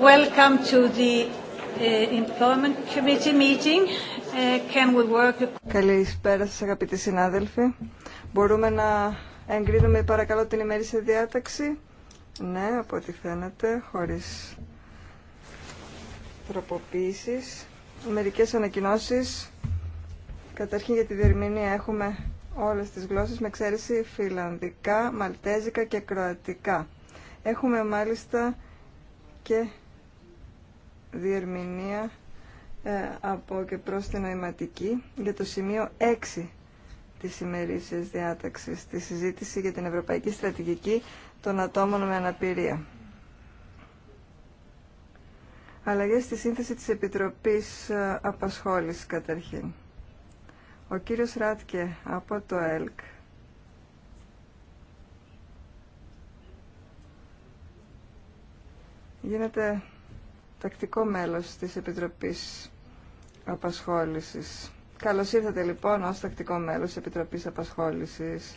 Welcome to the uh, Employment Committee meeting. Uh, can we work... Καλησπέρα σας αγαπητοί συνάδελφοι. Μπορούμε να εγκρίνουμε παρακαλώ την σε διάταξη. Ναι, από ό,τι φαίνεται, χωρίς τροποποίησεις. Μερικές ανακοινώσεις. Καταρχήν για τη διερμηνία έχουμε όλες τις γλώσσες με εξαίρεση φιλανδικά, μαλτέζικα και κροατικά. Έχουμε μάλιστα και διερμηνία ε, από και προς την νοηματική για το σημείο 6 της ημερήσιας διάταξης, τη συζήτηση για την Ευρωπαϊκή Στρατηγική των Ατόμων με Αναπηρία. Αλλαγές στη σύνθεση της Επιτροπής ε, Απασχόλησης καταρχήν. Ο κύριος Ράτκε από το ΕΛΚ. Γίνεται τακτικό μέλος της Επιτροπής Απασχόλησης. Καλώς ήρθατε λοιπόν ως τακτικό μέλος της Επιτροπής Απασχόλησης.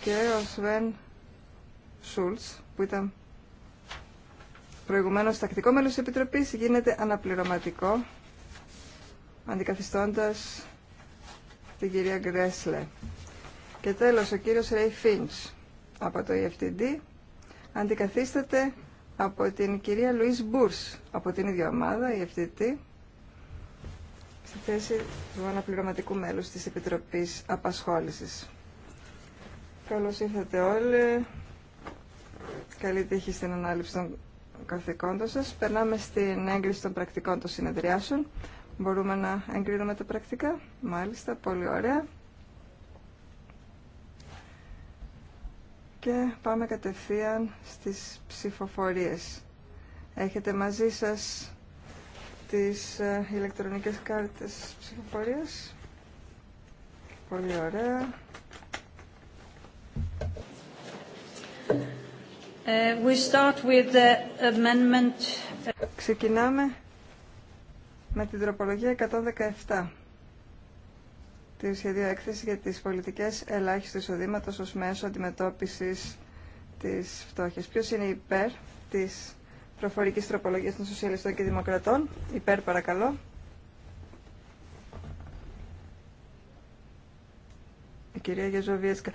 Και ο Σβέν Σούλτς που ήταν προηγουμένως τακτικό μέλος της Επιτροπής γίνεται αναπληρωματικό αντικαθιστώντας την κυρία Γκρέσλε. Και τέλος, ο κύριος Ρέι Φίντς από το EFTD αντικαθίσταται από την κυρία Λουίς Μπούρς από την ίδια ομάδα, EFTD, στη θέση του αναπληρωματικού μέλους της Επιτροπής Απασχόλησης. Καλώς ήρθατε όλοι. Καλή τύχη στην ανάληψη των καθηκόντων σας. Περνάμε στην έγκριση των πρακτικών των συνεδριάσεων. Μπορούμε να εγκρίνουμε τα πρακτικά. Μάλιστα, πολύ ωραία. Και πάμε κατευθείαν στις ψηφοφορίες. Έχετε μαζί σας τις ε, ηλεκτρονικές κάρτες ψηφοφορίας. Πολύ ωραία. Ε, we start with the amendment. Ξεκινάμε με την τροπολογία 117 τη σχεδίου έκθεση για τις πολιτικές ελάχιστου εισοδήματο ως μέσο αντιμετώπισης της φτώχειας. Ποιος είναι υπέρ της προφορικής τροπολογίας των Σοσιαλιστών και Δημοκρατών. Υπέρ παρακαλώ. Η κυρία Γεζοβιέσκα.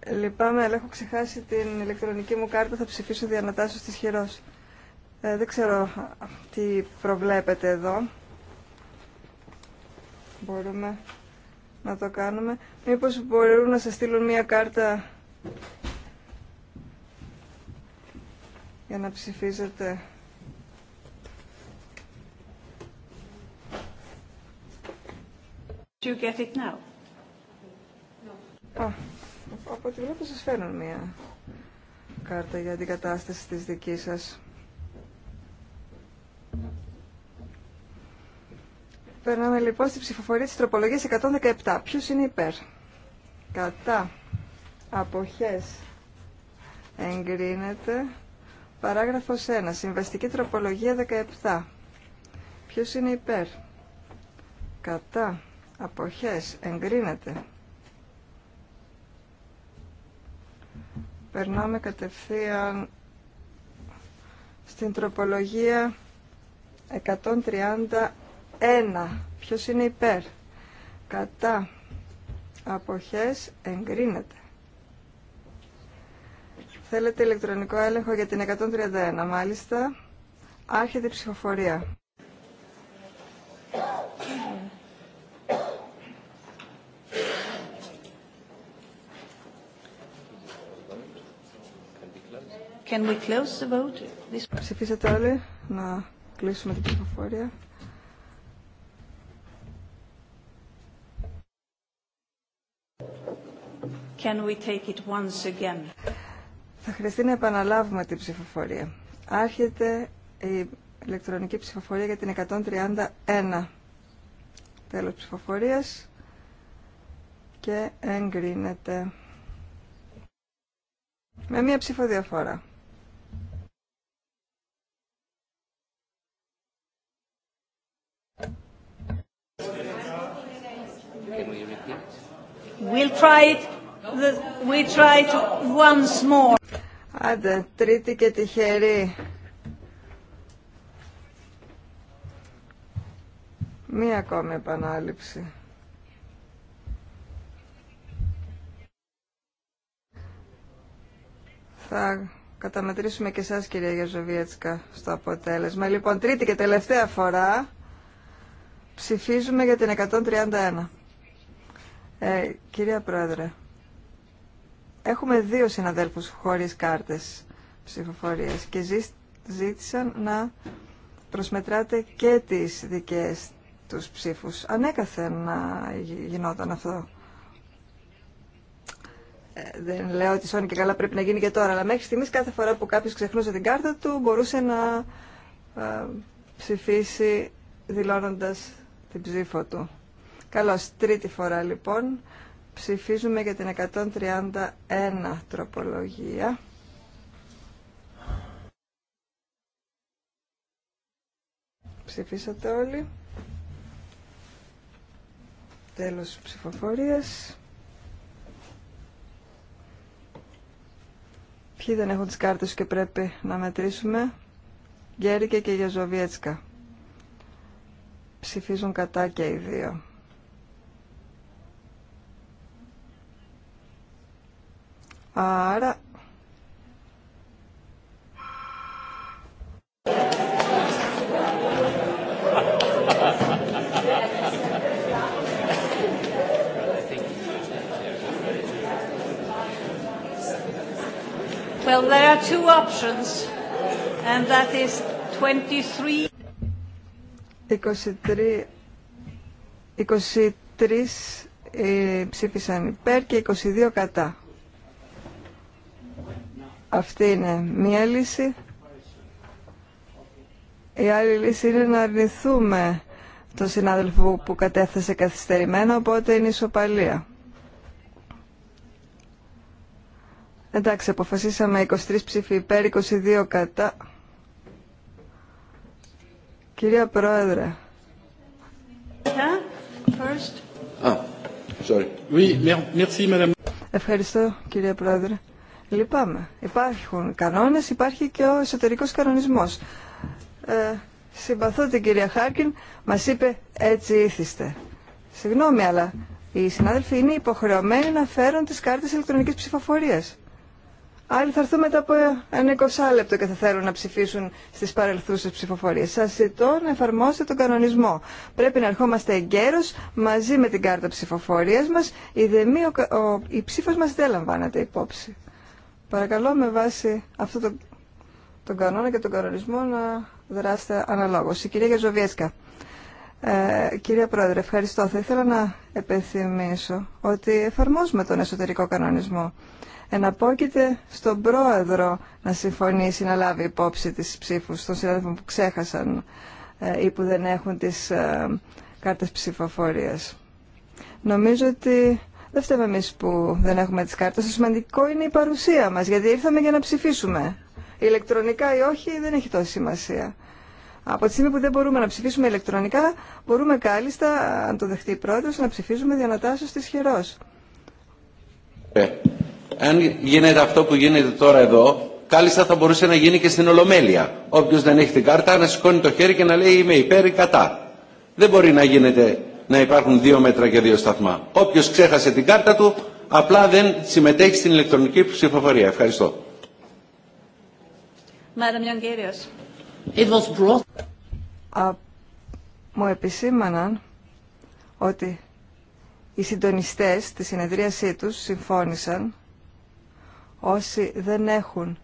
Ε, λυπάμαι, αλλά έχω ξεχάσει την ηλεκτρονική μου κάρτα. Θα ψηφίσω διανατάσσω τη χειρός. Ε, δεν ξέρω τι προβλέπετε εδώ. Μπορούμε να το κάνουμε. Μήπως μπορούν να σας στείλουν μία κάρτα για να ψηφίζετε. Do you get it now? από τη βλέπω σας φέρνουν μία κάρτα για την κατάσταση της δικής σας. Περνάμε λοιπόν στη ψηφοφορία της τροπολογίας 117. Ποιος είναι υπέρ. Κατά. Αποχές. Εγκρίνεται. Παράγραφος 1. Συμβαστική τροπολογία 17. Ποιος είναι υπέρ. Κατά. Αποχές. Εγκρίνεται. Περνάμε κατευθείαν στην τροπολογία 130 ένα Ποιος είναι υπέρ. Κατά. Αποχές εγκρίνεται. Θέλετε ηλεκτρονικό έλεγχο για την 131, μάλιστα. Άρχεται η ψηφοφορία. Can we close the vote? Ψηφίσατε όλοι να κλείσουμε την ψηφοφορία. Θα χρειαστεί να επαναλάβουμε την ψηφοφορία. Άρχεται η ηλεκτρονική ψηφοφορία για την 131. Τέλος ψηφοφορίας και εγκρίνεται. Με μία ψηφοδιαφορά. try it Άντε, τρίτη και τυχερή. Μία ακόμη επανάληψη. Θα καταμετρήσουμε και εσάς κυρία Γεζοβίετσκα στο αποτέλεσμα. Λοιπόν, τρίτη και τελευταία φορά ψηφίζουμε για την 131. Ε, κυρία Πρόεδρε. Έχουμε δύο συναδέλφους χωρίς κάρτες ψηφοφορίας και ζήτησαν να προσμετράτε και τις δικές τους ψήφους. Ανέκαθεν να γινόταν αυτό. Ε, δεν λέω ότι σώνει και καλά πρέπει να γίνει και τώρα, αλλά μέχρι στιγμής κάθε φορά που κάποιος ξεχνούσε την κάρτα του μπορούσε να ψηφίσει δηλώνοντας την ψήφο του. Καλώς, τρίτη φορά λοιπόν. Ψηφίζουμε για την 131 τροπολογία. Ψηφίσατε όλοι. Τέλος ψηφοφορίας. Ποιοι δεν έχουν τις κάρτες και πρέπει να μετρήσουμε. Γκέρικε και Γιαζοβιέτσκα. Ψηφίζουν κατά και οι δύο. Άρα... Well, there are two options, and that is 23. 23, 23 ε, ψήφισαν υπέρ και 22 κατά. Αυτή είναι μία λύση. Η άλλη λύση είναι να αρνηθούμε τον συνάδελφο που κατέθεσε καθυστερημένο, οπότε είναι ισοπαλία. Εντάξει, αποφασίσαμε 23 ψήφοι υπέρ, 22 κατά. Κυρία Πρόεδρε. Ah, Ευχαριστώ, κυρία Πρόεδρε. Λυπάμαι. Υπάρχουν κανόνες, υπάρχει και ο εσωτερικός κανονισμός. Ε, συμπαθώ την κυρία Χάρκιν, μας είπε έτσι ήθιστε. Συγγνώμη, αλλά οι συνάδελφοι είναι υποχρεωμένοι να φέρουν τις κάρτες ηλεκτρονικής ψηφοφορίας. Άλλοι θα έρθουν μετά από ένα εικοσάλεπτο και θα θέλουν να ψηφίσουν στις παρελθούσες ψηφοφορίες. Σας ζητώ να εφαρμόσετε τον κανονισμό. Πρέπει να ερχόμαστε εγκαίρως μαζί με την κάρτα ψηφοφορίας μας, η, δεμή, ο, ο, η δεν λαμβάνεται υπόψη. Παρακαλώ με βάση αυτό το, τον κανόνα και τον κανονισμό να δράσετε αναλόγως. Η κυρία Γεζοβιέσκα. Ε, κυρία Πρόεδρε, ευχαριστώ. Θα ήθελα να επενθυμίσω ότι εφαρμόζουμε τον εσωτερικό κανονισμό. Εναπόκειται στον Πρόεδρο να συμφωνήσει να λάβει υπόψη τις ψήφους των συνάδελφων που ξέχασαν ε, ή που δεν έχουν τις ε, κάρτες ψηφοφορίας. Νομίζω ότι δεν φταίμε εμεί που δεν έχουμε τι κάρτε. Το σημαντικό είναι η παρουσία μα, γιατί ήρθαμε για να ψηφίσουμε. Ηλεκτρονικά ή όχι δεν έχει τόση σημασία. Από τη στιγμή που δεν μπορούμε να ψηφίσουμε ηλεκτρονικά, μπορούμε κάλλιστα, αν το δεχτεί η πρόεδρο, να ψηφίσουμε διανατάσσεω τη χειρό. Ε, αν γίνεται αυτό που γίνεται τώρα εδώ, κάλλιστα θα μπορούσε να γίνει και στην Ολομέλεια. Όποιο δεν έχει την κάρτα να σηκώνει το χέρι και να λέει είμαι υπέρ ή κατά. Δεν μπορεί να γίνεται να υπάρχουν δύο μέτρα και δύο σταθμά. Όποιο ξέχασε την κάρτα του, απλά δεν συμμετέχει στην ηλεκτρονική ψηφοφορία. Ευχαριστώ. μου επισήμαναν ότι οι συντονιστές της συνεδρίασή τους συμφώνησαν όσοι δεν έχουν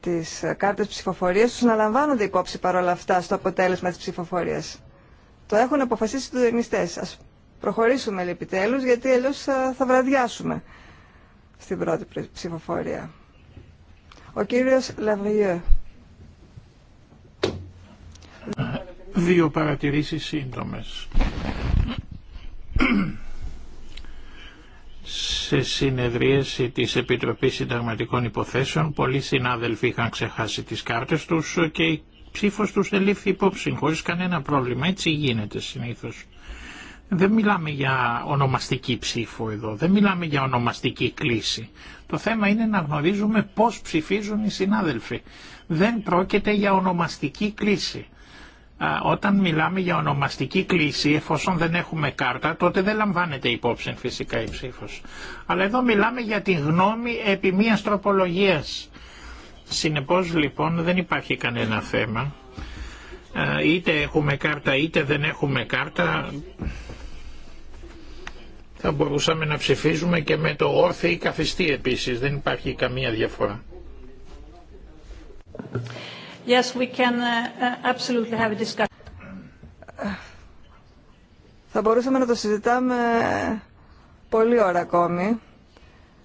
τις κάρτες ψηφοφορίας τους να λαμβάνονται υπόψη παρόλα αυτά στο αποτέλεσμα της ψηφοφορίας. Το έχουν αποφασίσει οι συντονιστές. Ας προχωρήσουμε επιτέλου, γιατί αλλιώ θα βραδιάσουμε στην πρώτη ψηφοφορία. Ο κύριο Λαβριέ. Δύο παρατηρήσεις σύντομε. Σε συνεδρίαση της Επιτροπής Συνταγματικών Υποθέσεων πολλοί συνάδελφοι είχαν ξεχάσει τις κάρτες τους και ψήφος τους ελήφθη υπόψη χωρίς κανένα πρόβλημα. Έτσι γίνεται συνήθως. Δεν μιλάμε για ονομαστική ψήφο εδώ, δεν μιλάμε για ονομαστική κλίση. Το θέμα είναι να γνωρίζουμε πώς ψηφίζουν οι συνάδελφοι. Δεν πρόκειται για ονομαστική κλίση. Όταν μιλάμε για ονομαστική κλίση, εφόσον δεν έχουμε κάρτα, τότε δεν λαμβάνεται υπόψη φυσικά η ψήφος. Αλλά εδώ μιλάμε για τη γνώμη επί μίας τροπολογίας. Συνεπώς λοιπόν δεν υπάρχει κανένα θέμα. Ε, είτε έχουμε κάρτα είτε δεν έχουμε κάρτα θα μπορούσαμε να ψηφίζουμε και με το όρθιο ή καθιστή επίσης. Δεν υπάρχει καμία διαφορά. Yes, we can uh, uh, have a Θα μπορούσαμε να το συζητάμε πολύ ώρα ακόμη.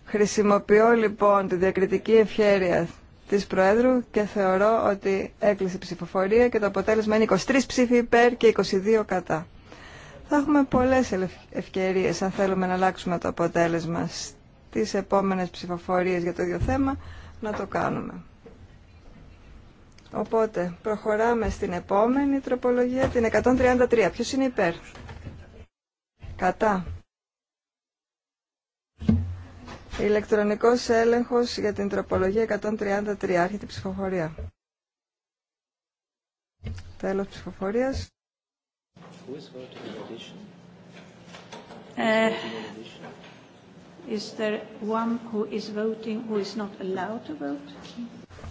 Χρησιμοποιώ λοιπόν τη διακριτική ευχέρεια Τη Προέδρου και θεωρώ ότι έκλεισε ψηφοφορία και το αποτέλεσμα είναι 23 ψήφοι υπέρ και 22 κατά. Θα έχουμε πολλές ευκαιρίες αν θέλουμε να αλλάξουμε το αποτέλεσμα στις επόμενες ψηφοφορίες για το ίδιο θέμα να το κάνουμε. Οπότε προχωράμε στην επόμενη τροπολογία, την 133. Ποιος είναι υπέρ? Κατά. Ηλεκτρονικός έλεγχος για την τροπολογία 133. Άρχεται η ψηφοφορία. Τέλος ψηφοφορίας. Ε, is there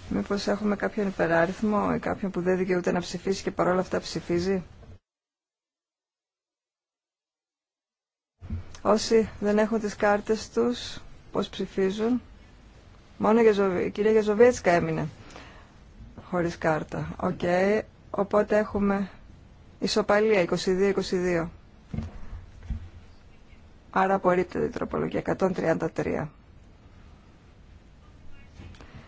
Μήπως έχουμε κάποιον υπεράριθμο ή κάποιον που δεν δικαιούται να ψηφίσει και παρόλα αυτά ψηφίζει. Όσοι δεν έχουν τις κάρτες τους, πώς ψηφίζουν. Μόνο για η κυρία Γιαζοβέτσκα έμεινε χωρίς κάρτα. Οκ, οπότε έχουμε ισοπαλία 22-22. Άρα απορρίπτεται η τροπολογία 133.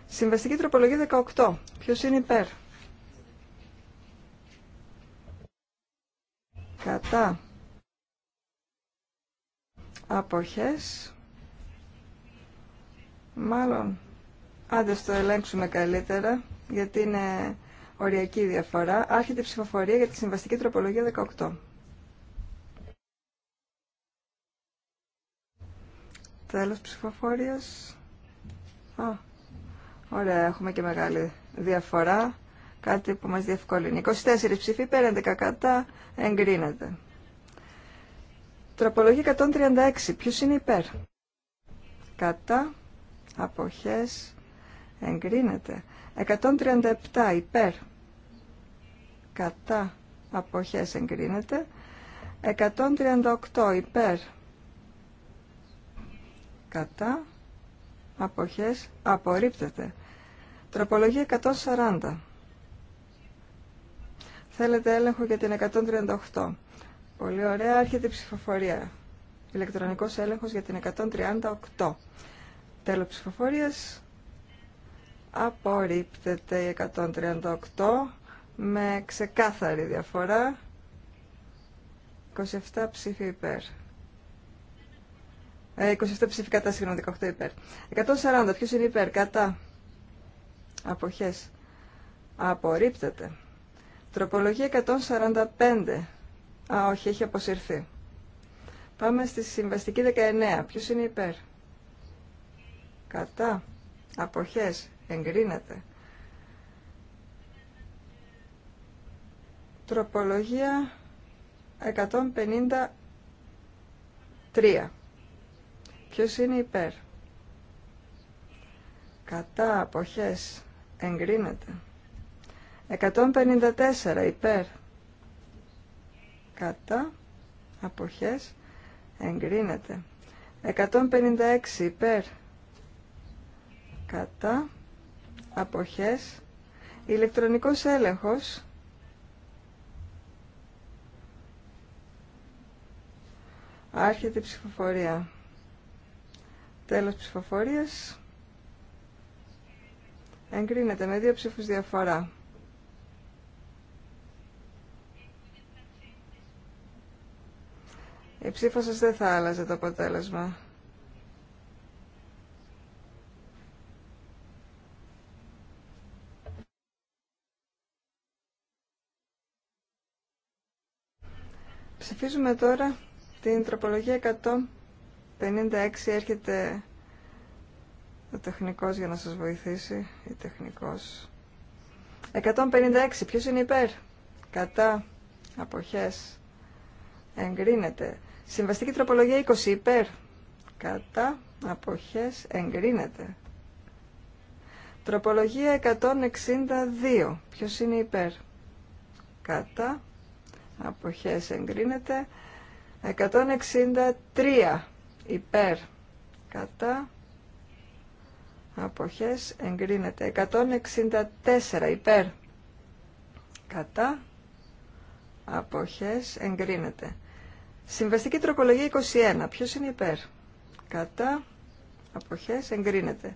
Συμβαστική τροπολογία 18. Ποιος είναι υπέρ. Κατά. Αποχές. Μάλλον, άντε το ελέγξουμε καλύτερα, γιατί είναι οριακή διαφορά. Άρχεται η ψηφοφορία για τη συμβαστική τροπολογία 18. Τέλος ψηφοφορίας. Α, ωραία, έχουμε και μεγάλη διαφορά. Κάτι που μας διευκολύνει. 24 ψηφοί, πέραν 11 κατά, εγκρίνεται. Τροπολογία 136. Ποιος είναι υπέρ. Κατά αποχές εγκρίνεται 137 υπέρ κατά αποχές εγκρίνεται 138 υπέρ κατά αποχές απορρίπτεται τροπολογία 140 θέλετε έλεγχο για την 138 πολύ ωραία έρχεται η ψηφοφορία ηλεκτρονικός έλεγχος για την 138 Τέλος ψηφοφορίας. Απορρίπτεται η 138 με ξεκάθαρη διαφορά. 27 ψήφοι υπέρ. 27 ε, ψηφι κατά, συγγνώμη, 18 υπέρ. 140, ποιος είναι υπέρ, κατά. Αποχές. Απορρίπτεται. Τροπολογία 145. Α, όχι, έχει αποσυρθεί. Πάμε στη συμβαστική 19. Ποιος είναι υπέρ κατά, αποχές, εγκρίνεται. Τροπολογία 153. Ποιος είναι υπέρ. Κατά, αποχές, εγκρίνεται. 154 υπέρ. Κατά, αποχές, εγκρίνεται. 156 υπέρ κατά αποχές ηλεκτρονικός έλεγχος άρχεται η ψηφοφορία τέλος ψηφοφορίας εγκρίνεται με δύο ψήφους διαφορά η ψήφο σας δεν θα άλλαζε το αποτέλεσμα Ψηφίζουμε τώρα την τροπολογία 156. Έρχεται ο τεχνικός για να σας βοηθήσει. Η τεχνικός. 156. Ποιος είναι υπέρ. Κατά. Αποχές. Εγκρίνεται. Συμβαστική τροπολογία 20. Υπέρ. Κατά. Αποχές. Εγκρίνεται. Τροπολογία 162. Ποιος είναι υπέρ. Κατά αποχές εγκρίνεται 163 υπέρ κατά αποχές εγκρίνεται 164 υπέρ κατά αποχές εγκρίνεται Συμβαστική τροπολογία 21 ποιος είναι υπέρ κατά αποχές εγκρίνεται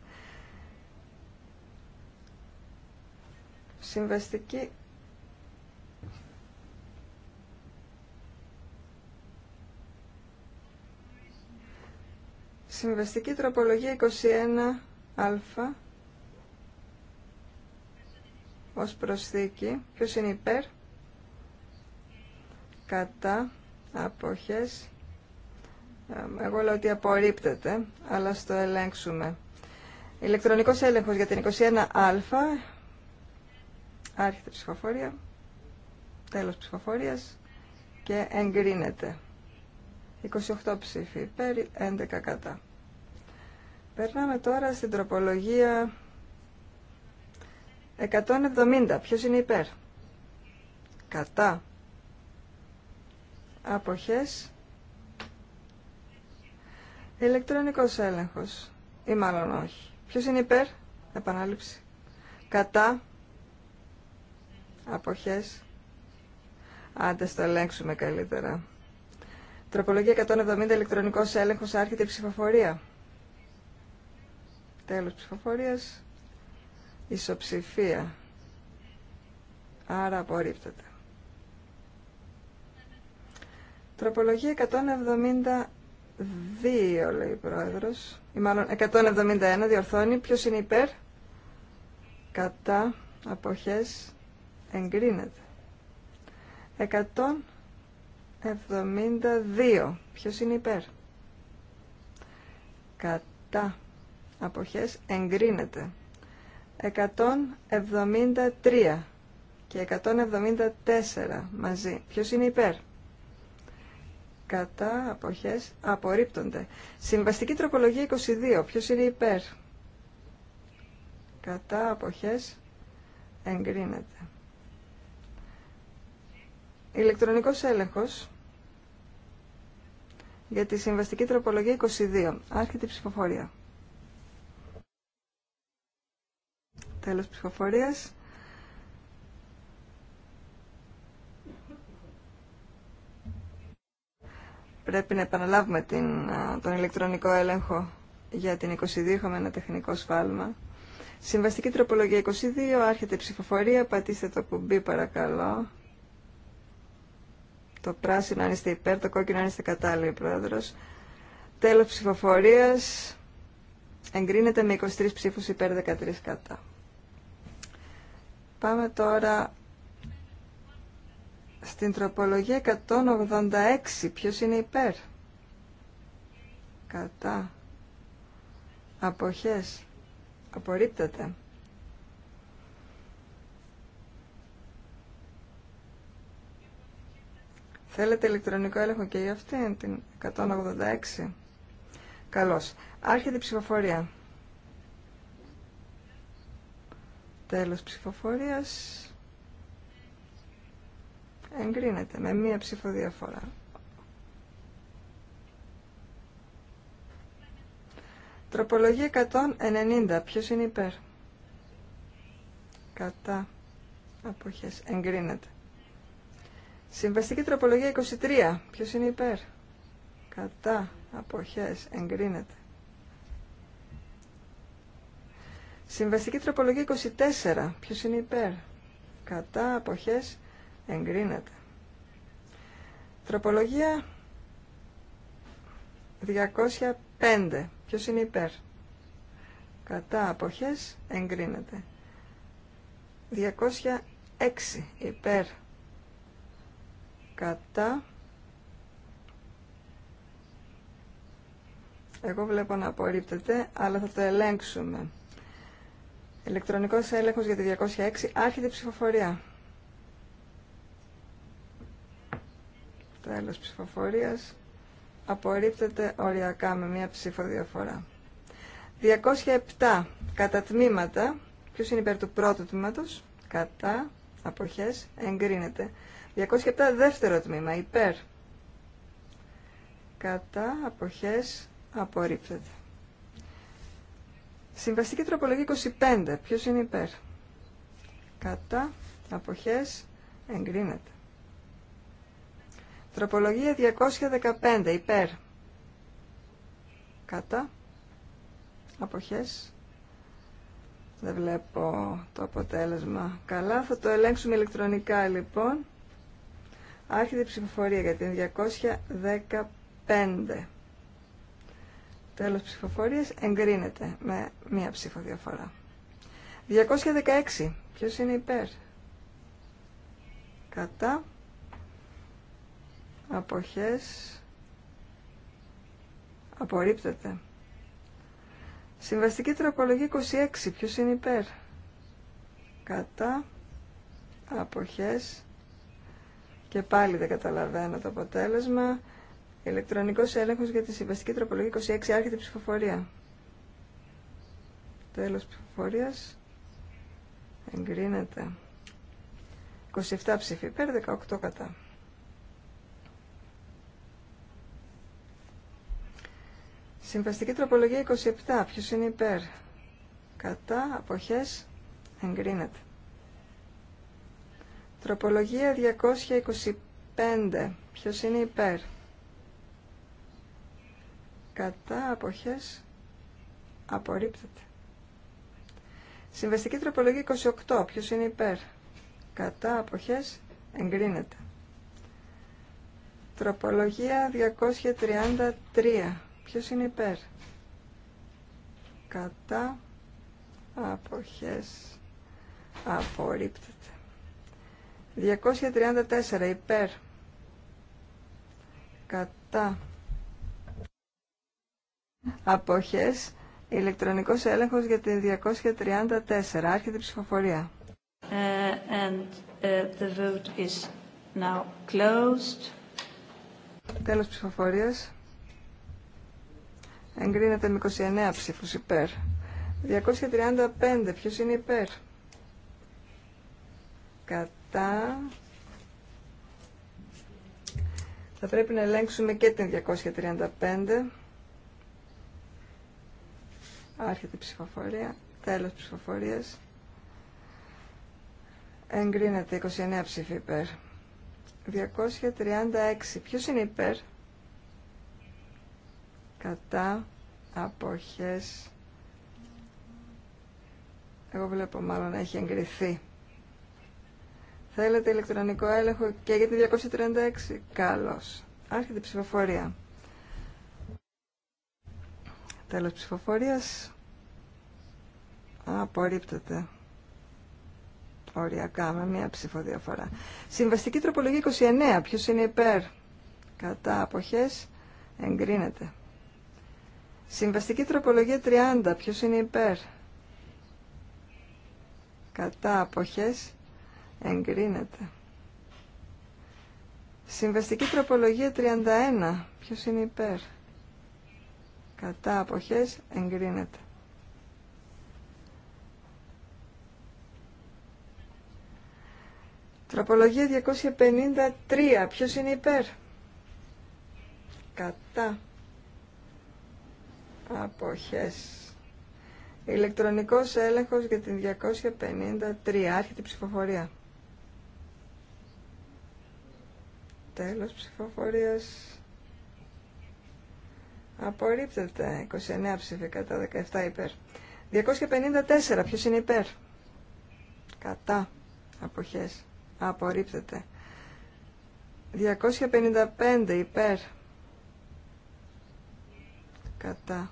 Συμβαστική Συμβαστική τροπολογία 21α ως προσθήκη. Ποιος είναι υπέρ. Κατά. Αποχές. Εγώ λέω ότι απορρίπτεται, αλλά στο ελέγξουμε. Ηλεκτρονικός έλεγχος για την 21α. Άρχεται ψηφοφορία. Τέλος ψηφοφορίας. Και εγκρίνεται. 28 ψήφοι υπέρ, 11 κατά. Περνάμε τώρα στην τροπολογία 170. Ποιος είναι υπέρ. Κατά. Αποχές. Ηλεκτρονικός έλεγχος. Ή μάλλον όχι. Ποιος είναι υπέρ. Επανάληψη. Κατά. Αποχές. Άντε στο ελέγξουμε καλύτερα. Τροπολογία 170 ηλεκτρονικός έλεγχος άρχεται η ψηφοφορία. Τέλος ψηφοφορίας. Ισοψηφία. Άρα απορρίπτεται. Τροπολογία 172 λέει η πρόεδρος. Ή μάλλον 171 διορθώνει. Ποιος είναι υπέρ. Κατά αποχές εγκρίνεται. 172. Ποιος είναι υπέρ. Κατά αποχές εγκρίνεται 173 και 174 μαζί ποιος είναι υπέρ κατά αποχές απορρίπτονται συμβαστική τροπολογία 22 ποιος είναι υπέρ κατά αποχές εγκρίνεται ηλεκτρονικός έλεγχος για τη συμβαστική τροπολογία 22 άρχεται η ψηφοφορία Τέλος ψηφοφορίας. Πρέπει να επαναλάβουμε την, τον ηλεκτρονικό έλεγχο για την 22. Είχαμε ένα τεχνικό σφάλμα. Συμβαστική τροπολογία 22. Άρχεται η ψηφοφορία. Πατήστε το κουμπί παρακαλώ. Το πράσινο αν είστε υπέρ, το κόκκινο αν είστε κατά, ο πρόεδρος. Τέλος ψηφοφορίας εγκρίνεται με 23 ψήφους υπέρ 13 κατά. Πάμε τώρα στην τροπολογία 186. Ποιος είναι υπέρ. Κατά. Αποχές. Απορρίπτεται. Θέλετε ηλεκτρονικό έλεγχο και για αυτήν την 186. Καλώς. Άρχεται η ψηφοφορία. Τέλος ψηφοφορίας. Εγκρίνεται με μία ψηφοδιαφορά. Τροπολογία 190. Ποιος είναι υπέρ. Κατά. Αποχές. Εγκρίνεται. Συμβαστική τροπολογία 23. Ποιος είναι υπέρ. Κατά. Αποχές. Εγκρίνεται. Συμβαστική τροπολογία 24. Ποιος είναι υπέρ. Κατά αποχές εγκρίνεται. Τροπολογία 205. Ποιος είναι υπέρ. Κατά αποχές εγκρίνεται. 206 υπέρ. Κατά. Εγώ βλέπω να απορρίπτεται, αλλά θα το ελέγξουμε. Ηλεκτρονικός έλεγχος για τη 206. Άρχεται η ψηφοφορία. Τέλος ψηφοφορίας. Απορρίπτεται οριακά με μία ψήφο διαφορά. 207. Κατά τμήματα. Ποιος είναι υπέρ του πρώτου τμήματος. Κατά. Αποχές. Εγκρίνεται. 207. Δεύτερο τμήμα. Υπέρ. Κατά. Αποχές. Απορρίπτεται. Συμβαστική τροπολογία 25. Ποιος είναι υπέρ. Κατά. Αποχές. Εγκρίνεται. Τροπολογία 215. Υπέρ. Κατά. Αποχές. Δεν βλέπω το αποτέλεσμα. Καλά. Θα το ελέγξουμε ηλεκτρονικά λοιπόν. Άρχεται η ψηφοφορία για την 215. Τέλος ψηφοφορίας εγκρίνεται με μία ψήφο διαφορά. 216. Ποιος είναι υπέρ. Κατά. Αποχές. Απορρίπτεται. Συμβαστική τροπολογία 26. Ποιος είναι υπέρ. Κατά. Αποχές. Και πάλι δεν καταλαβαίνω το αποτέλεσμα. Ηλεκτρονικός έλεγχος για τη συμβαστική τροπολογία 26. Άρχεται ψηφοφορία. Τέλος ψηφοφορίας. Εγκρίνεται. 27 ψηφί. υπέρ, 18 κατά. Συμβαστική τροπολογία 27. Ποιο είναι υπέρ. Κατά, απόχέ. εγκρίνεται. Τροπολογία 225. Ποιο είναι υπέρ κατά αποχές απορρίπτεται. Συμβαστική τροπολογία 28. Ποιος είναι υπέρ. Κατά αποχές εγκρίνεται. Τροπολογία 233. Ποιος είναι υπέρ. Κατά αποχές απορρίπτεται. 234 υπέρ. Κατά Αποχές. Ηλεκτρονικός έλεγχος για την 234. Άρχεται η ψηφοφορία. Uh, and, ε, the vote is now closed. Τέλος ψηφοφορίας. Εγκρίνεται με 29 ψήφους υπέρ. 235. Ποιος είναι υπέρ. Κατά. Θα πρέπει να ελέγξουμε και την 235. Άρχεται η ψηφοφορία. Τέλος ψηφοφορίας. Εγκρίνεται 29 ψήφοι υπέρ. 236. Ποιος είναι υπέρ? Κατά αποχές. Εγώ βλέπω μάλλον να έχει εγκριθεί. Θέλετε ηλεκτρονικό έλεγχο και για τη 236. Καλώς. Άρχεται η ψηφοφορία. Τέλος ψηφοφορίας. Απορρίπτεται. Οριακά, με μία ψηφοδιαφορά. Συμβαστική τροπολογία 29. Ποιος είναι υπέρ. Κατά αποχές. Εγκρίνεται. Συμβαστική τροπολογία 30. Ποιος είναι υπέρ. Κατά αποχές. Εγκρίνεται. Συμβαστική τροπολογία 31. Ποιος είναι υπέρ κατά αποχές εγκρίνεται. Τροπολογία 253. Ποιος είναι υπέρ? Κατά. Αποχές. Ηλεκτρονικός έλεγχος για την 253. Άρχεται η ψηφοφορία. Τέλος ψηφοφορίας. Απορρίπτεται. 29 ψήφοι κατά 17 υπέρ. 254. Ποιος είναι υπέρ. Κατά. Αποχές. Απορρίπτεται. 255 υπέρ. Κατά.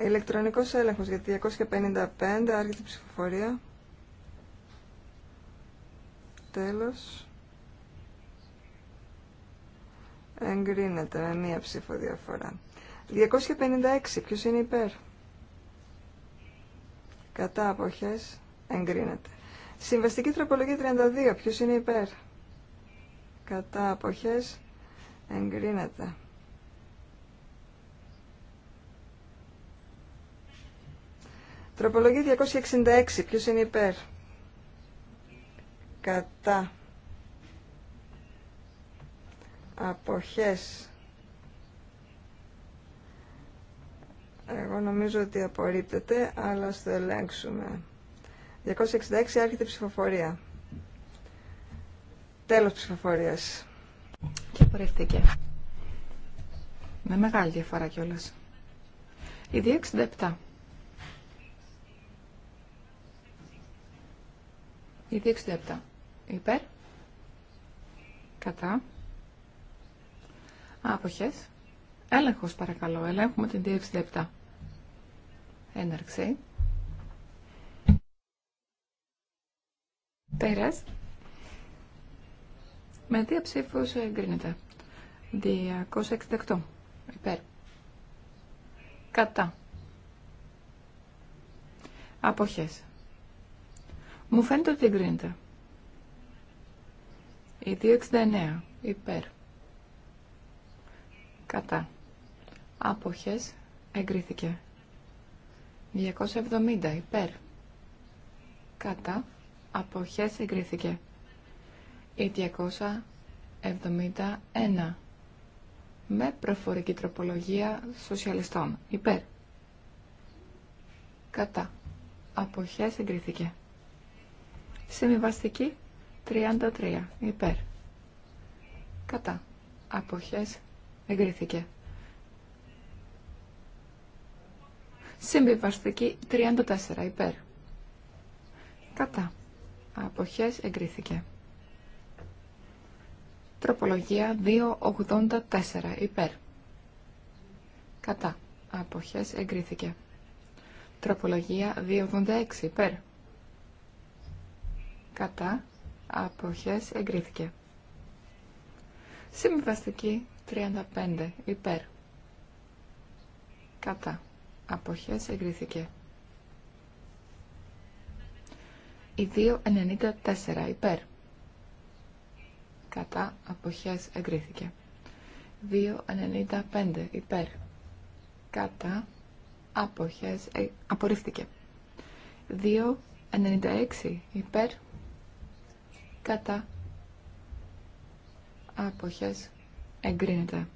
Ηλεκτρονικός έλεγχος για 255. Άρχεται η ψηφοφορία. Τέλος. Εγκρίνεται με μία ψήφο διαφορά. 256. Ποιος είναι υπέρ. Κατά αποχές. Εγκρίνεται. Συμβαστική τροπολογία 32. Ποιος είναι υπέρ. Κατά αποχές. Εγκρίνεται. Τροπολογία 266. Ποιος είναι υπέρ. Κατά αποχές εγώ νομίζω ότι απορρίπτεται αλλά στο ελέγξουμε 266 άρχεται η ψηφοφορία τέλος ψηφοφορίας και απορρίφθηκε με μεγάλη διαφορά κιόλας η 267 η 267 υπέρ κατά Άποχες. Έλεγχος παρακαλώ. Ελέγχουμε την 267. Έναρξη. Περά. Με δύο ψήφους εγκρίνεται. 268. Υπέρ. Κατά. Αποχές. Μου φαίνεται ότι εγκρίνεται. Η 269. Υπέρ. Κατά. Άποχες. Εγκρίθηκε. 270 υπέρ. Κατά. Αποχές εγκρίθηκε. Η 271 με προφορική τροπολογία σοσιαλιστών. Υπέρ. Κατά. Αποχές εγκρίθηκε. Συμβιβαστική 33. Υπέρ. Κατά. Αποχές Εγκρίθηκε. Συμβιβαστική 34 υπέρ. Κατά. Αποχές εγκρίθηκε. Τροπολογία 284 υπέρ. Κατά. Αποχές εγκρίθηκε. Τροπολογία 286 υπέρ. Κατά. Αποχές εγκρίθηκε. Συμβιβαστική 35 υπέρ. Κατά. Αποχές εγκρίθηκε. Η 294 υπέρ. Κατά. Αποχές εγκρίθηκε. 295 υπέρ. Κατά. Αποχές ε, απορρίφθηκε. 296 υπέρ. Κατά. Αποχές Εγκρίνεται.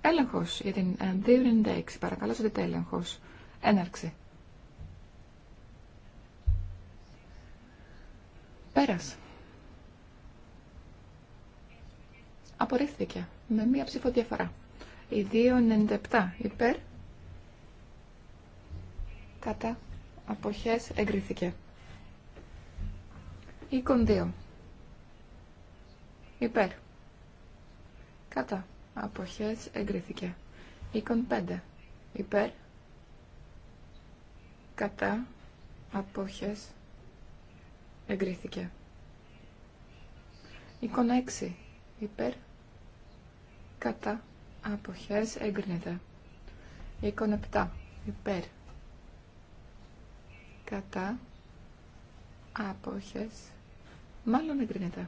Έλεγχος για την 296. Ε, Παρακαλώ, ζητείτε έλεγχος. Έναρξη. Πέρας. Απορρίφθηκε με μία ψήφο διαφορά. Η 297 υπέρ κατά αποχές εγκρίθηκε. Οίκον 2 υπέρ. Κατά. Αποχές εγκρίθηκε. Οίκον 5. Υπέρ. Κατά. Αποχές εγκρίθηκε. Οίκον 6. Υπέρ. Κατά. Αποχές εγκρίνεται. Οίκον 7. Υπέρ. Κατά. Αποχές. Μάλλον εγκρίνεται.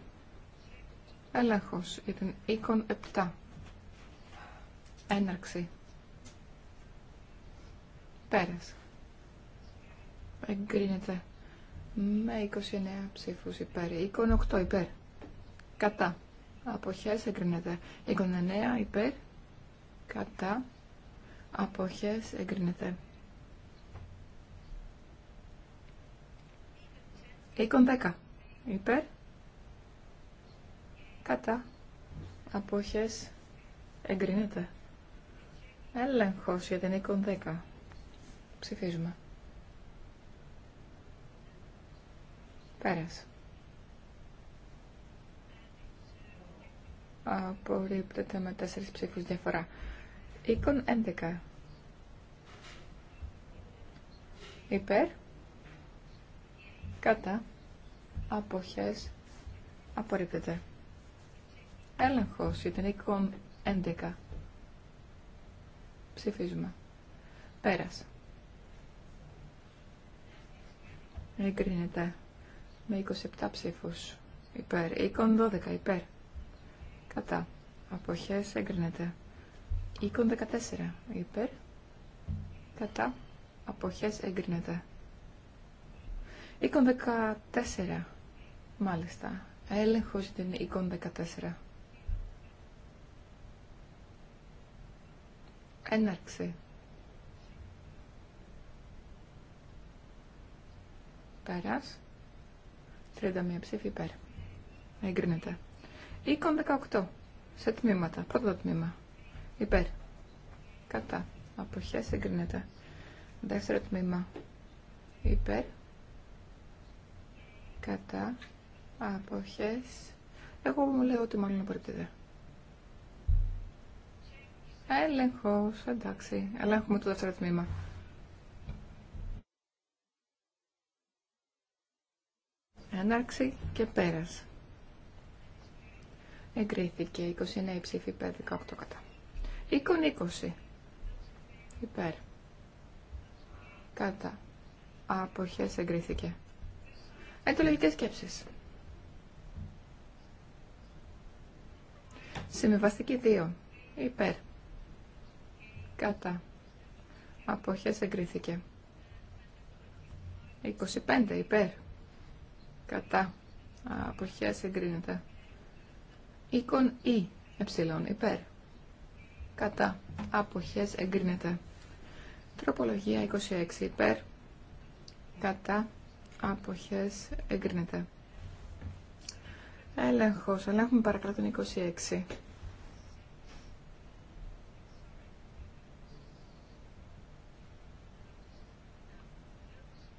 Έλεγχος για την οίκον 7. Έναρξη. Πέρας. Εγκρίνεται με 29 ψήφους υπέρ. Οίκον 8 υπέρ. Κατά. Αποχές εγκρίνεται. Οίκον 9 υπέρ. Κατά. Αποχές εγκρίνεται. Οίκον 10 υπέρ. Κατά. Αποχές. Εγκρίνεται. Έλεγχος για την οίκον 10. Ψηφίζουμε. Πέρασε. Απορρίπτεται με τέσσερις ψήφους διαφορά. Οίκον 11. Υπέρ. Κατά. Αποχές. Απορρίπτεται. Έλεγχος για την εικόν 11. Ψηφίζουμε. Πέρασε. Εγκρίνεται με 27 ψήφου υπέρ. Εικόν 12 υπέρ. Κατά. Αποχές εγκρίνεται. Εικόν 14 υπέρ. Κατά. Αποχές εγκρίνεται. Εικόν 14. Μάλιστα. Έλεγχος την 14. Έναρξη. Πέρας. 31 ψήφι υπέρ. Εγκρίνεται. Οίκον 18. Σε τμήματα. Πρώτο τμήμα. Υπέρ. Κατά. Αποχές εγκρίνεται. Δεύτερο τμήμα. Υπέρ. Κατά. Αποχές. Εγώ μου λέω ότι μάλλον απορρίπτεται. Έλεγχος, εντάξει. Ελέγχουμε το δεύτερο τμήμα. Έναρξη και πέρας. Εγκρίθηκε 29 ψήφι υπέρ 18 κατά. 20. Υπέρ. Κατά. Αποχές εγκρίθηκε. Εντολογικές σκέψεις. Συμβιβαστική 2. Υπέρ. Κατά. Αποχές εγκρίθηκε. 25 υπέρ. Κατά. Αποχές εγκρίνεται. Οίκον ή ε υπέρ. Κατά. Αποχές εγκρίνεται. Τροπολογία 26 υπέρ. Κατά. Αποχές εγκρίνεται. Έλεγχος. Ελέγχουμε παρακαλώ τον 26.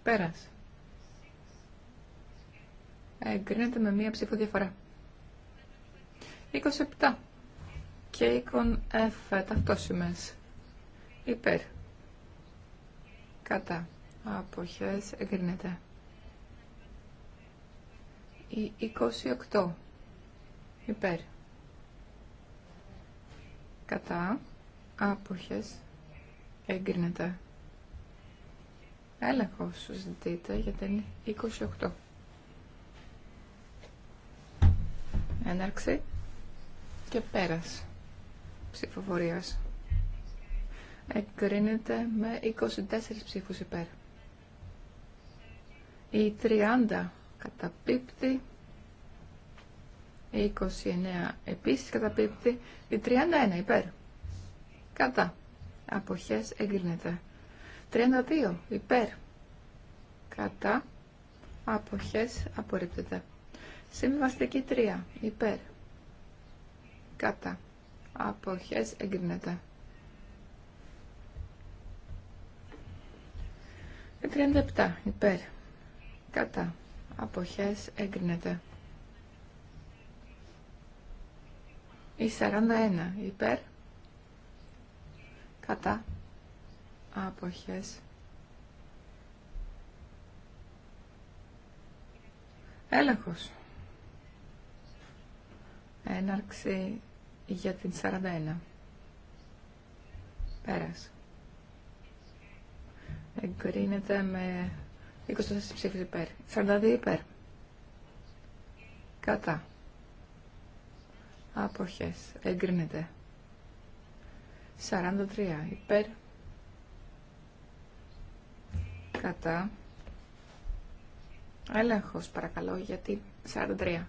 Πέρας. Εγκρίνεται με μία ψήφο διαφορά. 27. Και οίκον F ταυτόσημες. Υπέρ. Κατά. Αποχές εγκρίνεται. Η 28. Υπέρ. Κατά. Άποχες εγκρίνεται σου ζητείται για την 28. Έναρξη και πέρας ψηφοφορίας. Εγκρίνεται με 24 ψήφους υπέρ. Η 30 καταπίπτει. Η 29 επίσης καταπίπτει. Η 31 υπέρ. Κατά. Αποχές εγκρίνεται. 32 υπέρ κατά αποχές απορρίπτεται. Συμβαστική 3 υπέρ κατά αποχές εγκρίνεται. 37 υπέρ κατά αποχές εγκρίνεται. Η 41 υπέρ κατά Άποχες. Έλεγχος. Έναρξη για την 41. Πέρασε. Εγκρίνεται με 24 ψήφους υπέρ. 42 υπέρ. Κατά. Άποχες. Εγκρίνεται. 43 υπέρ κατά. Έλεγχο παρακαλώ γιατί 43.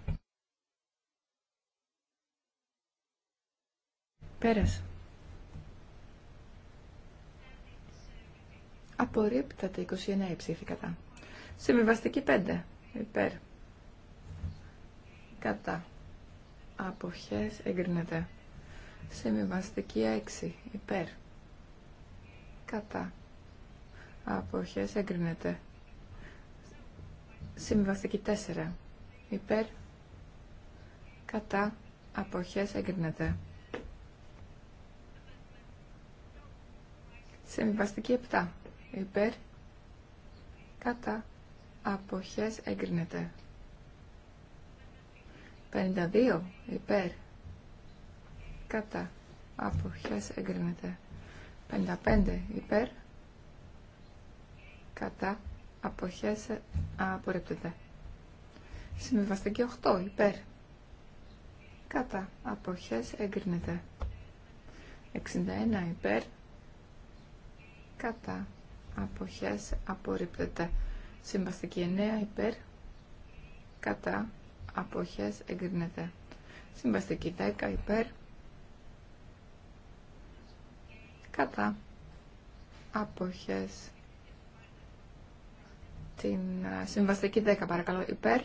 Πέρασε. Απορρίπταται 29 ψήφι κατά. Συμβιβαστική 5. Υπέρ. Κατά. Αποχές εγκρίνεται. Συμβιβαστική 6. Υπέρ. Κατά. Αποχές εγκρίνεται. Συμβαστική 4. Υπέρ. Κατά. Αποχές εγκρίνεται. Συμβαστική 7. Υπέρ. Κατά. Αποχές εγκρίνεται. 52. Υπέρ. Κατά. Αποχές εγκρίνεται. 55. Υπέρ κατά αποχές ε, απορρίπτεται. Συμβιβαστική 8 υπέρ κατά αποχές εγκρίνεται. 61 υπέρ κατά αποχές απορρίπτεται. Συμβαστική 9 υπέρ κατά αποχές εγκρίνεται. Συμβαστική 10 υπέρ κατά αποχές την συμβαστική 10 παρακαλώ υπέρ,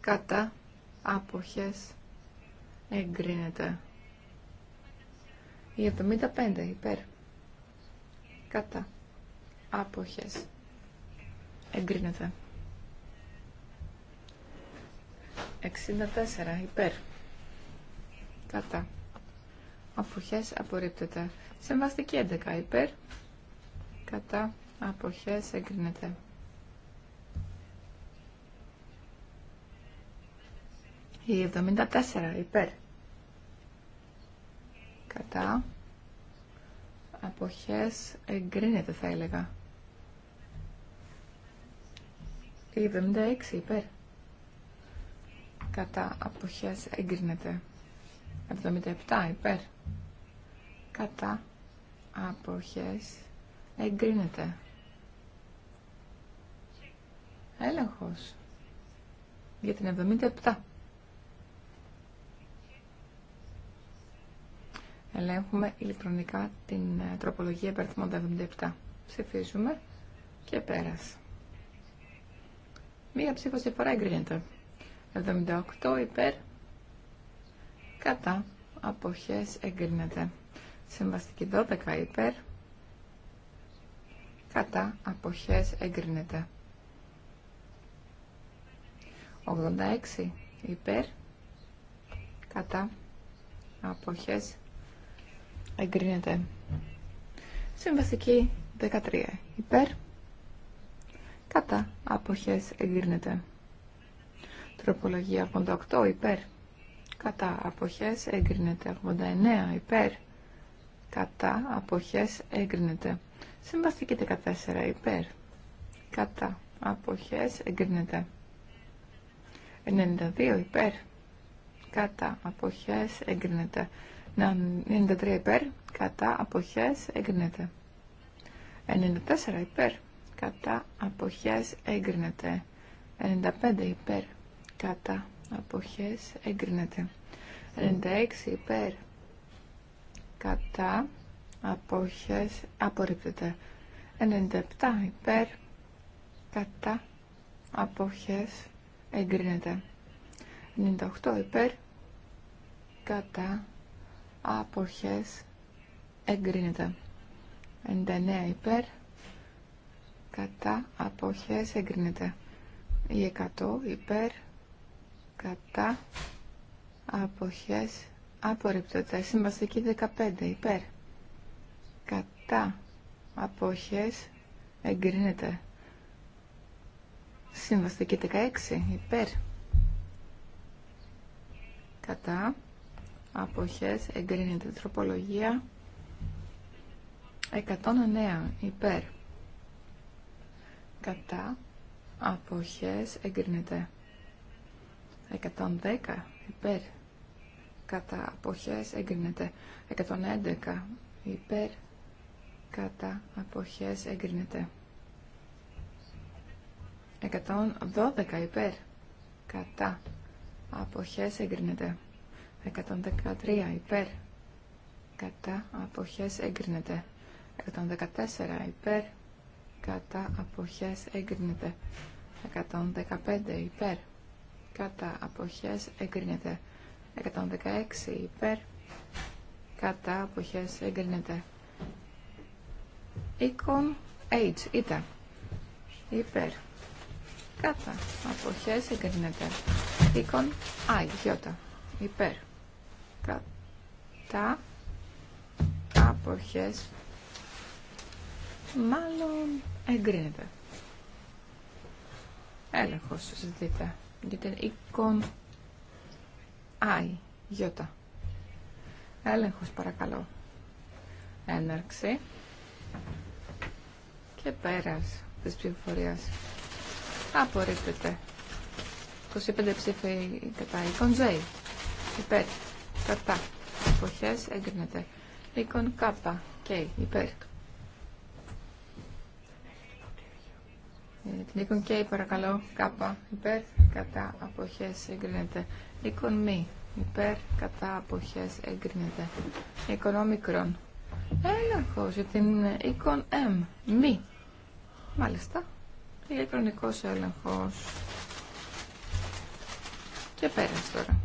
κατά, άποχες, εγκρίνεται. Η 75 υπέρ, κατά, άποχες, εγκρίνεται. 64 υπέρ, κατά, αποχές απορρίπτεται. Συμβαστική 11 υπέρ, κατά, αποχές εγκρίνεται. Η 74 υπέρ. Κατά. Αποχές εγκρίνεται θα έλεγα. Η 76 υπέρ. Κατά. Αποχές εγκρίνεται. 77 υπέρ. Κατά. Αποχές εγκρίνεται. Έλεγχος. Για την 77. Ελέγχουμε ηλεκτρονικά την ε, τροπολογία υπερθμών 77. Ψηφίζουμε και πέρας. Μία ψήφος διαφορά εγκρίνεται. 78 υπέρ κατά αποχές εγκρίνεται. Συμβαστική 12 υπέρ κατά αποχές εγκρίνεται. 86 υπέρ κατά αποχές εγκρίνεται εγκρίνεται. Συμβαστική 13. Υπέρ. Κατά. Αποχές εγκρίνεται. Τροπολογία 88. Υπέρ. Κατά. Αποχές εγκρίνεται. 89. Υπέρ. Κατά. Αποχές εγκρίνεται. Συμβαστική 14. Υπέρ. Κατά. Αποχές εγκρίνεται. 92. Υπέρ. Κατά. Αποχές εγκρίνεται. 93 υπέρ, κατά αποχές εγκρίνεται. 94 υπέρ, κατά αποχές εγκρίνεται. 95 υπέρ, κατά αποχές εγκρίνεται. 96 υπέρ, κατά αποχές απορρίπτεται. 97 υπέρ, κατά αποχές εγκρίνεται. 98 υπέρ, κατά αποχές εγκρίνεται 99 υπέρ κατά αποχές εγκρίνεται η 100 υπέρ κατά αποχές απορρίπτεται συμβαστική 15 υπέρ κατά αποχές εγκρίνεται συμβαστική 16 υπέρ κατά αποχές εγκρίνεται τροπολογία 109 υπέρ κατά αποχές εγκρίνεται 110 υπέρ κατά αποχές εγκρίνεται 111 υπέρ κατά αποχές εγκρίνεται 112 υπέρ κατά αποχές εγκρίνεται 113 υπέρ κατά αποχές εγκρίνεται 114 υπέρ κατά αποχές εγκρίνεται 115 υπέρ κατά αποχές εγκρίνεται 116 υπέρ κατά αποχές εγκρίνεται Εικον H ήταν υπέρ κατά αποχές εγκρίνεται Εικον I γιώτα υπέρ τα Αποχές. Μάλλον εγκρίνεται. Έλεγχος ζητείτε Για εικόν ΑΙ γιώτα. Έλεγχος παρακαλώ. Έναρξη. Και πέρας της ψηφοφορίας. Απορρίπτεται. 25 ψήφοι κατά εικόν ζέι Υπέρ κατά, αποχές εγκρίνεται. Οίκον κάπα, και υπέρ. Ε, την και κ παρακαλώ, κάπα, υπέρ, κατά, αποχές εγκρίνεται. Οίκον μη, υπέρ, κατά, αποχές εγκρίνεται. Οικονομικρον, έλεγχος για την οίκον M, μη. Μάλιστα, ηλεκτρονικός έλεγχος. Και πέρας τώρα.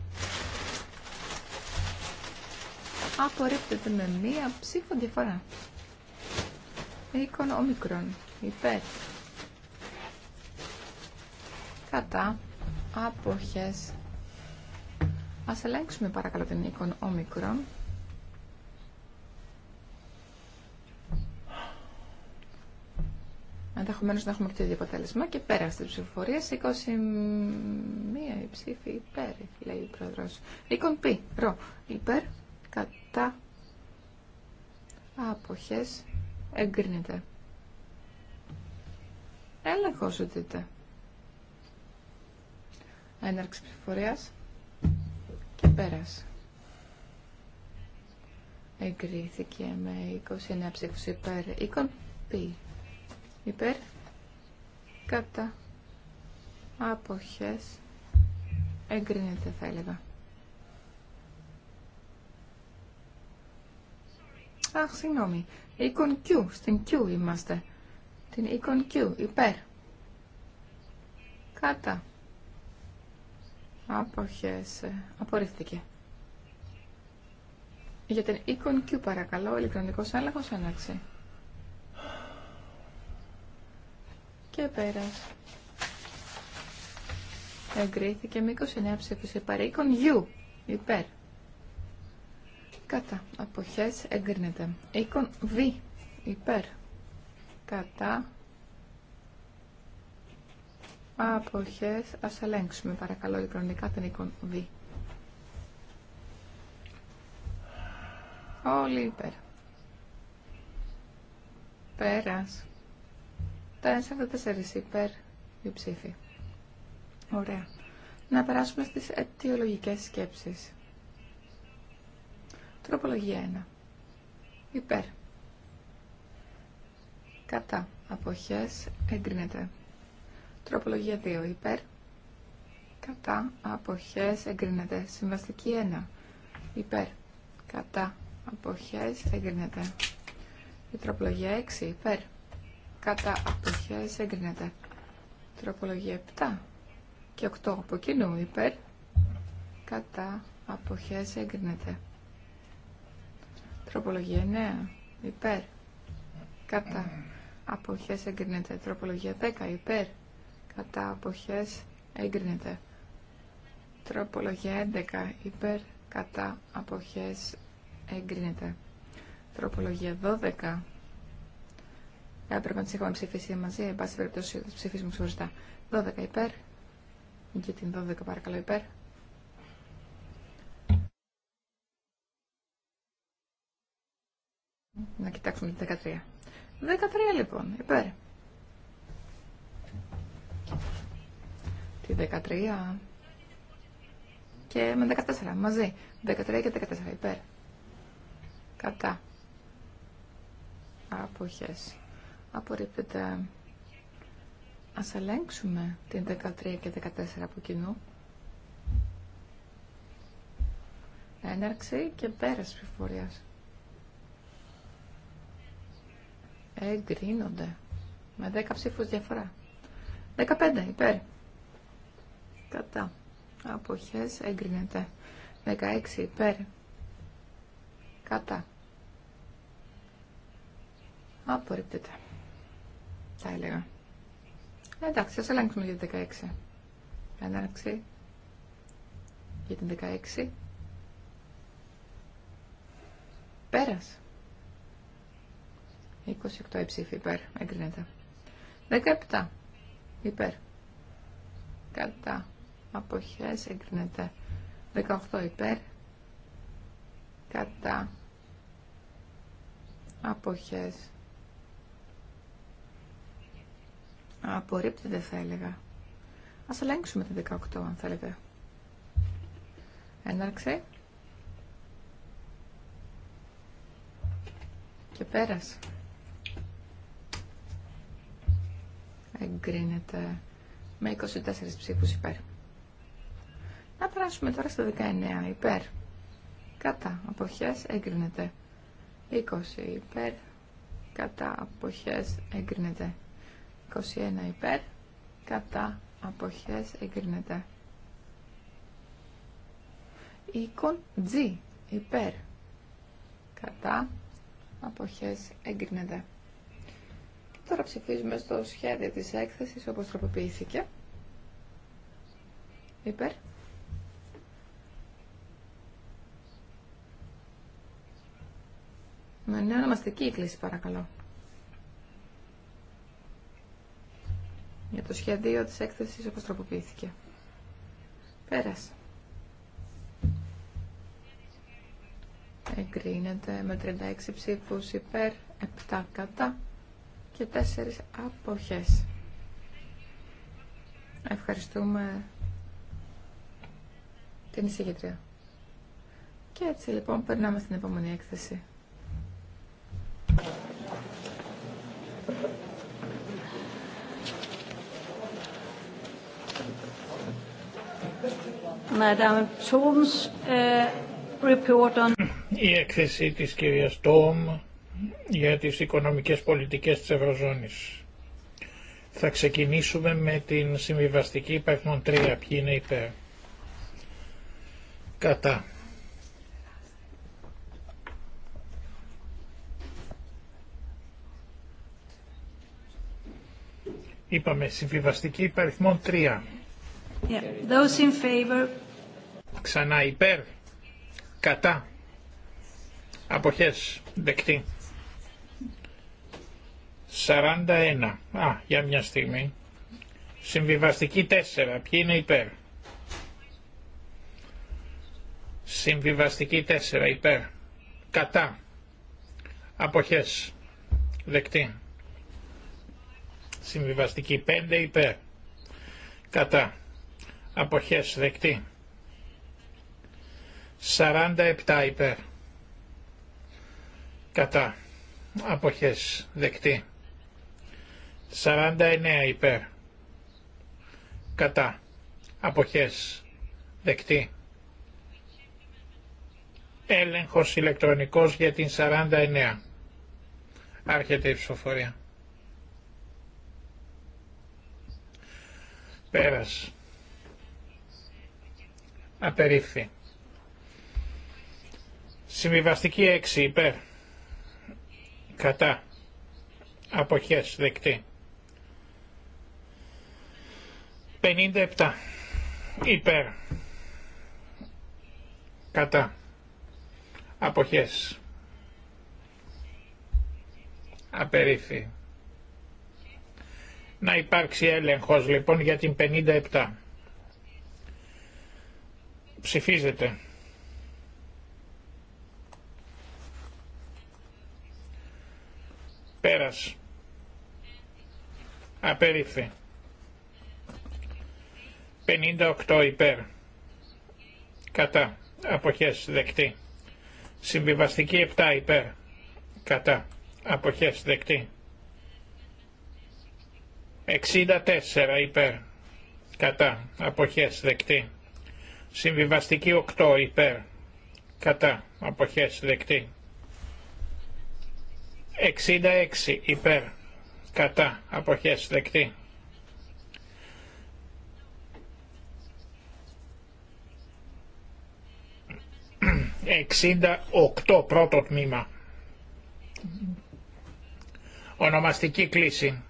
απορρίπτεται με μία ψήφο διαφορά. Οίκον ομικρόν. Υπέρ. Κατά. Αποχές. Ας ελέγξουμε παρακαλώ την οίκον ομικρόν. Ενδεχομένω να έχουμε και το ίδιο αποτέλεσμα και πέρα στι ψηφοφορία 21 μία ψήφη υπέρ, λέει ο πρόεδρο. Οίκον πι, ρο, υπέρ, κατά αποχές εγκρίνεται. Έλεγχος ζητείται. Έναρξη ψηφορίας και πέρας. Εγκρίθηκε με 29 ψήφους υπέρ οίκων πί, Υπέρ κατά αποχές εγκρίνεται θα έλεγα. συγγνώμη. Εικον Q, στην Q είμαστε. Την εικον Q, υπέρ. Κάτα. Αποχές. Ε, απορρίφθηκε. Για την εικον Q παρακαλώ, ηλεκτρονικός έλεγχος έναρξη. Και πέρας. Εγκρίθηκε με 29 ψήφους Εικον U, υπέρ. Κατά. Αποχές εγκρίνεται. Οίκον Β. Υπέρ. Κατά. Αποχές. Ας ελέγξουμε παρακαλώ ηλεκτρονικά την οίκον Β. Όλοι υπέρ. Πέρας. τέσσερις υπέρ η ψήφη. Ωραία. Να περάσουμε στις αιτιολογικές σκέψεις. Τροπολογία 1. Υπέρ. Κατά. Αποχές. Εγκρίνεται. Τροπολογία 2. Υπέρ. Κατά. Αποχές. Εγκρίνεται. Συμβαστική 1. Υπέρ. Κατά. Αποχές. Εγκρίνεται. Η τροπολογία 6. Υπέρ. Κατά. Αποχές. Εγκρίνεται. Τροπολογία 7 και 8 από κοινού υπέρ κατά αποχές εγκρίνεται. Τροπολογία 9. Ναι. Υπέρ. Κατά. Αποχές εγκρίνεται. Τροπολογία 10. Υπέρ. Κατά. Αποχές εγκρίνεται. Τροπολογία 11. Υπέρ. Κατά. Αποχές εγκρίνεται. Τροπολογία 12. Έπρεπε να τι έχουμε ψηφίσει μαζί, εν πάση περιπτώσει ψηφίσουμε ξεχωριστά. 12 υπέρ. Για την 12 παρακαλώ υπέρ. να κοιτάξουμε την 13. 13 λοιπόν, υπέρ. Τη 13 και με 14 μαζί. 13 και 14 υπέρ. Κατά. Αποχές. Απορρίπτεται. Ας ελέγξουμε την 13 και 14 από κοινού. Έναρξη και πέρας πληροφορίας. εγκρίνονται με 10 ψήφους διαφορά. 15 υπέρ. Κατά. Αποχές εγκρίνεται. 16 υπέρ. Κατά. Απορρίπτεται. Τα έλεγα. Εντάξει, ας ελέγξουμε για την 16. Έναρξη για την 16. Πέρασε. 28 ψήφοι υπέρ. Εγκρίνεται. 17 υπέρ. Κατά. Αποχές εγκρίνεται. 18 υπέρ. Κατά. Αποχές. Απορρίπτεται θα έλεγα. Ας ελέγξουμε τα 18 αν θέλετε. Έναρξε. Και πέρασε. εγκρίνεται με 24 ψήφους υπέρ. Να περάσουμε τώρα στο 19 υπέρ. Κατά αποχές εγκρίνεται. 20 υπέρ. Κατά αποχές εγκρίνεται. 21 υπέρ. Κατά αποχές εγκρίνεται. Οίκον G υπέρ. Κατά αποχές εγκρίνεται. Τώρα ψηφίζουμε στο σχέδιο της έκθεσης όπως τροποποιήθηκε. Υπέρ. Με νέα ονομαστική κλίση παρακαλώ. Για το σχέδιο της έκθεσης όπως τροποποιήθηκε. Πέρασε. Εγκρίνεται με 36 ψήφους υπέρ, 7 κατά και τέσσερις αποχές. Ευχαριστούμε την εισηγητρία. Και έτσι λοιπόν περνάμε στην επόμενη έκθεση. Uh, Η έκθεση της κυρίας Τόμ για τις οικονομικές πολιτικές της Ευρωζώνης. Θα ξεκινήσουμε με την συμβιβαστική υπαριθμόν 3. Ποιοι είναι υπέρ. Κατά. Είπαμε συμβιβαστική υπαριθμόν 3. Yeah. Those in favor. Ξανά υπέρ. Κατά. Αποχές. Δεκτή. 41. Α, για μια στιγμή. Συμβιβαστική 4. Ποιοι είναι υπέρ. Συμβιβαστική 4. Υπέρ. Κατά. Αποχές. Δεκτή. Συμβιβαστική 5. Υπέρ. Κατά. Αποχές. Δεκτή. 47 υπέρ. Κατά. Αποχές. Δεκτή. 49 υπέρ. Κατά. Αποχές. Δεκτή. Έλεγχος ηλεκτρονικός για την 49. Άρχεται η ψηφοφορία. Πέρας. Απερίφθη. Συμβιβαστική 6 υπέρ. Κατά. Αποχές δεκτή. 57 υπέρ κατά αποχές απερίφη να υπάρξει έλεγχος λοιπόν για την 57 ψηφίζεται πέρας απερίφη 58 υπέρ. Κατά. Αποχές δεκτή. Συμβιβαστική 7 υπέρ. Κατά. Αποχές δεκτή. 64 υπέρ. Κατά. Αποχές δεκτή. Συμβιβαστική 8 υπέρ. Κατά. Αποχές δεκτή. 66 υπέρ. Κατά. Αποχές δεκτή. 68 πρώτο τμήμα. Ονομαστική κλίση.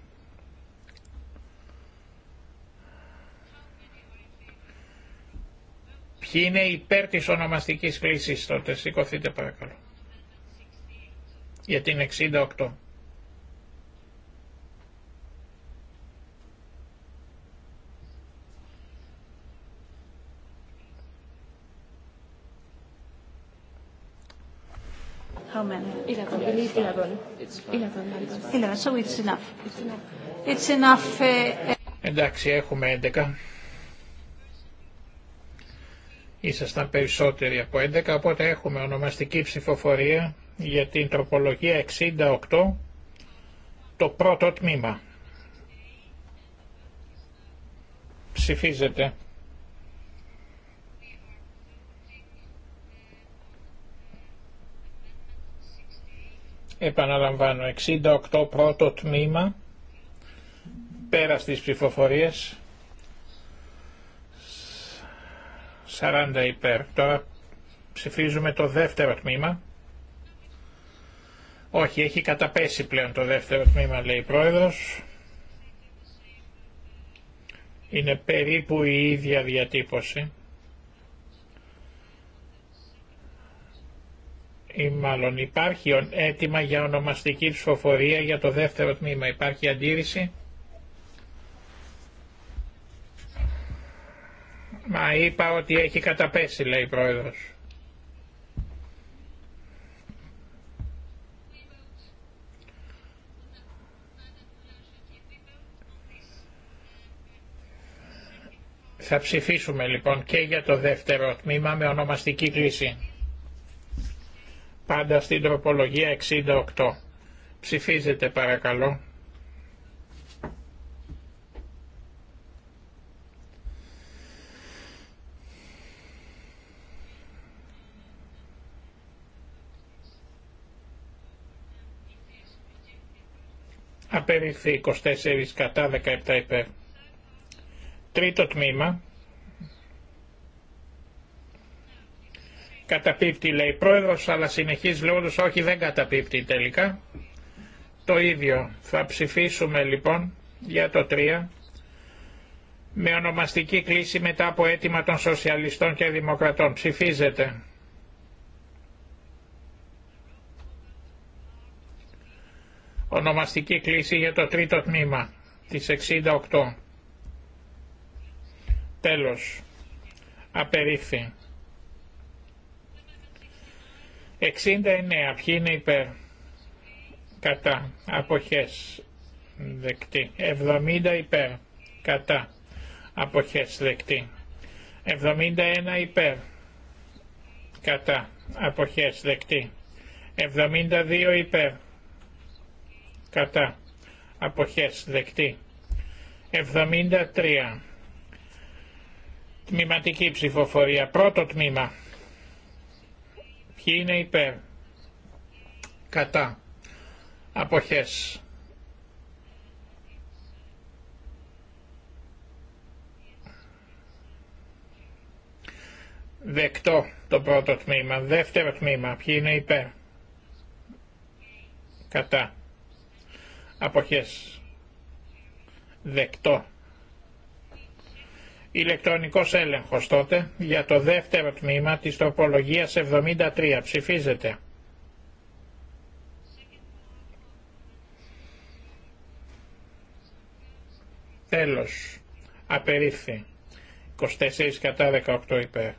Ποιοι είναι υπέρ της ονομαστικής κλίσης τότε, σηκωθείτε παρακαλώ. Για την 68. Εντάξει, έχουμε 11. Ήσασταν περισσότεροι από 11, οπότε έχουμε ονομαστική ψηφοφορία για την τροπολογία 68, το πρώτο τμήμα. Ψηφίζεται. Επαναλαμβάνω, 68 πρώτο τμήμα, πέρα στις ψηφοφορίες, 40 υπέρ. Τώρα ψηφίζουμε το δεύτερο τμήμα. Όχι, έχει καταπέσει πλέον το δεύτερο τμήμα, λέει η Πρόεδρος. Είναι περίπου η ίδια διατύπωση. ή μάλλον υπάρχει έτοιμα για ονομαστική ψηφοφορία για το δεύτερο τμήμα. Υπάρχει αντίρρηση. Μα είπα ότι έχει καταπέσει λέει η πρόεδρος. Θα ψηφίσουμε λοιπόν και για το δεύτερο τμήμα με ονομαστική κλίση πάντα στην τροπολογία 68. Ψηφίζετε παρακαλώ. Απεριφθεί 24 κατά 17 υπέρ. Τρίτο τμήμα. Καταπίπτει λέει πρόεδρος αλλά συνεχίζει λέγοντας όχι δεν καταπίπτει τελικά. Το ίδιο θα ψηφίσουμε λοιπόν για το 3 με ονομαστική κλίση μετά από αίτημα των σοσιαλιστών και δημοκρατών. Ψηφίζεται. Ονομαστική κλίση για το τρίτο τμήμα της 68. Τέλος. Απερίφθη. 69. Ποιοι είναι υπέρ. Κατά. Αποχές. Δεκτή. 70 υπέρ. Κατά. Αποχές. Δεκτή. 71 υπέρ. Κατά. Αποχές. Δεκτή. 72 υπέρ. Κατά. Αποχές. Δεκτή. 73. Τμηματική ψηφοφορία. Πρώτο τμήμα. Ποιοι είναι υπέρ. Κατά. Αποχές. Δεκτό το πρώτο τμήμα. Δεύτερο τμήμα. Ποιοι είναι υπέρ. Κατά. Αποχές. Δεκτό. Ηλεκτρονικός έλεγχος τότε για το δεύτερο τμήμα της τοπολογίας 73. Ψηφίζεται. Τέλος. Απερίφθη. 24 κατά 18 υπέρ.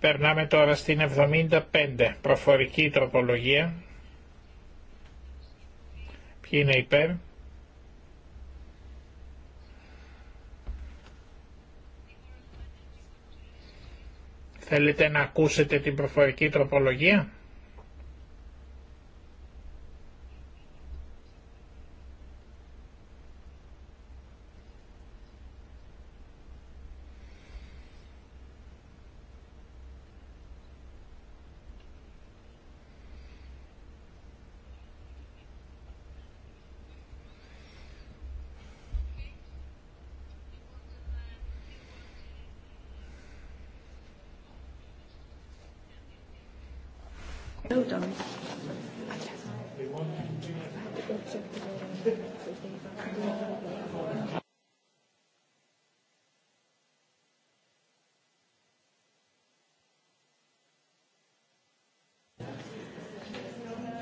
Περνάμε τώρα στην 75. Προφορική τροπολογία. Ποιοι είναι υπέρ. Θέλετε να ακούσετε την προφορική τροπολογία.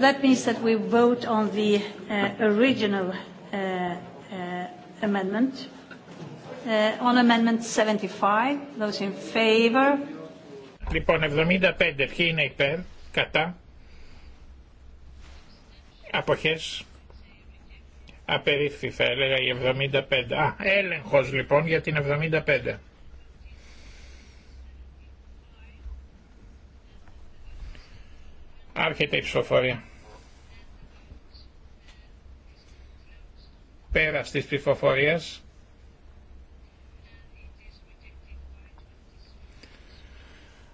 That means that we vote on the uh, original uh, uh, amendment. On amendment 75, those in favor. Λοιπόν, 75. Ποιοι είναι υπέρ, κατά, αποχές, απερίφθη θα έλεγα η 75. Α, έλεγχος λοιπόν για την 75. Άρχεται η ψηφοφορία. Πέρας της ψηφοφορίας.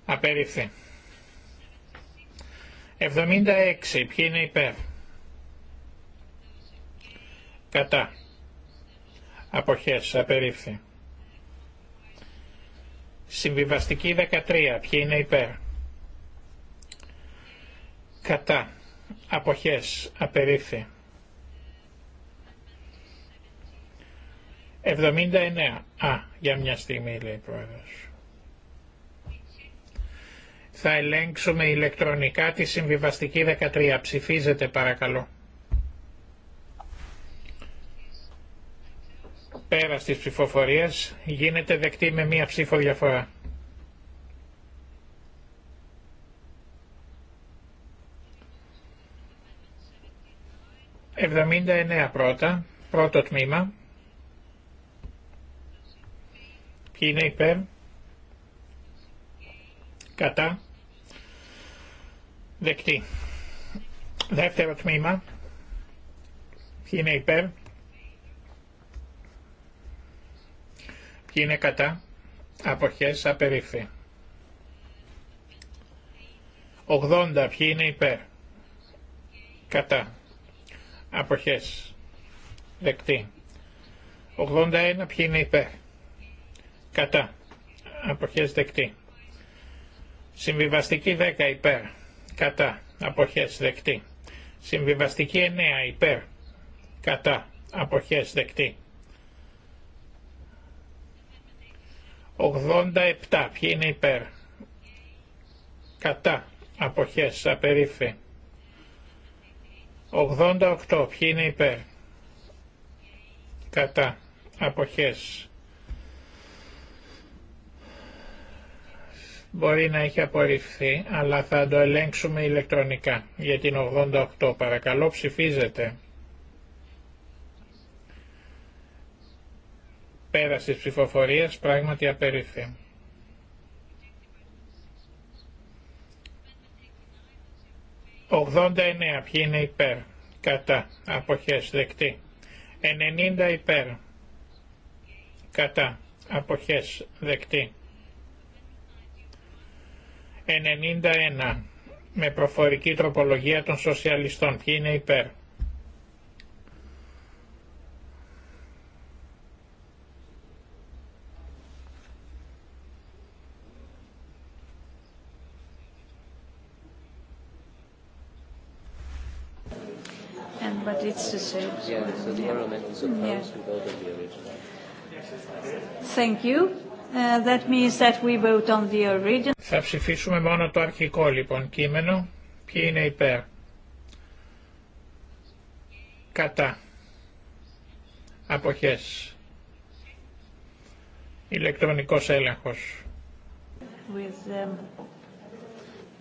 Απερίφθη. 76. Ποιοι είναι υπέρ. Κατά. Αποχές. Απερίφθη. Συμβιβαστική 13. Ποιοι είναι υπέρ. Κατά. Αποχές. Απερίφθη. 79. Α, για μια στιγμή λέει η πρόεδρος. Θα ελέγξουμε ηλεκτρονικά τη συμβιβαστική 13. Ψηφίζετε παρακαλώ. Πέρα τη ψηφοφορία γίνεται δεκτή με μία ψήφο διαφορά. 79 πρώτα, πρώτο τμήμα, Ποιοι είναι υπέρ. Κατά. Δεκτή. Δεύτερο τμήμα. Ποιοι είναι υπέρ. Ποιοι είναι κατά. Αποχές απερίφθη. 80. Ποιοι είναι υπέρ. Κατά. Αποχές. Δεκτή. 81. Ποιοι είναι υπέρ. Κατά. Αποχές δεκτή. Συμβιβαστική 10 υπέρ. Κατά. Αποχές δεκτή. Συμβιβαστική 9 υπέρ. Κατά. Αποχές δεκτή. 87. Ποιοι είναι υπέρ. Κατά. Αποχές. Απερίφη. 88. Ποιοι είναι υπέρ. Κατά. Αποχές. μπορεί να έχει απορριφθεί, αλλά θα το ελέγξουμε ηλεκτρονικά. Για την 88 παρακαλώ ψηφίζετε. Πέραση ψηφοφορίας πράγματι απεριφθεί. «89 ποιοι είναι υπέρ, κατά, αποχές δεκτή, 90 υπέρ, κατά, αποχές δεκτή, 91 με προφορική τροπολογία των σοσιαλιστών. Ποιοι είναι υπέρ. And but it's the same. Yeah, so the yeah. amendment was opposed yeah. the original. Thank you. Ε, that means that we vote on the original. Θα ψηφίσουμε μόνο το αρχικό λοιπόν κείμενο. Ποιοι είναι υπέρ. Κατά. Αποχές. Ηλεκτρονικός έλεγχος. With um,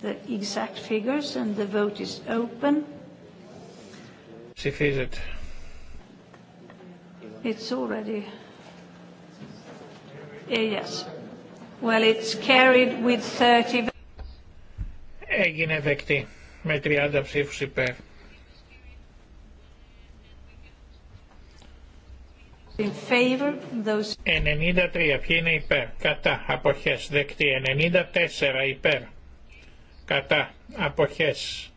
the exact figures and the vote is open. Ψηφίζεται. It's already ε, Έγινε δεκτή με 30 ψήφους υπέρ. In favor, those... 93. Ποιοι είναι υπέρ. Κατά. Αποχές. Δεκτή. 94. Υπέρ. Κατά. Αποχές.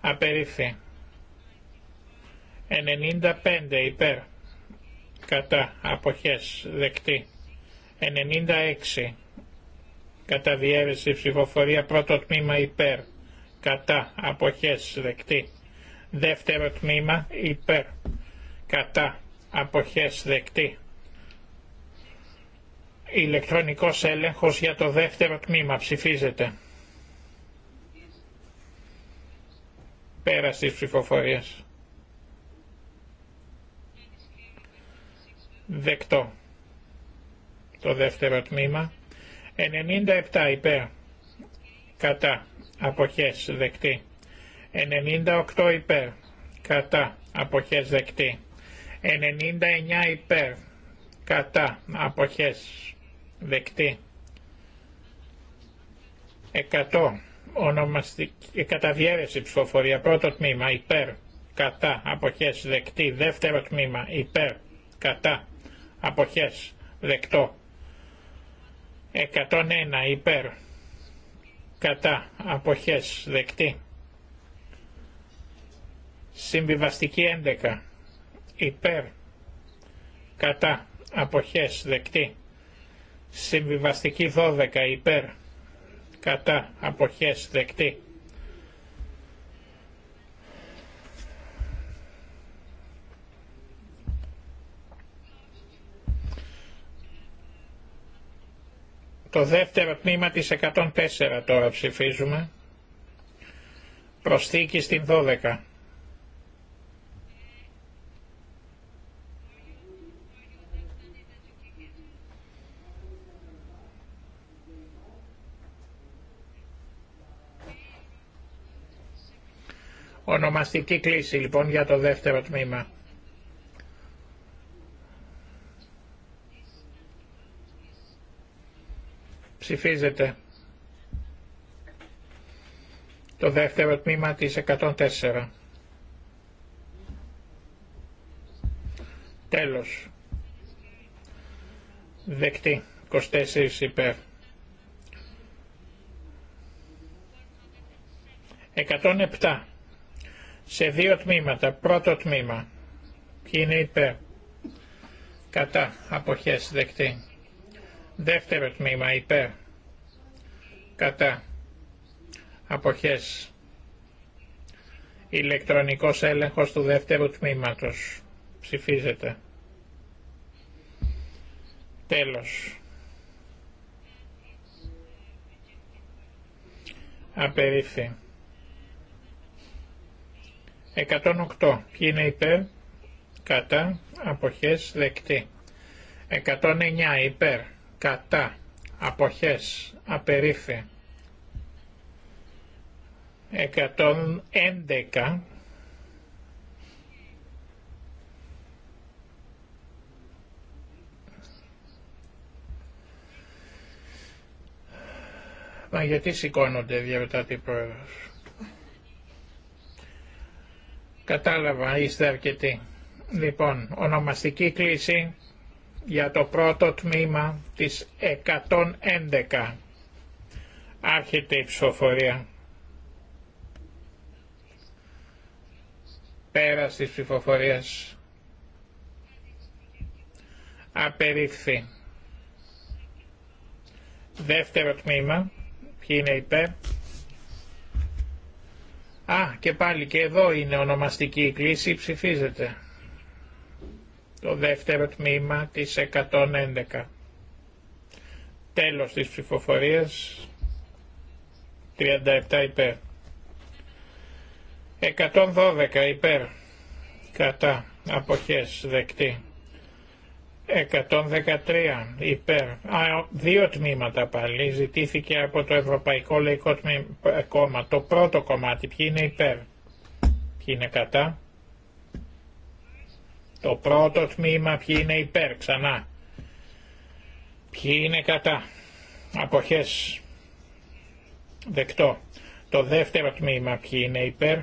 Απερίφθη. 95. Υπέρ. Κατά. Αποχές. Δεκτή. 96 κατά διέρεση ψηφοφορία πρώτο τμήμα υπέρ, κατά, αποχές, δεκτή. Δεύτερο τμήμα υπέρ, κατά, αποχές, δεκτή. Ηλεκτρονικός έλεγχος για το δεύτερο τμήμα ψηφίζεται. Πέρα στις ψηφοφορίες. Δεκτό το δεύτερο τμήμα, 97 υπέρ, κατά, αποχές δεκτή, 98 υπέρ, κατά, αποχές δεκτή, 99 υπέρ, κατά, αποχές δεκτή, 100 ονομαστική, κατά ψηφοφορία, πρώτο τμήμα υπέρ, κατά, αποχές δεκτή, δεύτερο τμήμα υπέρ, κατά, αποχές δεκτό. 101 υπέρ κατά αποχές δεκτή συμβιβαστική 11 υπέρ κατά αποχές δεκτή συμβιβαστική 12 υπέρ κατά αποχές δεκτή Το δεύτερο τμήμα της 104 τώρα ψηφίζουμε. Προσθήκη στην 12. Ονομαστική κλίση λοιπόν για το δεύτερο τμήμα. Ψηφίζεται το δεύτερο τμήμα της 104. Τέλος. Δεκτή. 24 υπέρ. 107. Σε δύο τμήματα. Πρώτο τμήμα. Ποιοι είναι υπέρ. Κατά. Αποχές. Δεκτή. Δεύτερο τμήμα. Υπέρ κατά αποχές ηλεκτρονικός έλεγχος του δεύτερου τμήματος ψηφίζεται τέλος απερίφθη 108 ποιοι είναι υπέρ κατά αποχές δεκτή 109 υπέρ κατά αποχές Απερίφη. 111 Μα γιατί σηκώνονται, διαρωτάται η πρόεδρος. Κατάλαβα, είστε αρκετοί. Λοιπόν, ονομαστική κλίση για το πρώτο τμήμα της 111. Άρχεται η ψηφοφορία. Πέρα τη ψηφοφορία. Απερίφθη. Δεύτερο τμήμα. Ποιοι είναι υπέρ. Α, και πάλι και εδώ είναι ονομαστική η κλίση, ψηφίζεται. Το δεύτερο τμήμα της 111. Τέλος της ψηφοφορίας. 37 υπέρ. 112 υπέρ κατά αποχές δεκτή. 113 υπέρ. Α, δύο τμήματα πάλι ζητήθηκε από το Ευρωπαϊκό Λαϊκό Κόμμα. Το πρώτο κομμάτι ποιοι είναι υπέρ. Ποιοι είναι κατά. Το πρώτο τμήμα ποιοι είναι υπέρ ξανά. Ποιοι είναι κατά. Αποχές. Δεκτό. Το δεύτερο τμήμα ποιοι είναι υπέρ.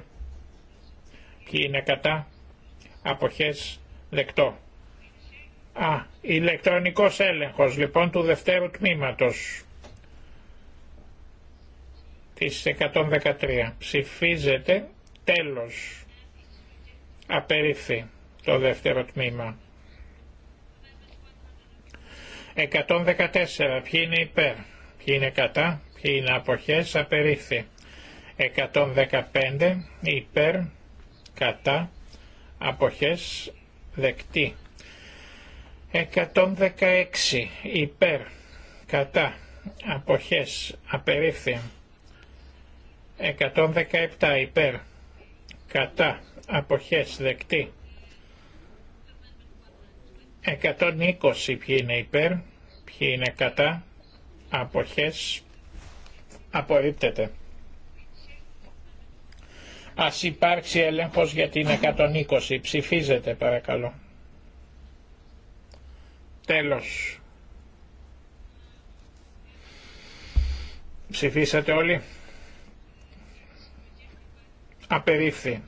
Ποιοι είναι κατά. Αποχές δεκτό. Α, ηλεκτρονικός έλεγχος λοιπόν του δευτέρου τμήματος της 113. Ψηφίζεται τέλος. Απερίφθη το δεύτερο τμήμα. 114. Ποιοι είναι υπέρ, ποιοι είναι κατά, ποιοι είναι αποχές, απερίφθη. 115. Υπέρ, κατά αποχές δεκτή 116 υπέρ κατά αποχές απερίφθεια. 117 υπέρ κατά αποχές δεκτή 120 ποιοι είναι υπέρ ποιοι είναι κατά αποχές απορρίπτεται Ας υπάρξει έλεγχος για την 120. Ψηφίζετε παρακαλώ. Τέλος. Ψηφίσατε όλοι. Απερίφθη.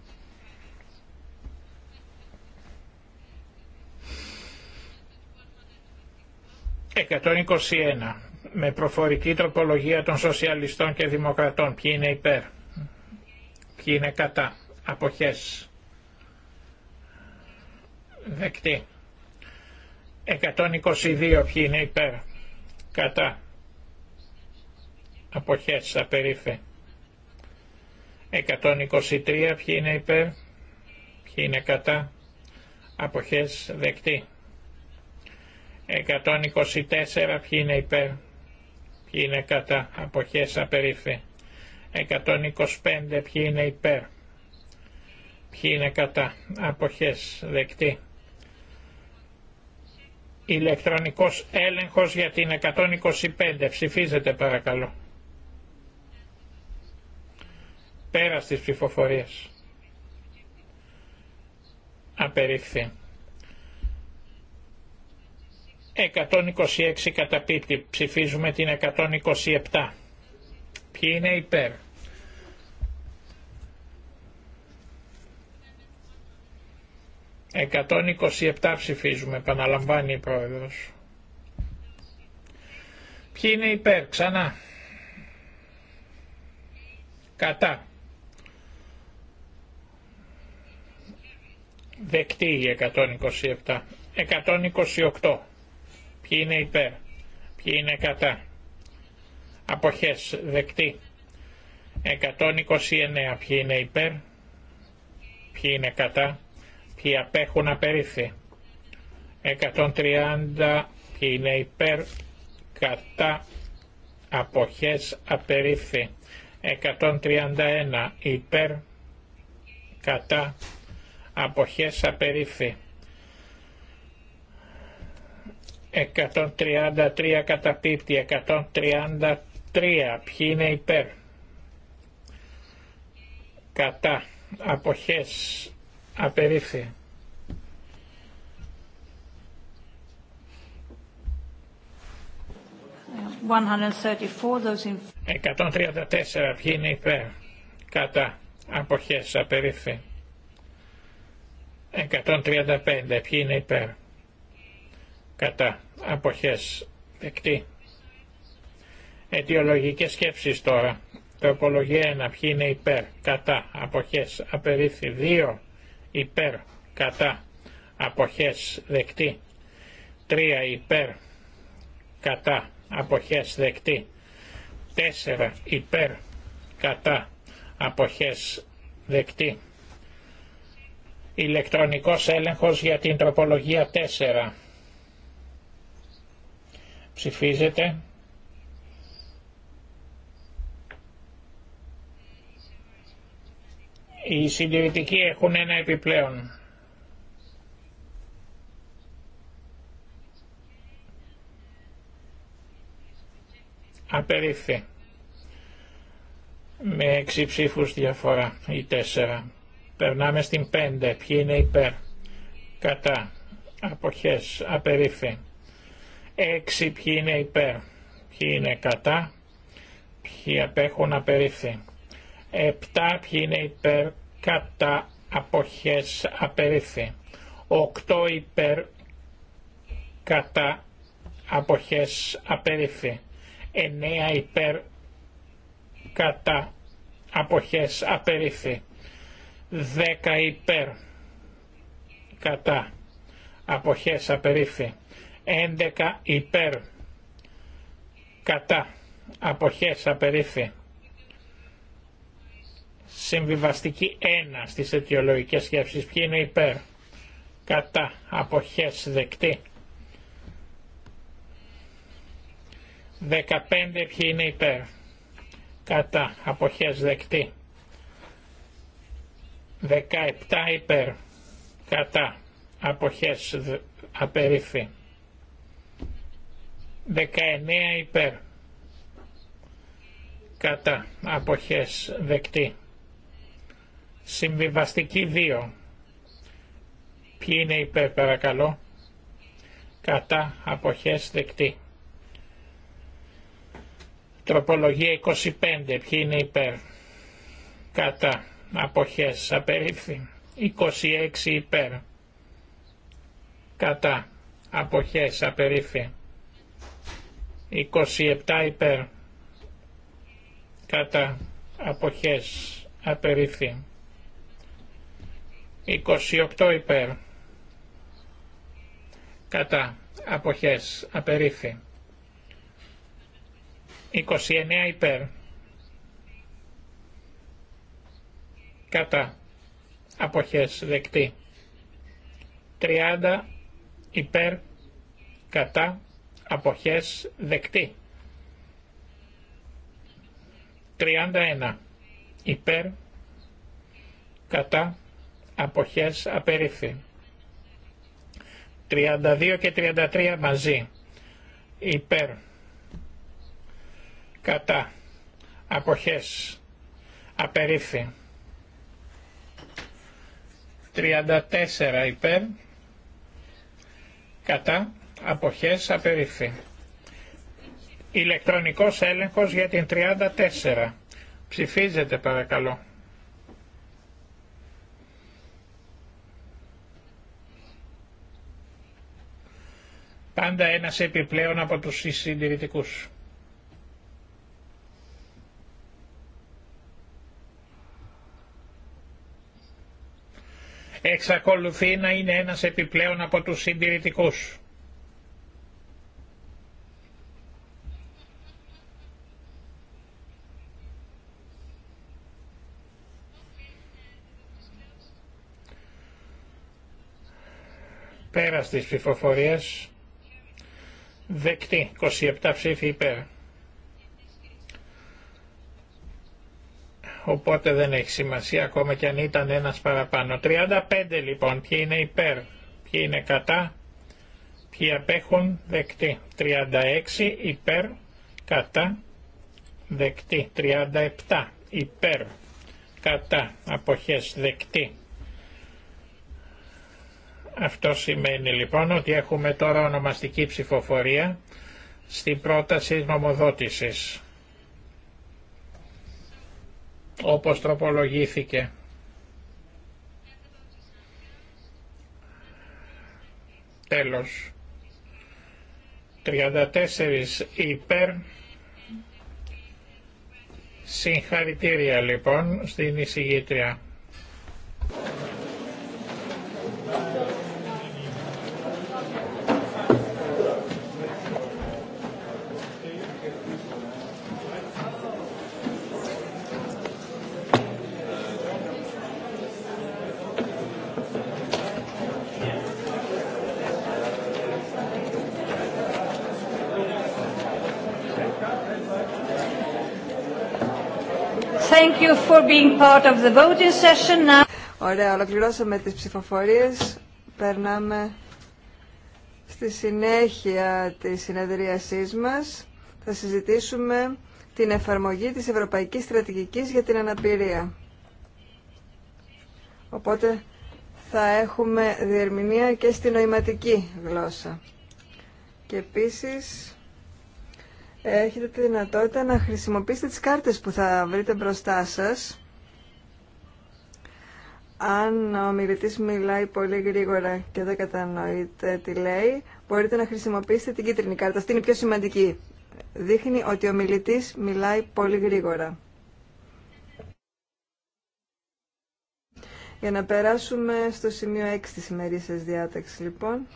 121. με προφορική τροπολογία των σοσιαλιστών και δημοκρατών. Ποιοι είναι υπέρ. Ποιοι είναι κατά. Αποχές. Δεκτή. 122 ποιοι είναι υπέρ. Κατά. Αποχές. Απερίφε. 123 ποιοι είναι υπέρ. Ποιοι είναι κατά. Αποχές. Δεκτή. 124 ποιοι είναι υπέρ. Ποιοι είναι κατά. Αποχές. Απερίφε. 125 ποιοι είναι υπέρ, ποιοι είναι κατά, αποχές, δεκτή. Ηλεκτρονικός έλεγχος για την 125, ψηφίζετε παρακαλώ. Πέρα στις ψηφοφορίες. Απερίφθη. 126 καταπίπτει, ψηφίζουμε την 127. Ποιοι είναι υπέρ. Εκατόν ψηφίζουμε, επαναλαμβάνει η πρόεδρος. Ποιοι είναι υπέρ, ξανά. Κατά. Δεκτή η 127. 128. Ποιοι είναι υπέρ. Ποιοι είναι κατά. Αποχές δεκτή. 129. Ποιοι είναι υπέρ. Ποιοι είναι κατά. Ποιοι απέχουν απερίφη. 130. Ποιοι είναι υπέρ. Κατά. Αποχές Απερίφη. 131. Υπέρ. Κατά. Αποχές Απερίφη. 133 καταπίπτει, Τρία. Ποιοι είναι υπέρ. Κατά. Αποχές. Απερίφθη. Εκατόν τέσσερα. Ποιοι είναι υπέρ. Κατά. Αποχές. Απερίφθη. 135. Ποιοι είναι υπέρ. Κατά. Αποχές. Δεκτή. Αιτιολογικές σκέψεις τώρα. Τροπολογία 1. Ποιοι είναι υπέρ, κατά, αποχές, απερίφθη. 2. Υπέρ, κατά, αποχές, δεκτή. 3. Υπέρ, κατά, αποχές, δεκτή. 4. Υπέρ, κατά, αποχές, δεκτή. Ηλεκτρονικός έλεγχος για την τροπολογία 4. Ψηφίζεται. Οι συντηρητικοί έχουν ένα επιπλέον. Απερίφθη. Με έξι ψήφους διαφορά ή τέσσερα. Περνάμε στην πέντε. Ποιοι είναι υπέρ. Κατά. Αποχές. Απερίφθη. Έξι. Ποιοι είναι υπέρ. Ποιοι είναι κατά. Ποιοι απέχουν απερίφθη. Επτά. Ποιοι είναι υπέρ κατά αποχές απερίφθη. Οκτώ υπέρ κατά αποχές απερίφθη. Εννέα υπέρ κατά αποχές απερίφθη. Δέκα υπέρ κατά αποχές απερίφθη. Εντεκά υπέρ κατά αποχές απερίφθη. Συμβιβαστική 1 στις αιτιολογικές σκέψεις. Ποιοι είναι υπέρ. Κατά. Αποχές δεκτή. 15 ποιοι είναι υπέρ. Κατά. Αποχές δεκτή. 17 υπέρ. Κατά. Αποχές απερίφη. 19 υπέρ. Κατά. Αποχές δεκτή. Συμβιβαστική 2. Ποιοι είναι υπέρ παρακαλώ. Κατά αποχές δεκτή. Τροπολογία 25. Ποιοι είναι υπέρ. Κατά αποχές απερίφθη. 26 υπέρ. Κατά αποχές απερίφθη. 27 υπέρ. Κατά αποχές απερίφθη. 28 υπέρ. Κατά. Αποχές. Απερίφη. 29 υπέρ. Κατά. Αποχές. Δεκτή. 30 υπέρ. Κατά. Αποχές. Δεκτή. 31 υπέρ. Κατά αποχές απερίφθη. 32 και 33 μαζί υπέρ κατά αποχές απερίφθη. 34 υπέρ κατά αποχές απερίφθη. Ηλεκτρονικός έλεγχος για την 34. Ψηφίζετε παρακαλώ. Πάντα ένας επιπλέον από τους συντηρητικούς. Εξακολουθεί να είναι ένας επιπλέον από τους συντηρητικούς. Πέρα της ψηφοφορίας Δεκτή. 27 ψήφοι υπέρ. Οπότε δεν έχει σημασία ακόμα κι αν ήταν ένας παραπάνω. 35 λοιπόν. Ποιοι είναι υπέρ. Ποιοι είναι κατά. Ποιοι απέχουν. Δεκτή. 36 υπέρ. Κατά. Δεκτή. 37 υπέρ. Κατά. Αποχές. Δεκτή. Αυτό σημαίνει λοιπόν ότι έχουμε τώρα ονομαστική ψηφοφορία στην πρόταση νομοδότησης όπως τροπολογήθηκε. Τέλος. 34 υπέρ. Συγχαρητήρια λοιπόν στην εισηγήτρια. for being part of the voting session now. Ωραία, ολοκληρώσαμε τις ψηφοφορίες. Περνάμε στη συνέχεια της συνεδρίασής μας. Θα συζητήσουμε την εφαρμογή της Ευρωπαϊκής Στρατηγικής για την Αναπηρία. Οπότε θα έχουμε διερμηνία και στη νοηματική γλώσσα. Και επίσης έχετε τη δυνατότητα να χρησιμοποιήσετε τις κάρτες που θα βρείτε μπροστά σας. Αν ο μιλητής μιλάει πολύ γρήγορα και δεν κατανοείτε τι λέει, μπορείτε να χρησιμοποιήσετε την κίτρινη κάρτα. Αυτή είναι η πιο σημαντική. Δείχνει ότι ο μιλητής μιλάει πολύ γρήγορα. Για να περάσουμε στο σημείο 6 της σημερινής διάταξης, λοιπόν.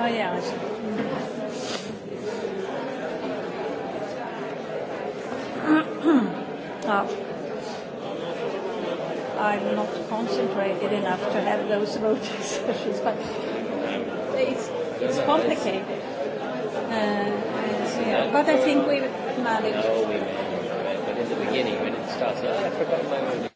mariage. ah. I'm not concentrated enough to have those voting sessions, but it's, it's complicated. Uh, but I think we managed. No, we've, But in the beginning, when it starts, I forgot my own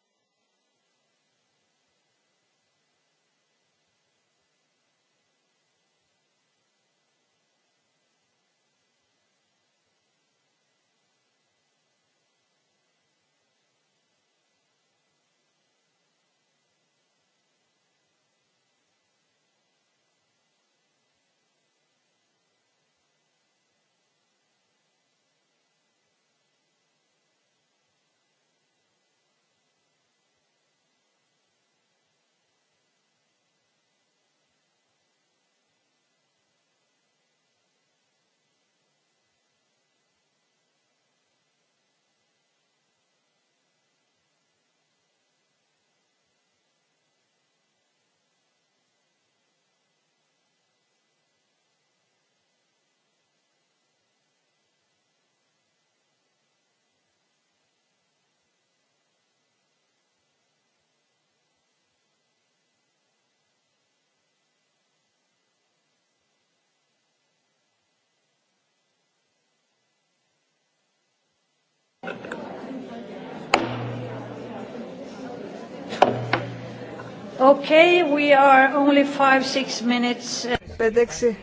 Okay, we are only five, six minutes. 5-6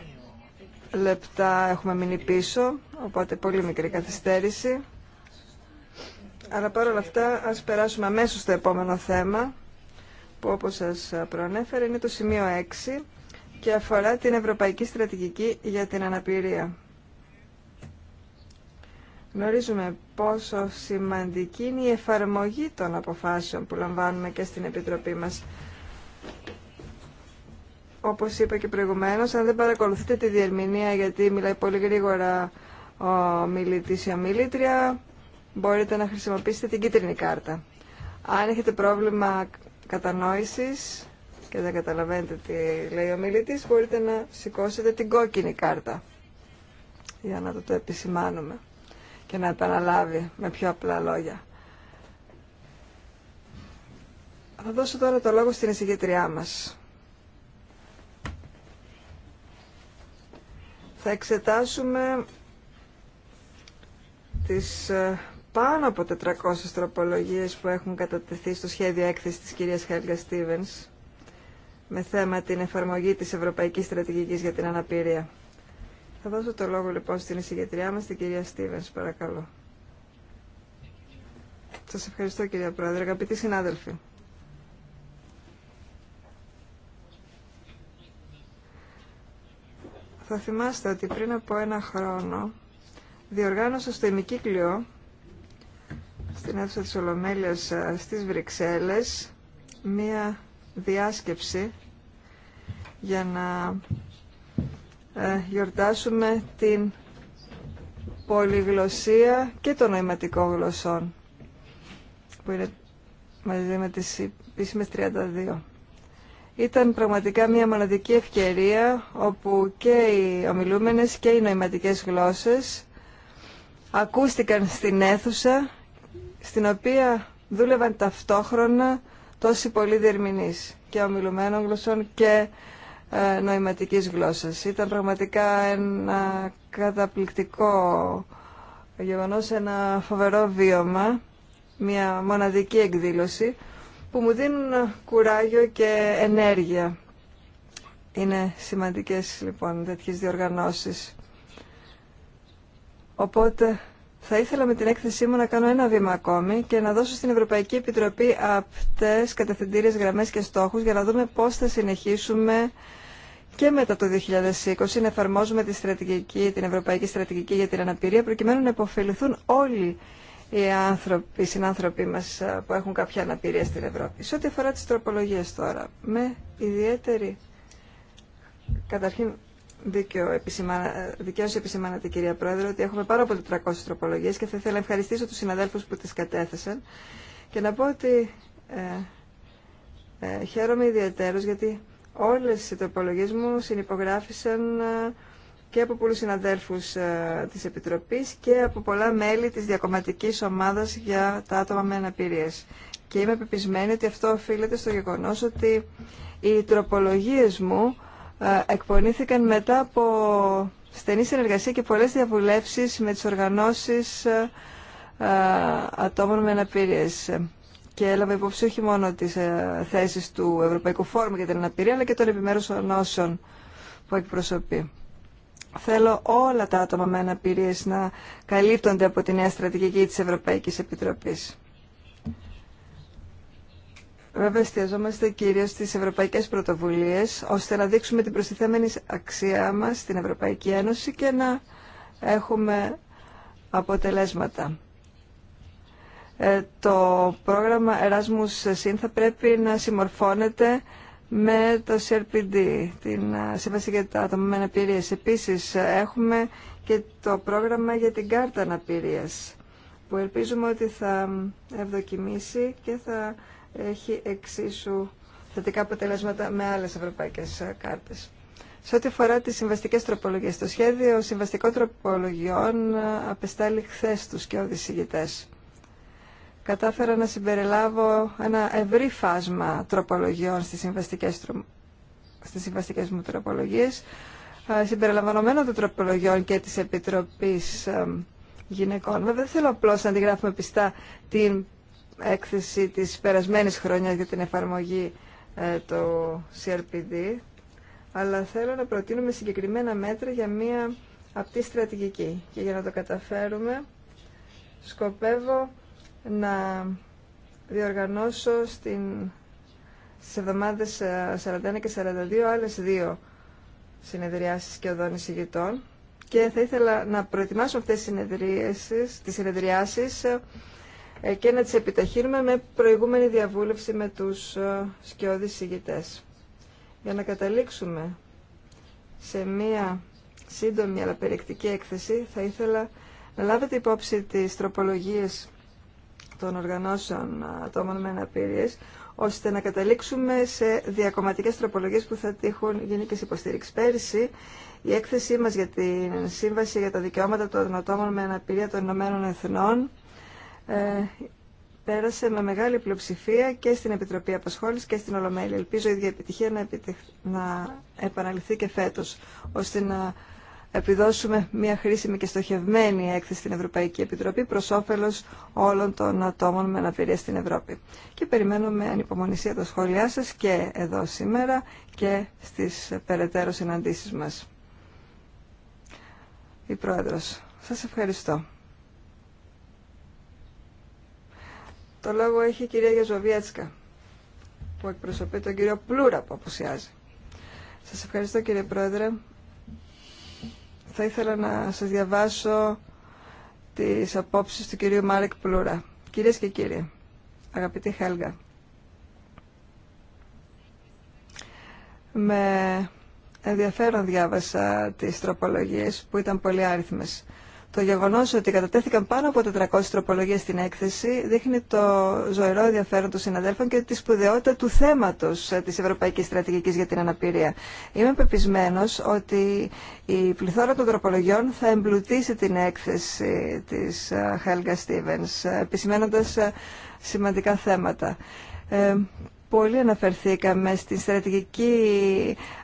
λεπτά έχουμε μείνει πίσω, οπότε πολύ μικρή καθυστέρηση. Αλλά παρόλα αυτά ας περάσουμε αμέσως στο επόμενο θέμα, που όπως σας προανέφερα είναι το σημείο 6 και αφορά την Ευρωπαϊκή Στρατηγική για την Αναπηρία. Γνωρίζουμε πόσο σημαντική είναι η εφαρμογή των αποφάσεων που λαμβάνουμε και στην Επιτροπή μας όπως είπα και προηγουμένως, αν δεν παρακολουθείτε τη διερμηνία γιατί μιλάει πολύ γρήγορα ο μιλητής ή ομιλήτρια, μπορείτε να χρησιμοποιήσετε την κίτρινη κάρτα. Αν έχετε πρόβλημα κατανόησης και δεν καταλαβαίνετε τι λέει ο μιλητής, μπορείτε να σηκώσετε την κόκκινη κάρτα για να το, το επισημάνουμε και να επαναλάβει με πιο απλά λόγια. Θα δώσω τώρα το λόγο στην εισηγητριά μας. Θα εξετάσουμε τις ε, πάνω από 400 τροπολογίες που έχουν κατατεθεί στο σχέδιο έκθεση της κυρίας Χέλγα Στίβενς με θέμα την εφαρμογή της Ευρωπαϊκής Στρατηγικής για την Αναπηρία. Θα δώσω το λόγο λοιπόν στην εισηγητριά μας, την κυρία Στίβενς, παρακαλώ. Σας ευχαριστώ κυρία Πρόεδρε, αγαπητοί συνάδελφοι. Θα θυμάστε ότι πριν από ένα χρόνο διοργάνωσα στο ημικύκλιο στην αίθουσα της Ολομέλειας ε, στις Βρυξέλλες μία διάσκεψη για να ε, γιορτάσουμε την πολυγλωσία και των νοηματικών γλωσσών που είναι μαζί με τις επίσημες 32. Ήταν πραγματικά μια μοναδική ευκαιρία όπου και οι ομιλούμενες και οι νοηματικές γλώσσες ακούστηκαν στην αίθουσα στην οποία δούλευαν ταυτόχρονα τόσοι πολλοί διερμηνείς και ομιλουμένων γλωσσών και ε, νοηματικής γλώσσας. Ήταν πραγματικά ένα καταπληκτικό γεγονός, ένα φοβερό βίωμα, μια μοναδική εκδήλωση που μου δίνουν κουράγιο και ενέργεια. Είναι σημαντικές λοιπόν τέτοιες διοργανώσεις. Οπότε θα ήθελα με την έκθεσή μου να κάνω ένα βήμα ακόμη και να δώσω στην Ευρωπαϊκή Επιτροπή αυτές κατευθυντήριες γραμμές και στόχους για να δούμε πώς θα συνεχίσουμε και μετά το 2020 να εφαρμόζουμε τη στρατηγική, την Ευρωπαϊκή Στρατηγική για την Αναπηρία προκειμένου να υποφεληθούν όλοι οι άνθρωποι, οι συνάνθρωποι μας που έχουν κάποια αναπηρία στην Ευρώπη. Σε ό,τι αφορά τις τροπολογίες τώρα, με ιδιαίτερη, καταρχήν δίκαιο επισημανα, ε, επισημάνατε κυρία Πρόεδρε ότι έχουμε πάρα πολύ 300 τροπολογίες και θα ήθελα να ευχαριστήσω τους συναδέλφους που τις κατέθεσαν και να πω ότι ε, ε, χαίρομαι ιδιαίτερως γιατί όλες οι τροπολογίες μου συνυπογράφησαν ε, και από πολλούς συναδέλφους ε, της Επιτροπής και από πολλά μέλη της διακομματικής ομάδας για τα άτομα με αναπηρίες. Και είμαι πεπισμένη ότι αυτό οφείλεται στο γεγονός ότι οι τροπολογίες μου ε, εκπονήθηκαν μετά από στενή συνεργασία και πολλές διαβουλεύσεις με τις οργανώσεις ε, ατόμων με αναπηρίες και έλαβα υπόψη όχι μόνο τις θέσεις του Ευρωπαϊκού Φόρουμ για την Αναπηρία αλλά και των επιμέρους ονόσεων που εκπροσωπεί. Θέλω όλα τα άτομα με αναπηρίες να καλύπτονται από τη νέα στρατηγική της Ευρωπαϊκής Επιτροπής. Βέβαια, εστιαζόμαστε κυρίως στις ευρωπαϊκές πρωτοβουλίες, ώστε να δείξουμε την προστιθέμενη αξία μας στην Ευρωπαϊκή Ένωση και να έχουμε αποτελέσματα. Ε, το πρόγραμμα Erasmus Συν θα πρέπει να συμμορφώνεται με το CRPD, την Σύμβαση για τα άτομα με Επίσης, έχουμε και το πρόγραμμα για την κάρτα αναπηρίας, που ελπίζουμε ότι θα ευδοκιμήσει και θα έχει εξίσου θετικά αποτελέσματα με άλλες ευρωπαϊκές κάρτες. Σε ό,τι αφορά τις συμβαστικές τροπολογίες, το σχέδιο συμβαστικών τροπολογιών ε, απεστάλλει χθε τους και οδησηγητές κατάφερα να συμπεριλάβω ένα ευρύ φάσμα τροπολογιών στις συμβαστικές, στις συμβαστικές μου τροπολογίες, ε, συμπεριλαμβανομένων των τροπολογιών και της Επιτροπής ε, Γυναικών. Βέβαια, δεν θέλω απλώ να αντιγράφουμε πιστά την έκθεση της περασμένης χρονιάς για την εφαρμογή ε, του CRPD, αλλά θέλω να προτείνουμε συγκεκριμένα μέτρα για μία απτή στρατηγική. Και για να το καταφέρουμε, σκοπεύω να διοργανώσω στην, στις εβδομάδες 41 ε, και 42 άλλες δύο συνεδριάσεις και εισηγητών και θα ήθελα να προετοιμάσω αυτές τις συνεδριάσεις, τις συνεδριάσεις ε, ε, και να τις επιταχύνουμε με προηγούμενη διαβούλευση με τους σκιώδεις ηγητές. Για να καταλήξουμε σε μία σύντομη αλλά περιεκτική έκθεση θα ήθελα να λάβετε υπόψη τις τροπολογίες των οργανώσεων ατόμων με αναπηρίες, ώστε να καταλήξουμε σε διακομματικές τροπολογίες που θα τύχουν γενικές υποστήριξη. Πέρυσι, η έκθεσή μας για την Σύμβαση για τα Δικαιώματα των Ατόμων με Αναπηρία των Ηνωμένων Εθνών ε, πέρασε με μεγάλη πλειοψηφία και στην Επιτροπή Απασχόληση και στην Ολομέλη. Ελπίζω η ίδια επιτυχία να, επιτυχ... επαναληφθεί και φέτος, ώστε να επιδώσουμε μια χρήσιμη και στοχευμένη έκθεση στην Ευρωπαϊκή Επιτροπή προς όφελος όλων των ατόμων με αναπηρία στην Ευρώπη. Και περιμένουμε ανυπομονησία τα σχόλιά σας και εδώ σήμερα και στις περαιτέρω συναντήσεις μας. Η Πρόεδρος, σας ευχαριστώ. Το λόγο έχει η κυρία Γεζοβιέτσκα, που εκπροσωπεί τον κύριο Πλούρα που αποουσιάζει. Σας ευχαριστώ κύριε Πρόεδρε θα ήθελα να σας διαβάσω τις απόψεις του κυρίου Μάρεκ Πλούρα. Κυρίες και κύριοι, αγαπητή Χέλγα, με ενδιαφέρον διάβασα τις τροπολογίες που ήταν πολύ άριθμες. Το γεγονό ότι κατατέθηκαν πάνω από 400 τροπολογίες στην έκθεση δείχνει το ζωηρό ενδιαφέρον των συναδέλφων και τη σπουδαιότητα του θέματος ε, της Ευρωπαϊκής Στρατηγικής για την Αναπηρία. Είμαι πεπισμένο ότι η πληθώρα των τροπολογιών θα εμπλουτίσει την έκθεση της ε, Helga Stevens, ε, επισημένοντα σημαντικά θέματα πολύ αναφερθήκαμε στη στρατηγική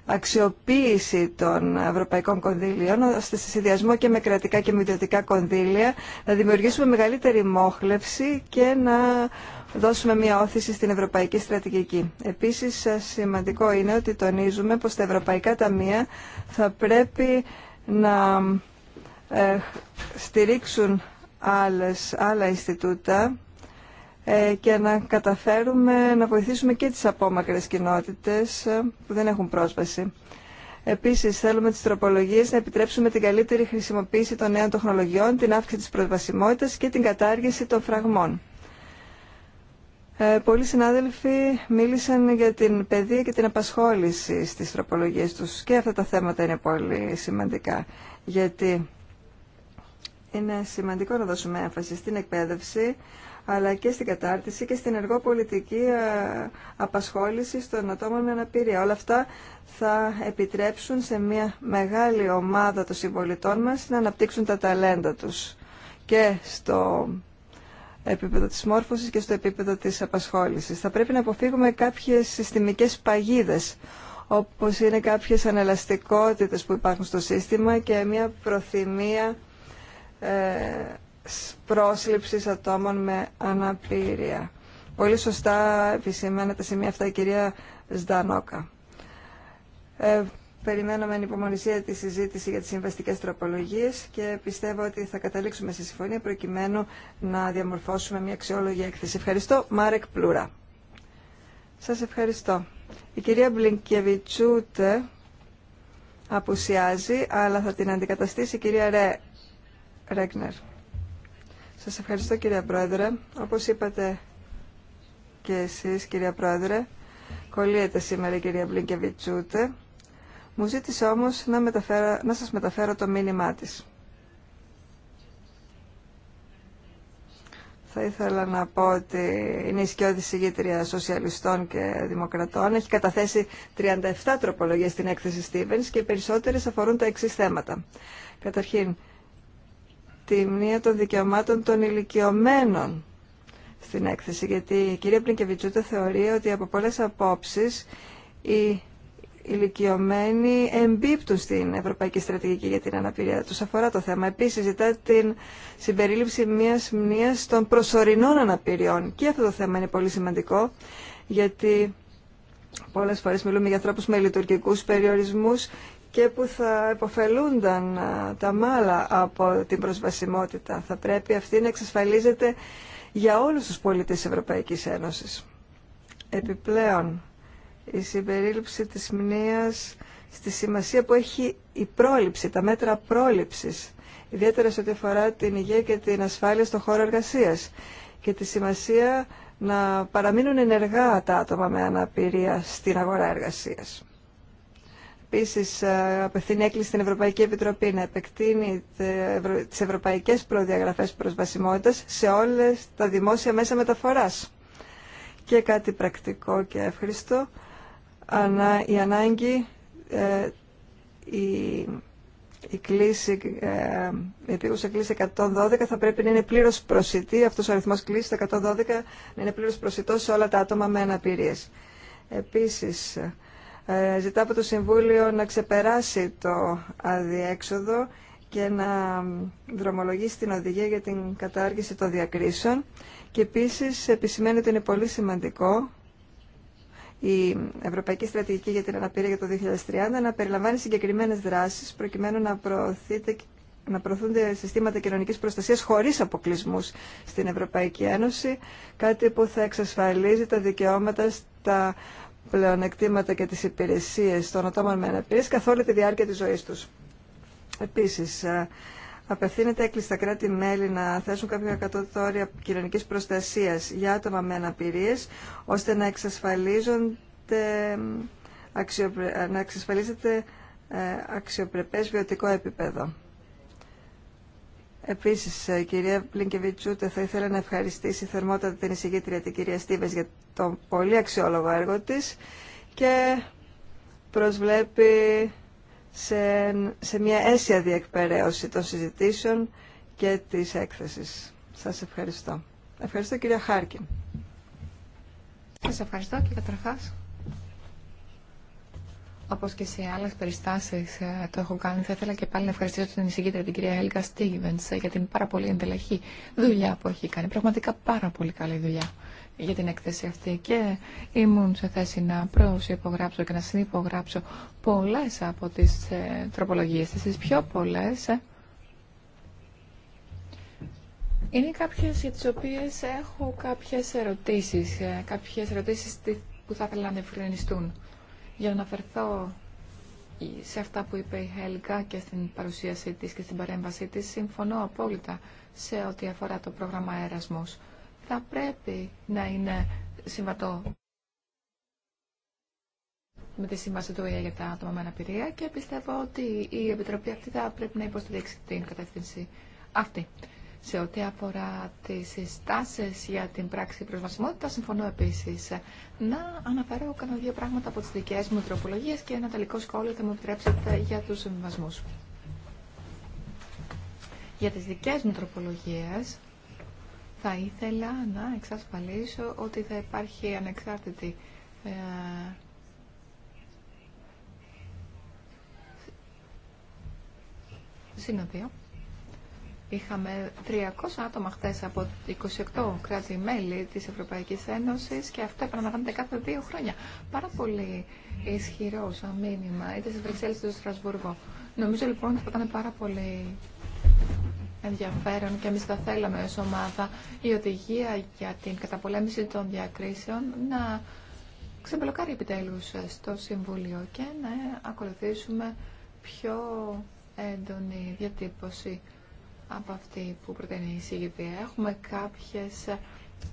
αξιοποίηση των ευρωπαϊκών κονδύλιων, ώστε σε συνδυασμό και με κρατικά και με ιδιωτικά κονδύλια να δημιουργήσουμε μεγαλύτερη μόχλευση και να δώσουμε μια όθηση στην ευρωπαϊκή στρατηγική. Επίσης, σημαντικό είναι ότι τονίζουμε πως τα ευρωπαϊκά ταμεία θα πρέπει να ε, στηρίξουν άλλες, άλλα Ινστιτούτα ε, και να καταφέρουμε να βοηθήσουμε και τις απόμακρες κοινότητες ε, που δεν έχουν πρόσβαση. Επίσης, θέλουμε τις τροπολογίες να επιτρέψουμε την καλύτερη χρησιμοποίηση των νέων τεχνολογιών, την αύξηση της προσβασιμότητας και την κατάργηση των φραγμών. Ε, πολλοί συνάδελφοι μίλησαν για την παιδεία και την απασχόληση στις τροπολογίες τους και αυτά τα θέματα είναι πολύ σημαντικά γιατί είναι σημαντικό να δώσουμε έμφαση στην εκπαίδευση αλλά και στην κατάρτιση και στην εργοπολιτική ε, απασχόληση των ατόμων με αναπηρία. Όλα αυτά θα επιτρέψουν σε μια μεγάλη ομάδα των συμπολιτών μας να αναπτύξουν τα ταλέντα τους και στο επίπεδο της μόρφωσης και στο επίπεδο της απασχόλησης. Θα πρέπει να αποφύγουμε κάποιες συστημικές παγίδες όπως είναι κάποιες ανελαστικότητες που υπάρχουν στο σύστημα και μια προθυμία ε, πρόσληψης ατόμων με αναπηρία. Πολύ σωστά επισημένα τα σημεία αυτά η κυρία Σδανόκα. Ε, περιμένω με ανυπομονησία τη συζήτηση για τις συμβαστικές τροπολογίες και πιστεύω ότι θα καταλήξουμε σε συμφωνία προκειμένου να διαμορφώσουμε μια αξιόλογη έκθεση. Ευχαριστώ. Μάρεκ Πλούρα. Σας ευχαριστώ. Η κυρία Μπλινκεβιτσούτε απουσιάζει, αλλά θα την αντικαταστήσει η κυρία Ρε... Σας ευχαριστώ κυρία Πρόεδρε. Όπως είπατε και εσείς κυρία Πρόεδρε, κολλείεται σήμερα η κυρία Μπλίνκεβιτσούτε. Μου ζήτησε όμως να, μεταφέρω, σας μεταφέρω το μήνυμά της. Θα ήθελα να πω ότι είναι η σκιώδη συγγήτρια σοσιαλιστών και δημοκρατών. Έχει καταθέσει 37 τροπολογίες στην έκθεση Στίβενς και οι περισσότερες αφορούν τα εξής θέματα. Καταρχήν, τη μνήμα των δικαιωμάτων των ηλικιωμένων στην έκθεση, γιατί η κυρία Πλυνκεβιτσούτα θεωρεί ότι από πολλές απόψεις οι ηλικιωμένοι εμπίπτουν στην Ευρωπαϊκή Στρατηγική για την Αναπηρία. Του αφορά το θέμα. Επίσης, ζητά την συμπερίληψη μιας μνήας των προσωρινών αναπηριών. Και αυτό το θέμα είναι πολύ σημαντικό, γιατί πολλές φορές μιλούμε για ανθρώπου με λειτουργικούς περιορισμούς και που θα υποφελούνταν τα μάλα από την προσβασιμότητα. Θα πρέπει αυτή να εξασφαλίζεται για όλους τους πολίτες της Ευρωπαϊκής Ένωσης. Επιπλέον, η συμπερίληψη της μνήας στη σημασία που έχει η πρόληψη, τα μέτρα πρόληψης, ιδιαίτερα σε ό,τι αφορά την υγεία και την ασφάλεια στον χώρο εργασίας και τη σημασία να παραμείνουν ενεργά τα άτομα με αναπηρία στην αγορά εργασίας. Επίση, ε, απευθύνει έκκληση στην Ευρωπαϊκή Επιτροπή να επεκτείνει τι ευρωπαϊκές προδιαγραφές προσβασιμότητα σε όλες τα δημόσια μέσα μεταφορά. Και κάτι πρακτικό και εύχριστο, η ανάγκη, ε, η, η κλίση, ε, η επίγουσα κλίση 112 θα πρέπει να είναι πλήρως προσιτή, αυτός ο αριθμός κλίσης 112 να είναι πλήρως προσιτό σε όλα τα άτομα με αναπηρίες. Επίσης, ε, ζητά από το Συμβούλιο να ξεπεράσει το αδιέξοδο και να δρομολογήσει την οδηγία για την κατάργηση των διακρίσεων και επίσης επισημαίνει ότι είναι πολύ σημαντικό η Ευρωπαϊκή Στρατηγική για την Αναπηρία για το 2030 να περιλαμβάνει συγκεκριμένες δράσεις προκειμένου να, να προωθούνται συστήματα κοινωνική προστασία χωρί αποκλεισμού στην Ευρωπαϊκή Ένωση, κάτι που θα εξασφαλίζει τα δικαιώματα στα πλεονεκτήματα και τις υπηρεσίες των ατόμων με αναπηρίες καθ' όλη τη διάρκεια της ζωής τους. Επίσης, ε, απευθύνεται έκλειστα κράτη-μέλη να θέσουν κάποια όρια κοινωνικής προστασίας για άτομα με αναπηρίες, ώστε να εξασφαλίζονται ε, να εξασφαλίζεται ε, αξιοπρεπές βιωτικό επίπεδο. Επίση, η ε, κυρία Πλυνκεβιτσούτε, θα ήθελα να ευχαριστήσει θερμότατα την εισηγήτρια την κυρία Στίβες για το πολύ αξιόλογο έργο της και προσβλέπει σε, σε μια αίσια διεκπαιρέωση των συζητήσεων και τη έκθεση. Σας ευχαριστώ. Ευχαριστώ κυρία Χάρκιν. Σας ευχαριστώ και καταρχά. Όπω και σε άλλε περιστάσει ε, το έχω κάνει, θα ήθελα και πάλι να ευχαριστήσω την εισηγήτρια την κυρία Έλγα Στίβεν για την πάρα πολύ εντελεχή δουλειά που έχει κάνει. Πραγματικά πάρα πολύ καλή δουλειά για την έκθεση αυτή και ήμουν σε θέση να προσυπογράψω και να συνυπογράψω πολλέ από τι ε, τροπολογίε τη. Τι πιο πολλέ ε, είναι κάποιε για τι οποίε έχω κάποιε ερωτήσει. Κάποιε ερωτήσει που θα ήθελα να διευκρινιστούν. Για να αναφερθώ σε αυτά που είπε η Χέλγα και στην παρουσίασή της και στην παρέμβασή της, συμφωνώ απόλυτα σε ό,τι αφορά το πρόγραμμα Erasmus. Θα πρέπει να είναι συμβατό με τη σύμβαση του για τα άτομα με αναπηρία και πιστεύω ότι η Επιτροπή αυτή θα πρέπει να υποστηρίξει την κατεύθυνση αυτή. Σε ό,τι αφορά τι συστάσει για την πράξη προσβασιμότητα, συμφωνώ επίση Να αναφέρω κάνα δύο πράγματα από τι δικέ μου τροπολογίε και ένα τελικό σχόλιο θα μου επιτρέψετε για τους συμβιβασμού. Για τις δικέ μου τροπολογίε θα ήθελα να εξασφαλίσω ότι θα υπάρχει ανεξάρτητη ε, συνοδεία Είχαμε 300 άτομα χθε από 28 κράτη-μέλη της Ευρωπαϊκής Ένωσης και αυτό επαναλαμβάνεται κάθε δύο χρόνια. Πάρα πολύ ισχυρό σαν μήνυμα, είτε στι Βρυξέλλε είτε στο Στρασβούργο. Νομίζω λοιπόν ότι θα ήταν πάρα πολύ ενδιαφέρον και εμεί θα θέλαμε ως ομάδα η οδηγία για την καταπολέμηση των διακρίσεων να ξεμπλοκάρει επιτέλου στο Συμβούλιο και να ακολουθήσουμε πιο έντονη διατύπωση από αυτή που προτείνει η συγκεκριτή. Έχουμε κάποιες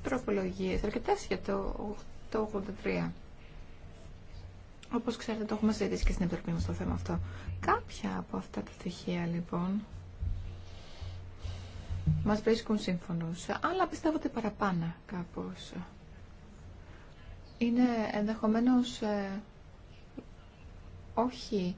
τροπολογίες, αρκετές για το 883. Όπως ξέρετε το έχουμε συζητήσει και στην Επιτροπή μας το θέμα αυτό. Κάποια από αυτά τα στοιχεία λοιπόν μας βρίσκουν σύμφωνος, αλλά πιστεύω ότι παραπάνω κάπως. Είναι ενδεχομένως ε, όχι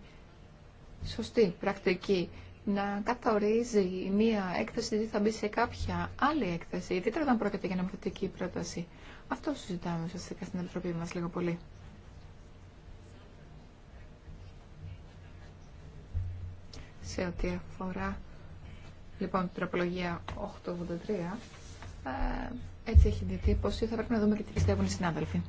σωστή πρακτική να καθορίζει μία έκθεση τι δηλαδή θα μπει σε κάποια άλλη έκθεση, ιδιαίτερα όταν πρόκειται για νομοθετική πρόταση. Αυτό συζητάμε ουσιαστικά στην Επιτροπή μα λίγο πολύ. Σε ό,τι αφορά λοιπόν την τροπολογία 883, ε, έτσι έχει διατύπωση, θα πρέπει να δούμε και τι πιστεύουν οι συνάδελφοι.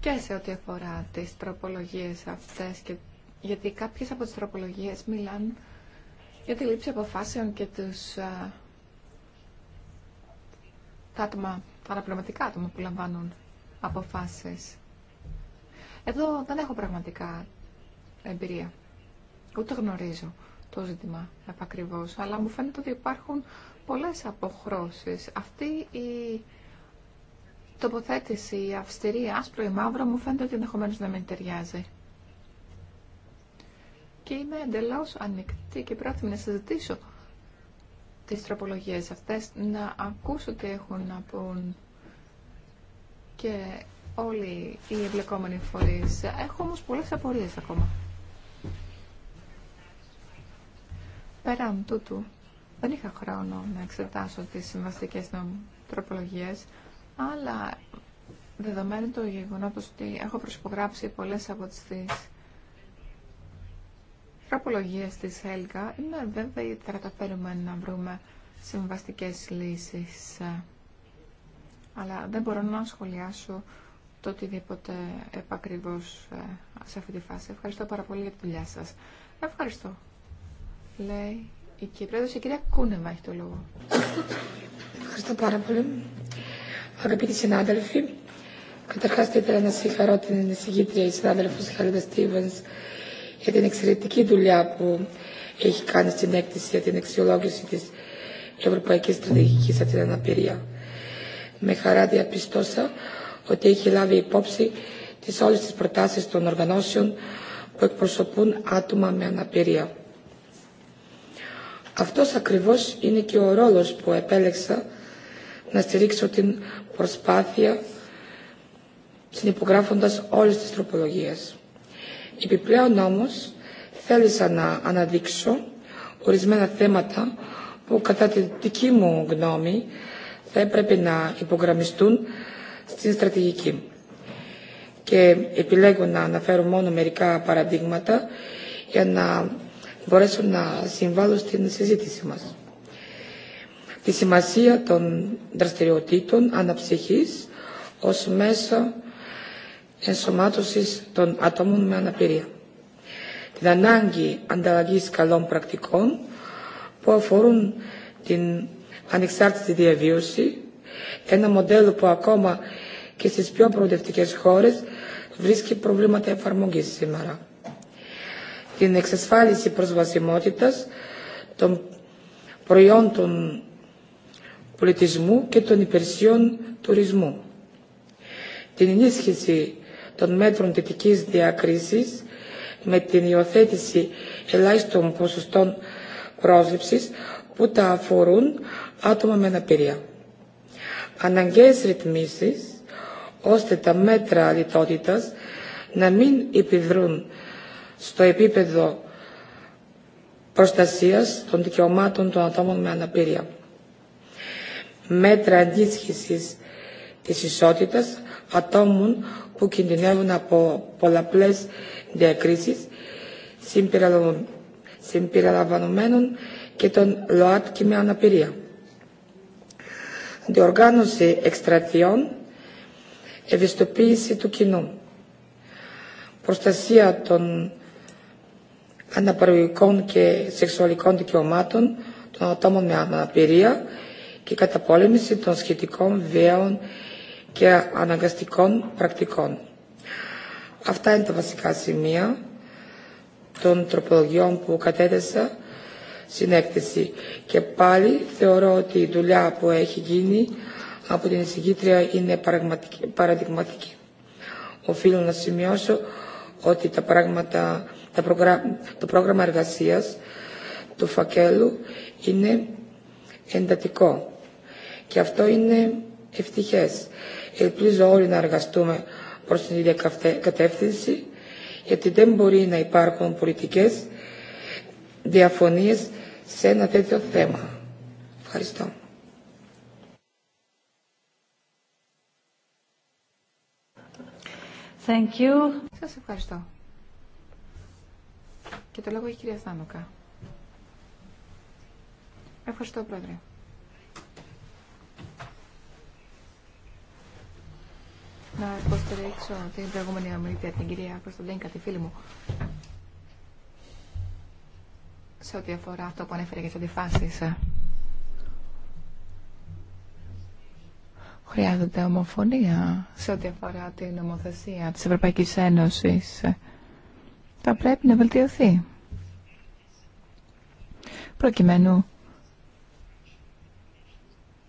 και σε ό,τι αφορά τις τροπολογίες αυτές και γιατί κάποιες από τις τροπολογίες μιλάνε για τη λήψη αποφάσεων και τους α, τα άτομα, αναπληρωματικά άτομα που λαμβάνουν αποφάσεις. Εδώ δεν έχω πραγματικά εμπειρία. Ούτε γνωρίζω το ζήτημα επακριβώς, αλλά μου φαίνεται ότι υπάρχουν πολλές αποχρώσεις. Αυτή η τοποθέτηση αυστηρή, άσπρο ή μαύρο μου φαίνεται ότι ενδεχομένω να μην ταιριάζει. Και είμαι εντελώ ανοιχτή και πρόθυμη να συζητήσω τι τροπολογίε αυτέ, να ακούσω τι έχουν να πούν και όλοι οι εμπλεκόμενοι φορεί. Έχω όμω πολλέ απορίε ακόμα. Πέραν τούτου, δεν είχα χρόνο να εξετάσω τις συμβαστικές τροπολογίες αλλά δεδομένου το γεγονότος ότι έχω προσυπογράψει πολλές από τις τραπολογίες της ΕΛΚΑ, είναι βέβαια ότι θα καταφέρουμε να βρούμε συμβαστικές λύσεις. Αλλά δεν μπορώ να σχολιάσω το οτιδήποτε επακριβώς ε, σε αυτή τη φάση. Ευχαριστώ πάρα πολύ για τη δουλειά σας. Ευχαριστώ. Λέει η κυρία η κυρία Κούνεβα έχει το λόγο. Ευχαριστώ πάρα πολύ. Αγαπητοί συνάδελφοι, καταρχά θα ήθελα να συγχαρώ την εισηγήτρια η συνάδελφο Χαρίντα Στίβεν για την εξαιρετική δουλειά που έχει κάνει στην έκθεση για την αξιολόγηση τη Ευρωπαϊκή Στρατηγική από την Αναπηρία. Με χαρά διαπιστώσα ότι έχει λάβει υπόψη τι όλε τι προτάσει των οργανώσεων που εκπροσωπούν άτομα με αναπηρία. Αυτός ακριβώς είναι και ο ρόλος που επέλεξα να στηρίξω την προσπάθεια συνυπογράφοντας όλες τις τροπολογίες. Επιπλέον όμως θέλησα να αναδείξω ορισμένα θέματα που κατά τη δική μου γνώμη θα έπρεπε να υπογραμμιστούν στην στρατηγική. Και επιλέγω να αναφέρω μόνο μερικά παραδείγματα για να μπορέσω να συμβάλλω στην συζήτηση μας τη σημασία των δραστηριοτήτων αναψυχής ως μέσο ενσωμάτωσης των ατόμων με αναπηρία. Την ανάγκη ανταλλαγής καλών πρακτικών που αφορούν την ανεξάρτητη διαβίωση, ένα μοντέλο που ακόμα και στις πιο προοδευτικές χώρες βρίσκει προβλήματα εφαρμογής σήμερα. Την εξασφάλιση προσβασιμότητας των προϊόντων πολιτισμού και των υπηρεσιών τουρισμού. Την ενίσχυση των μέτρων θετικής διακρίση με την υιοθέτηση ελάχιστων ποσοστών πρόσληψης που τα αφορούν άτομα με αναπηρία. Αναγκαίες ρυθμίσεις ώστε τα μέτρα λιτότητας να μην επιδρούν στο επίπεδο προστασίας των δικαιωμάτων των ατόμων με αναπηρία μέτρα αντίσχυσης της ισότητας ατόμων που κινδυνεύουν από πολλαπλές διακρίσεις συμπεριλαμβανομένων και των ΛΟΑΤΚΙ με αναπηρία. Διοργάνωση εκστρατιών, ευαισθητοποίηση του κοινού, προστασία των αναπαραγωγικών και σεξουαλικών δικαιωμάτων των ατόμων με αναπηρία και καταπόλεμηση των σχετικών βίαιων και αναγκαστικών πρακτικών. Αυτά είναι τα βασικά σημεία των τροπολογιών που κατέθεσα στην έκθεση. Και πάλι θεωρώ ότι η δουλειά που έχει γίνει από την εισηγήτρια είναι παραδειγματική. Οφείλω να σημειώσω ότι τα πράγματα, το πρόγραμμα εργασίας του φακέλου είναι εντατικό και αυτό είναι ευτυχέ. Ελπίζω όλοι να εργαστούμε προς την ίδια κατεύθυνση, γιατί δεν μπορεί να υπάρχουν πολιτικές διαφωνίες σε ένα τέτοιο θέμα. Ευχαριστώ. Thank you. Σας ευχαριστώ. Και το λόγο έχει η κυρία Στάνοκα. Ευχαριστώ, Πρόεδρε. να υποστηρίξω την προηγούμενη ομιλία την κυρία Κωνσταντίνκα, τη φίλη μου, σε ό,τι αφορά αυτό που ανέφερε για τι αντιφάσει. Χρειάζεται ομοφωνία σε ό,τι αφορά την νομοθεσία της Ευρωπαϊκής Ένωσης. Θα πρέπει να βελτιωθεί. Προκειμένου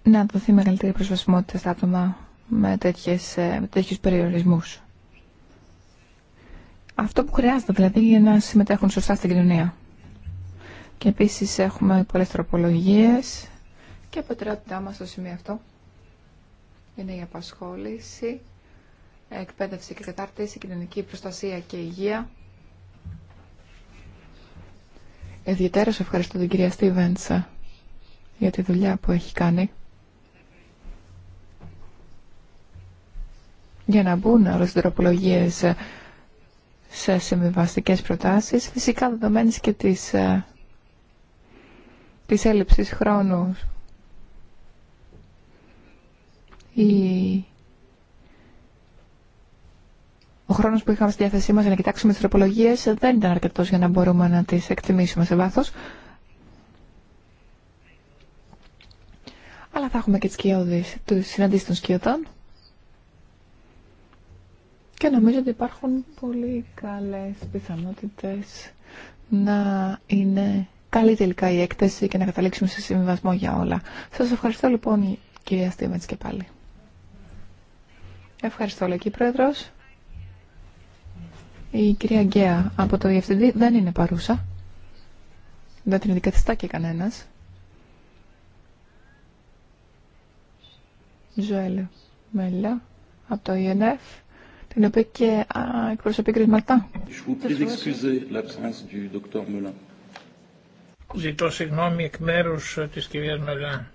να δοθεί μεγαλύτερη προσβασιμότητα στα άτομα με, τέτοιες, ε, με τέτοιους περιορισμούς. Αυτό που χρειάζεται δηλαδή για να συμμετέχουν σωστά στην κοινωνία. Και επίσης έχουμε πολλές τροπολογίες και πατριότητά μας στο σημείο αυτό είναι η απασχόληση, εκπαίδευση και κατάρτιση, κοινωνική προστασία και υγεία. Ιδιαίτερα ευχαριστώ την κυρία Στίβεντσα για τη δουλειά που έχει κάνει για να μπουν όλες τι τροπολογίες σε συμβιβαστικέ προτάσεις, φυσικά δεδομένες και της, ε, της έλλειψης χρόνου. Η... Ο χρόνος που είχαμε στη διάθεσή μας για να κοιτάξουμε τις τροπολογίες δεν ήταν αρκετός για να μπορούμε να τις εκτιμήσουμε σε βάθος. Αλλά θα έχουμε και τις συναντήσει συναντήσεις των σκιωτών. Και νομίζω ότι υπάρχουν πολύ καλές πιθανότητες να είναι καλή τελικά η έκθεση και να καταλήξουμε σε συμβιβασμό για όλα. Σας ευχαριστώ λοιπόν κυρία Στίβεντς και πάλι. Ευχαριστώ Λεκή Πρόεδρος. Η κυρία Γκέα από το Διευθυντή δεν είναι παρούσα. Δεν την αντικαθιστά και κανένας. Ζουέλ μέλλα από το ΙΕΝΕΦ την οποία και εκπροσωπεί κρυσματά. Ζητώ συγγνώμη εκ μέρου ε, τη κυρία Μελά.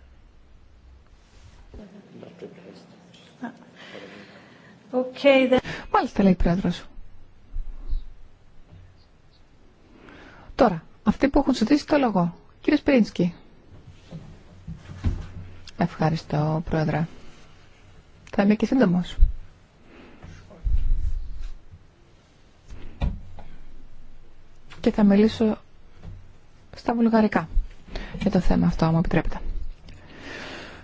Μάλιστα λέει η πρόεδρο. Τώρα, αυτοί που έχουν ζητήσει το λόγο. Κύριε Σπρίνσκι. Ευχαριστώ, Πρόεδρε. Θα είμαι και σύντομος. και θα μιλήσω στα βουλγαρικά για το θέμα αυτό, μου επιτρέπετε.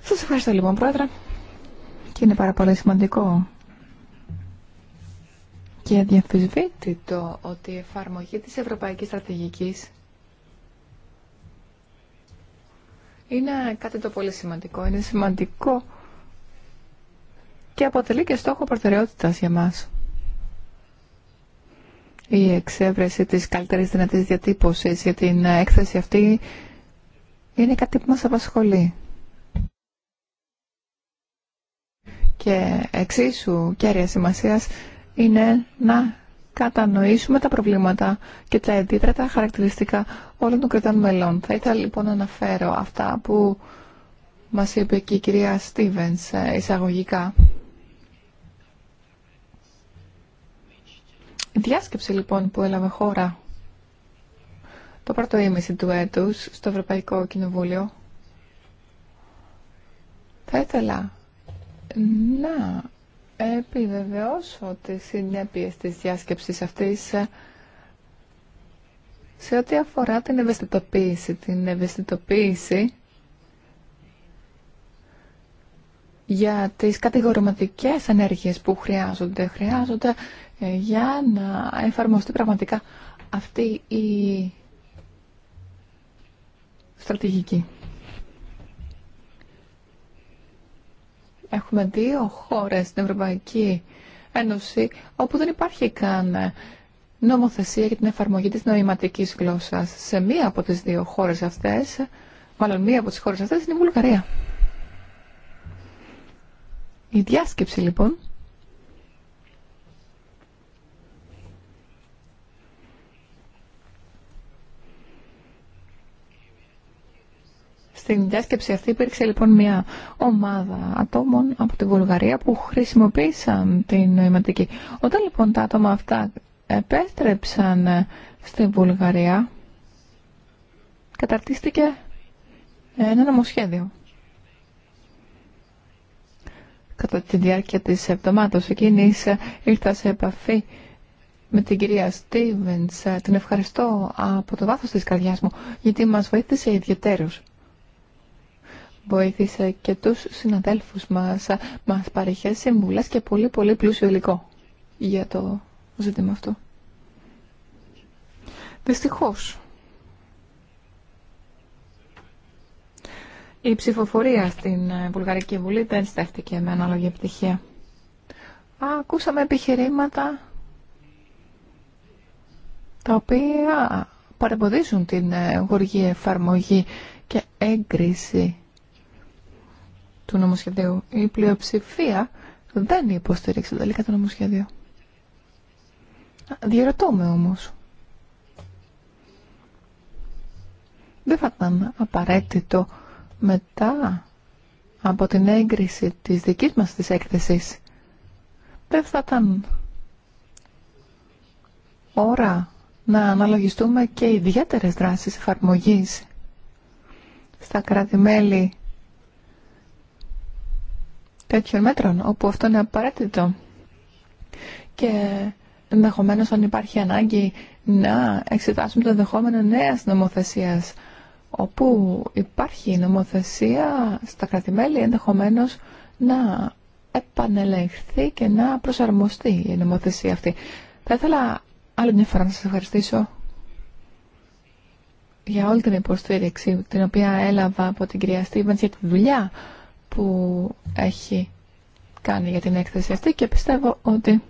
Σας ευχαριστώ λοιπόν, Πρόεδρε. Και είναι πάρα πολύ σημαντικό και αδιαμφισβήτητο ότι η εφαρμογή της Ευρωπαϊκής Στρατηγικής είναι κάτι το πολύ σημαντικό. Είναι σημαντικό και αποτελεί και στόχο προτεραιότητας για μας η εξέβρεση της καλύτερης δυνατής διατύπωσης για την έκθεση αυτή είναι κάτι που μας απασχολεί. Και εξίσου κέρια σημασία είναι να κατανοήσουμε τα προβλήματα και τα εντύπωτα χαρακτηριστικά όλων των κριτών μελών. Θα ήθελα λοιπόν να αναφέρω αυτά που μας είπε και η κυρία Στίβενς ε, εισαγωγικά διάσκεψη λοιπόν που έλαβε χώρα το πρώτο ήμιση του έτους στο Ευρωπαϊκό Κοινοβούλιο θα ήθελα να επιβεβαιώσω τις συνέπειες της διάσκεψης αυτής σε ό,τι αφορά την ευαισθητοποίηση. Την ευαισθητοποίηση για τις κατηγορηματικές ενέργειε που χρειάζονται. Χρειάζονται για να εφαρμοστεί πραγματικά αυτή η στρατηγική. Έχουμε δύο χώρες στην Ευρωπαϊκή Ένωση όπου δεν υπάρχει καν νομοθεσία για την εφαρμογή της νοηματικής γλώσσας. Σε μία από τις δύο χώρες αυτές, μάλλον μία από τις χώρες αυτές είναι η Βουλγαρία. Η διάσκεψη λοιπόν Στην διάσκεψη αυτή υπήρξε λοιπόν μια ομάδα ατόμων από την Βουλγαρία που χρησιμοποίησαν την νοηματική. Όταν λοιπόν τα άτομα αυτά επέστρεψαν στη Βουλγαρία, καταρτίστηκε ένα νομοσχέδιο. Κατά τη διάρκεια της εβδομάδας εκείνης ήρθα σε επαφή με την κυρία Στίβενς. Την ευχαριστώ από το βάθος της καρδιάς μου, γιατί μας βοήθησε ιδιαιτέρως βοήθησε και τους συναδέλφους μας. Μας παρέχει συμβουλές και πολύ πολύ πλούσιο υλικό για το ζήτημα αυτό. Δυστυχώς. Η ψηφοφορία στην Βουλγαρική Βουλή δεν στέφτηκε με ανάλογη επιτυχία. Ακούσαμε επιχειρήματα τα οποία παρεμποδίζουν την γοργή εφαρμογή και έγκριση του νομοσχεδίου. Η πλειοψηφία δεν υποστηρίξει τελικά το νομοσχέδιο. Διαρωτώ με όμως. Δεν θα ήταν απαραίτητο μετά από την έγκριση της δικής μας της έκθεσης. Δεν θα ήταν ώρα να αναλογιστούμε και ιδιαίτερες δράσεις εφαρμογής στα κράτη-μέλη τέτοιων μέτρων, όπου αυτό είναι απαραίτητο. Και ενδεχομένω αν υπάρχει ανάγκη να εξετάσουμε το ενδεχόμενο νέα νομοθεσία, όπου υπάρχει νομοθεσία στα κρατημέλη ενδεχομένω να επανελεχθεί και να προσαρμοστεί η νομοθεσία αυτή. Θα ήθελα άλλη μια φορά να σας ευχαριστήσω για όλη την υποστήριξη την οποία έλαβα από την κυρία Στίβενς για τη δουλειά που έχει κάνει για την έκθεση αυτή και πιστεύω ότι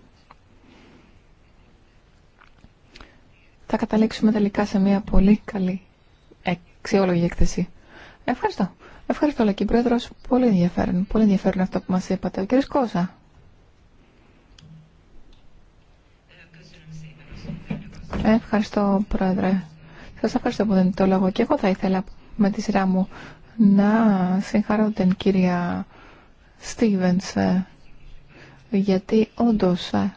θα καταλήξουμε τελικά σε μια πολύ καλή αξιόλογη έκθεση. Ευχαριστώ. Ευχαριστώ, Λακή Πρόεδρο. Πολύ ενδιαφέρον. Πολύ ενδιαφέρον αυτό που μα είπατε. Ο κ. Ευχαριστώ, Πρόεδρε. Σα ευχαριστώ που δεν το λόγο. Και εγώ θα ήθελα με τη σειρά μου να συγχαρώ την κυρία Στίβενς γιατί όντως ε,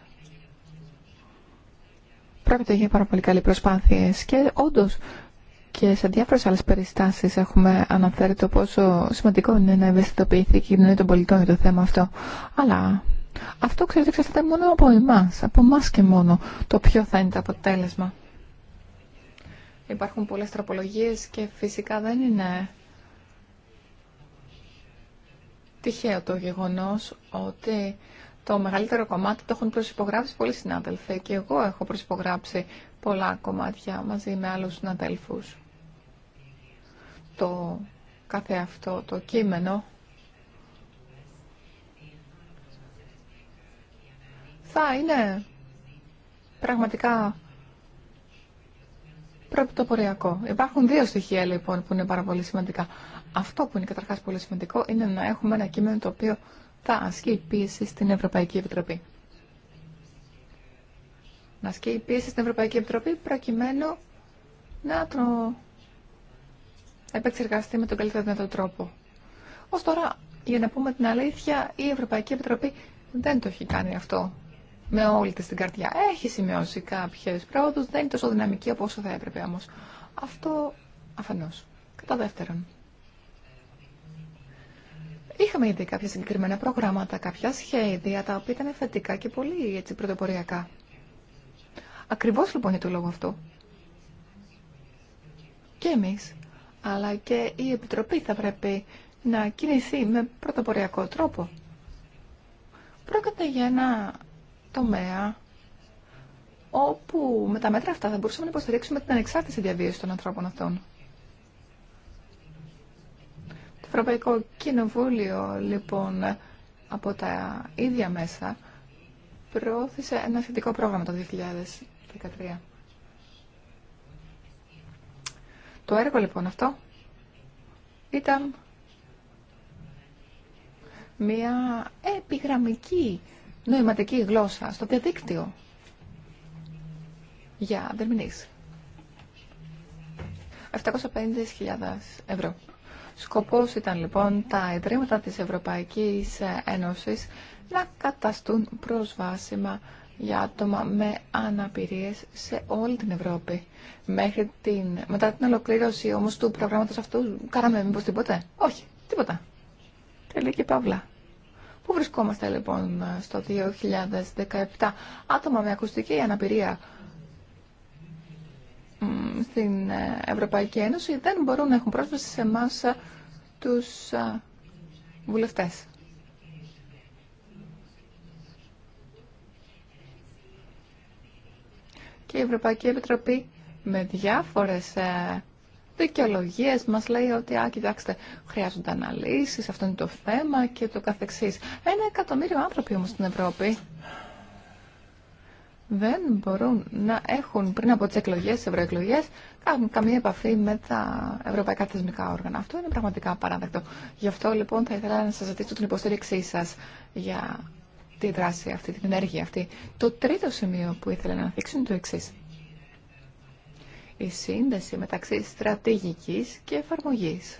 πρόκειται για πάρα πολύ καλή προσπάθεια και όντως και σε διάφορες άλλες περιστάσεις έχουμε αναφέρει το πόσο σημαντικό είναι να ευαισθητοποιηθεί η κοινωνία των πολιτών για το θέμα αυτό. Αλλά αυτό ξέρετε ξέρετε μόνο από εμάς, από εμά και μόνο το ποιο θα είναι το αποτέλεσμα. Υπάρχουν πολλές τροπολογίες και φυσικά δεν είναι τυχαίο το γεγονός ότι το μεγαλύτερο κομμάτι το έχουν προσυπογράψει πολλοί συνάδελφοι και εγώ έχω προσυπογράψει πολλά κομμάτια μαζί με άλλους συναδέλφους. Το κάθε αυτό το κείμενο θα είναι πραγματικά πρωτοποριακό. Υπάρχουν δύο στοιχεία λοιπόν που είναι πάρα πολύ σημαντικά. Αυτό που είναι καταρχάς πολύ σημαντικό είναι να έχουμε ένα κείμενο το οποίο θα ασκεί πίεση στην Ευρωπαϊκή Επιτροπή. Να ασκεί πίεση στην Ευρωπαϊκή Επιτροπή προκειμένου να το επεξεργαστεί με τον καλύτερο δυνατό τρόπο. Ω τώρα, για να πούμε την αλήθεια, η Ευρωπαϊκή Επιτροπή δεν το έχει κάνει αυτό με όλη της την καρδιά. Έχει σημειώσει κάποιες πρόοδους, δεν είναι τόσο δυναμική από θα έπρεπε όμως. Αυτό αφανώς. Κατά δεύτερον, Είχαμε ήδη κάποια συγκεκριμένα προγράμματα, κάποια σχέδια τα οποία ήταν θετικά και πολύ έτσι, πρωτοποριακά. Ακριβώς λοιπόν για το λόγο αυτό. Και εμείς, αλλά και η Επιτροπή θα πρέπει να κινηθεί με πρωτοποριακό τρόπο. Πρόκειται για ένα τομέα όπου με τα μέτρα αυτά θα μπορούσαμε να υποστηρίξουμε την ανεξάρτηση διαβίωση των ανθρώπων αυτών. Ευρωπαϊκό Κοινοβούλιο, λοιπόν, από τα ίδια μέσα, προώθησε ένα θετικό πρόγραμμα το 2013. Το έργο, λοιπόν, αυτό ήταν μια επιγραμμική νοηματική γλώσσα στο διαδίκτυο για δερμηνείς. 750.000 ευρώ. Σκοπός ήταν λοιπόν τα ιδρύματα της Ευρωπαϊκής Ένωσης να καταστούν προσβάσιμα για άτομα με αναπηρίες σε όλη την Ευρώπη. Μέχρι την... Μετά την ολοκλήρωση όμως του προγράμματος αυτού, κάναμε μήπως τίποτε. Όχι, τίποτα. Τελική παύλα. Πού βρισκόμαστε λοιπόν στο 2017. Άτομα με ακουστική αναπηρία στην ε, Ευρωπαϊκή Ένωση δεν μπορούν να έχουν πρόσβαση σε εμά ε, τους ε, βουλευτές. Και η Ευρωπαϊκή Επιτροπή με διάφορες δικαιολογίε μας λέει ότι, α, κοιτάξτε, χρειάζονται αναλύσεις, αυτό είναι το θέμα και το καθεξής. Ένα εκατομμύριο άνθρωποι όμως στην Ευρώπη δεν μπορούν να έχουν πριν από τι εκλογέ τις καμία επαφή με τα ευρωπαϊκά θεσμικά όργανα. Αυτό είναι πραγματικά παράδεκτο. Γι' αυτό λοιπόν θα ήθελα να σα ζητήσω την υποστήριξή σας για τη δράση αυτή, την ενέργεια αυτή. Το τρίτο σημείο που ήθελα να δείξω είναι το εξή. Η σύνδεση μεταξύ στρατηγικής και εφαρμογής.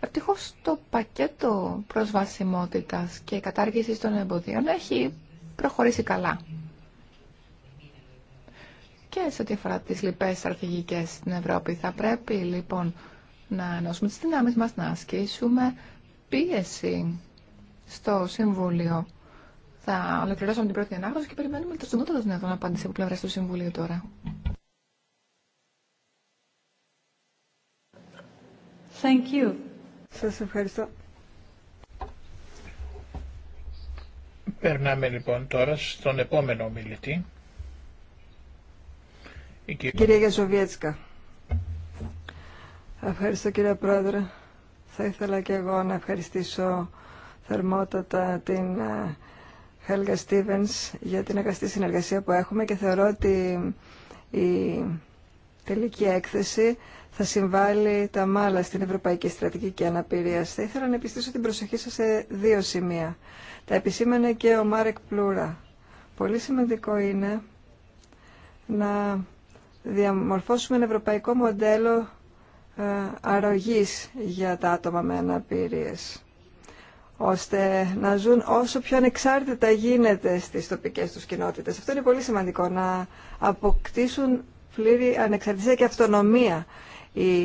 Ευτυχώ το πακέτο προσβασιμότητας και κατάργησης των εμποδίων έχει προχωρήσει καλά. Και σε ό,τι αφορά τις λοιπές στρατηγικές στην Ευρώπη, θα πρέπει λοιπόν να ενώσουμε τις δυνάμεις μας, να ασκήσουμε πίεση στο Συμβούλιο. Θα ολοκληρώσουμε την πρώτη ανάγνωση και περιμένουμε το συντομότερο δυνατόν απάντηση από πλευρά του Συμβουλίου τώρα. Thank you. Σας ευχαριστώ. Περνάμε λοιπόν τώρα στον επόμενο ομιλητή. Η κυρία, κυρία Ευχαριστώ κύριε Πρόεδρε. Θα ήθελα και εγώ να ευχαριστήσω θερμότατα την Χέλγα ε, Στίβενς για την αγαστή συνεργασία που έχουμε και θεωρώ ότι η τελική έκθεση θα συμβάλλει τα μάλα στην Ευρωπαϊκή Στρατηγική Αναπηρία. Θα ήθελα να επιστήσω την προσοχή σας σε δύο σημεία. Τα επισήμανε και ο Μάρεκ Πλούρα. Πολύ σημαντικό είναι να διαμορφώσουμε ένα ευρωπαϊκό μοντέλο ε, αρρωγής για τα άτομα με αναπηρίες ώστε να ζουν όσο πιο ανεξάρτητα γίνεται στις τοπικές τους κοινότητες. Αυτό είναι πολύ σημαντικό, να αποκτήσουν πλήρη ανεξαρτησία και αυτονομία οι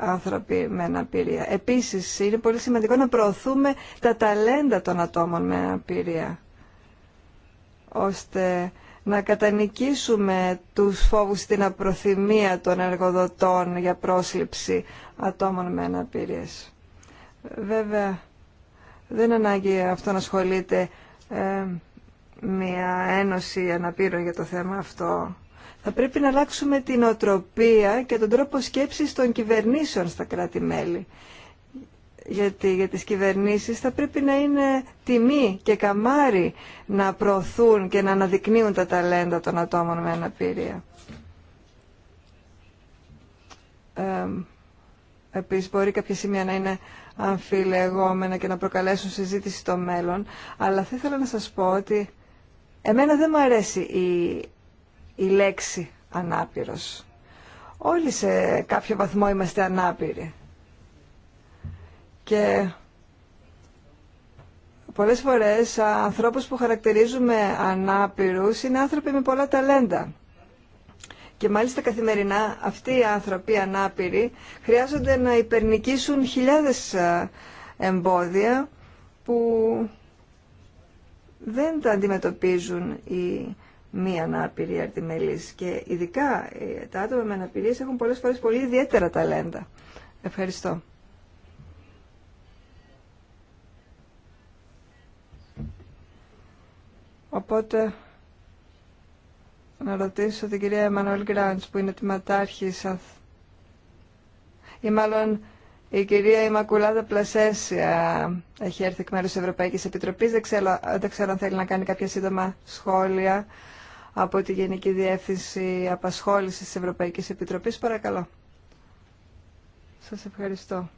άνθρωποι με αναπηρία. Επίσης, είναι πολύ σημαντικό να προωθούμε τα ταλέντα των ατόμων με αναπηρία, ώστε να κατανικήσουμε τους φόβους στην απροθυμία των εργοδοτών για πρόσληψη ατόμων με αναπηρίες. Βέβαια, δεν ανάγκη αυτό να ασχολείται ε, μια ένωση αναπήρων για το θέμα αυτό θα πρέπει να αλλάξουμε την οτροπία και τον τρόπο σκέψης των κυβερνήσεων στα κράτη-μέλη. Γιατί για τις κυβερνήσεις θα πρέπει να είναι τιμή και καμάρι να προωθούν και να αναδεικνύουν τα ταλέντα των ατόμων με αναπηρία. Ε, επίσης μπορεί κάποια σημεία να είναι αμφιλεγόμενα και να προκαλέσουν συζήτηση στο μέλλον, αλλά θα ήθελα να σας πω ότι εμένα δεν μου αρέσει η η λέξη ανάπηρος. Όλοι σε κάποιο βαθμό είμαστε ανάπηροι. Και πολλές φορές ανθρώπους που χαρακτηρίζουμε ανάπηρους είναι άνθρωποι με πολλά ταλέντα. Και μάλιστα καθημερινά αυτοί οι άνθρωποι ανάπηροι χρειάζονται να υπερνικήσουν χιλιάδες ε, εμπόδια που δεν τα αντιμετωπίζουν οι μη ανάπηροι αρτιμελείς και ειδικά ε, τα άτομα με αναπηρίες έχουν πολλές φορές πολύ ιδιαίτερα ταλέντα. Ευχαριστώ. Οπότε να ρωτήσω την κυρία Εμμανουέλ Γκράντς που είναι τη ματάρχησα ή μάλλον η κυρία Ημακουλάδα Πλασέσια έχει έρθει εκ μέρους της Ευρωπαϊκής Επιτροπής. Δεν ξέρω, δεν ξέρω αν θέλει να κάνει κάποια σύντομα σχόλια από τη Γενική Διεύθυνση Απασχόλησης της Ευρωπαϊκής Επιτροπής. Παρακαλώ. Σας ευχαριστώ.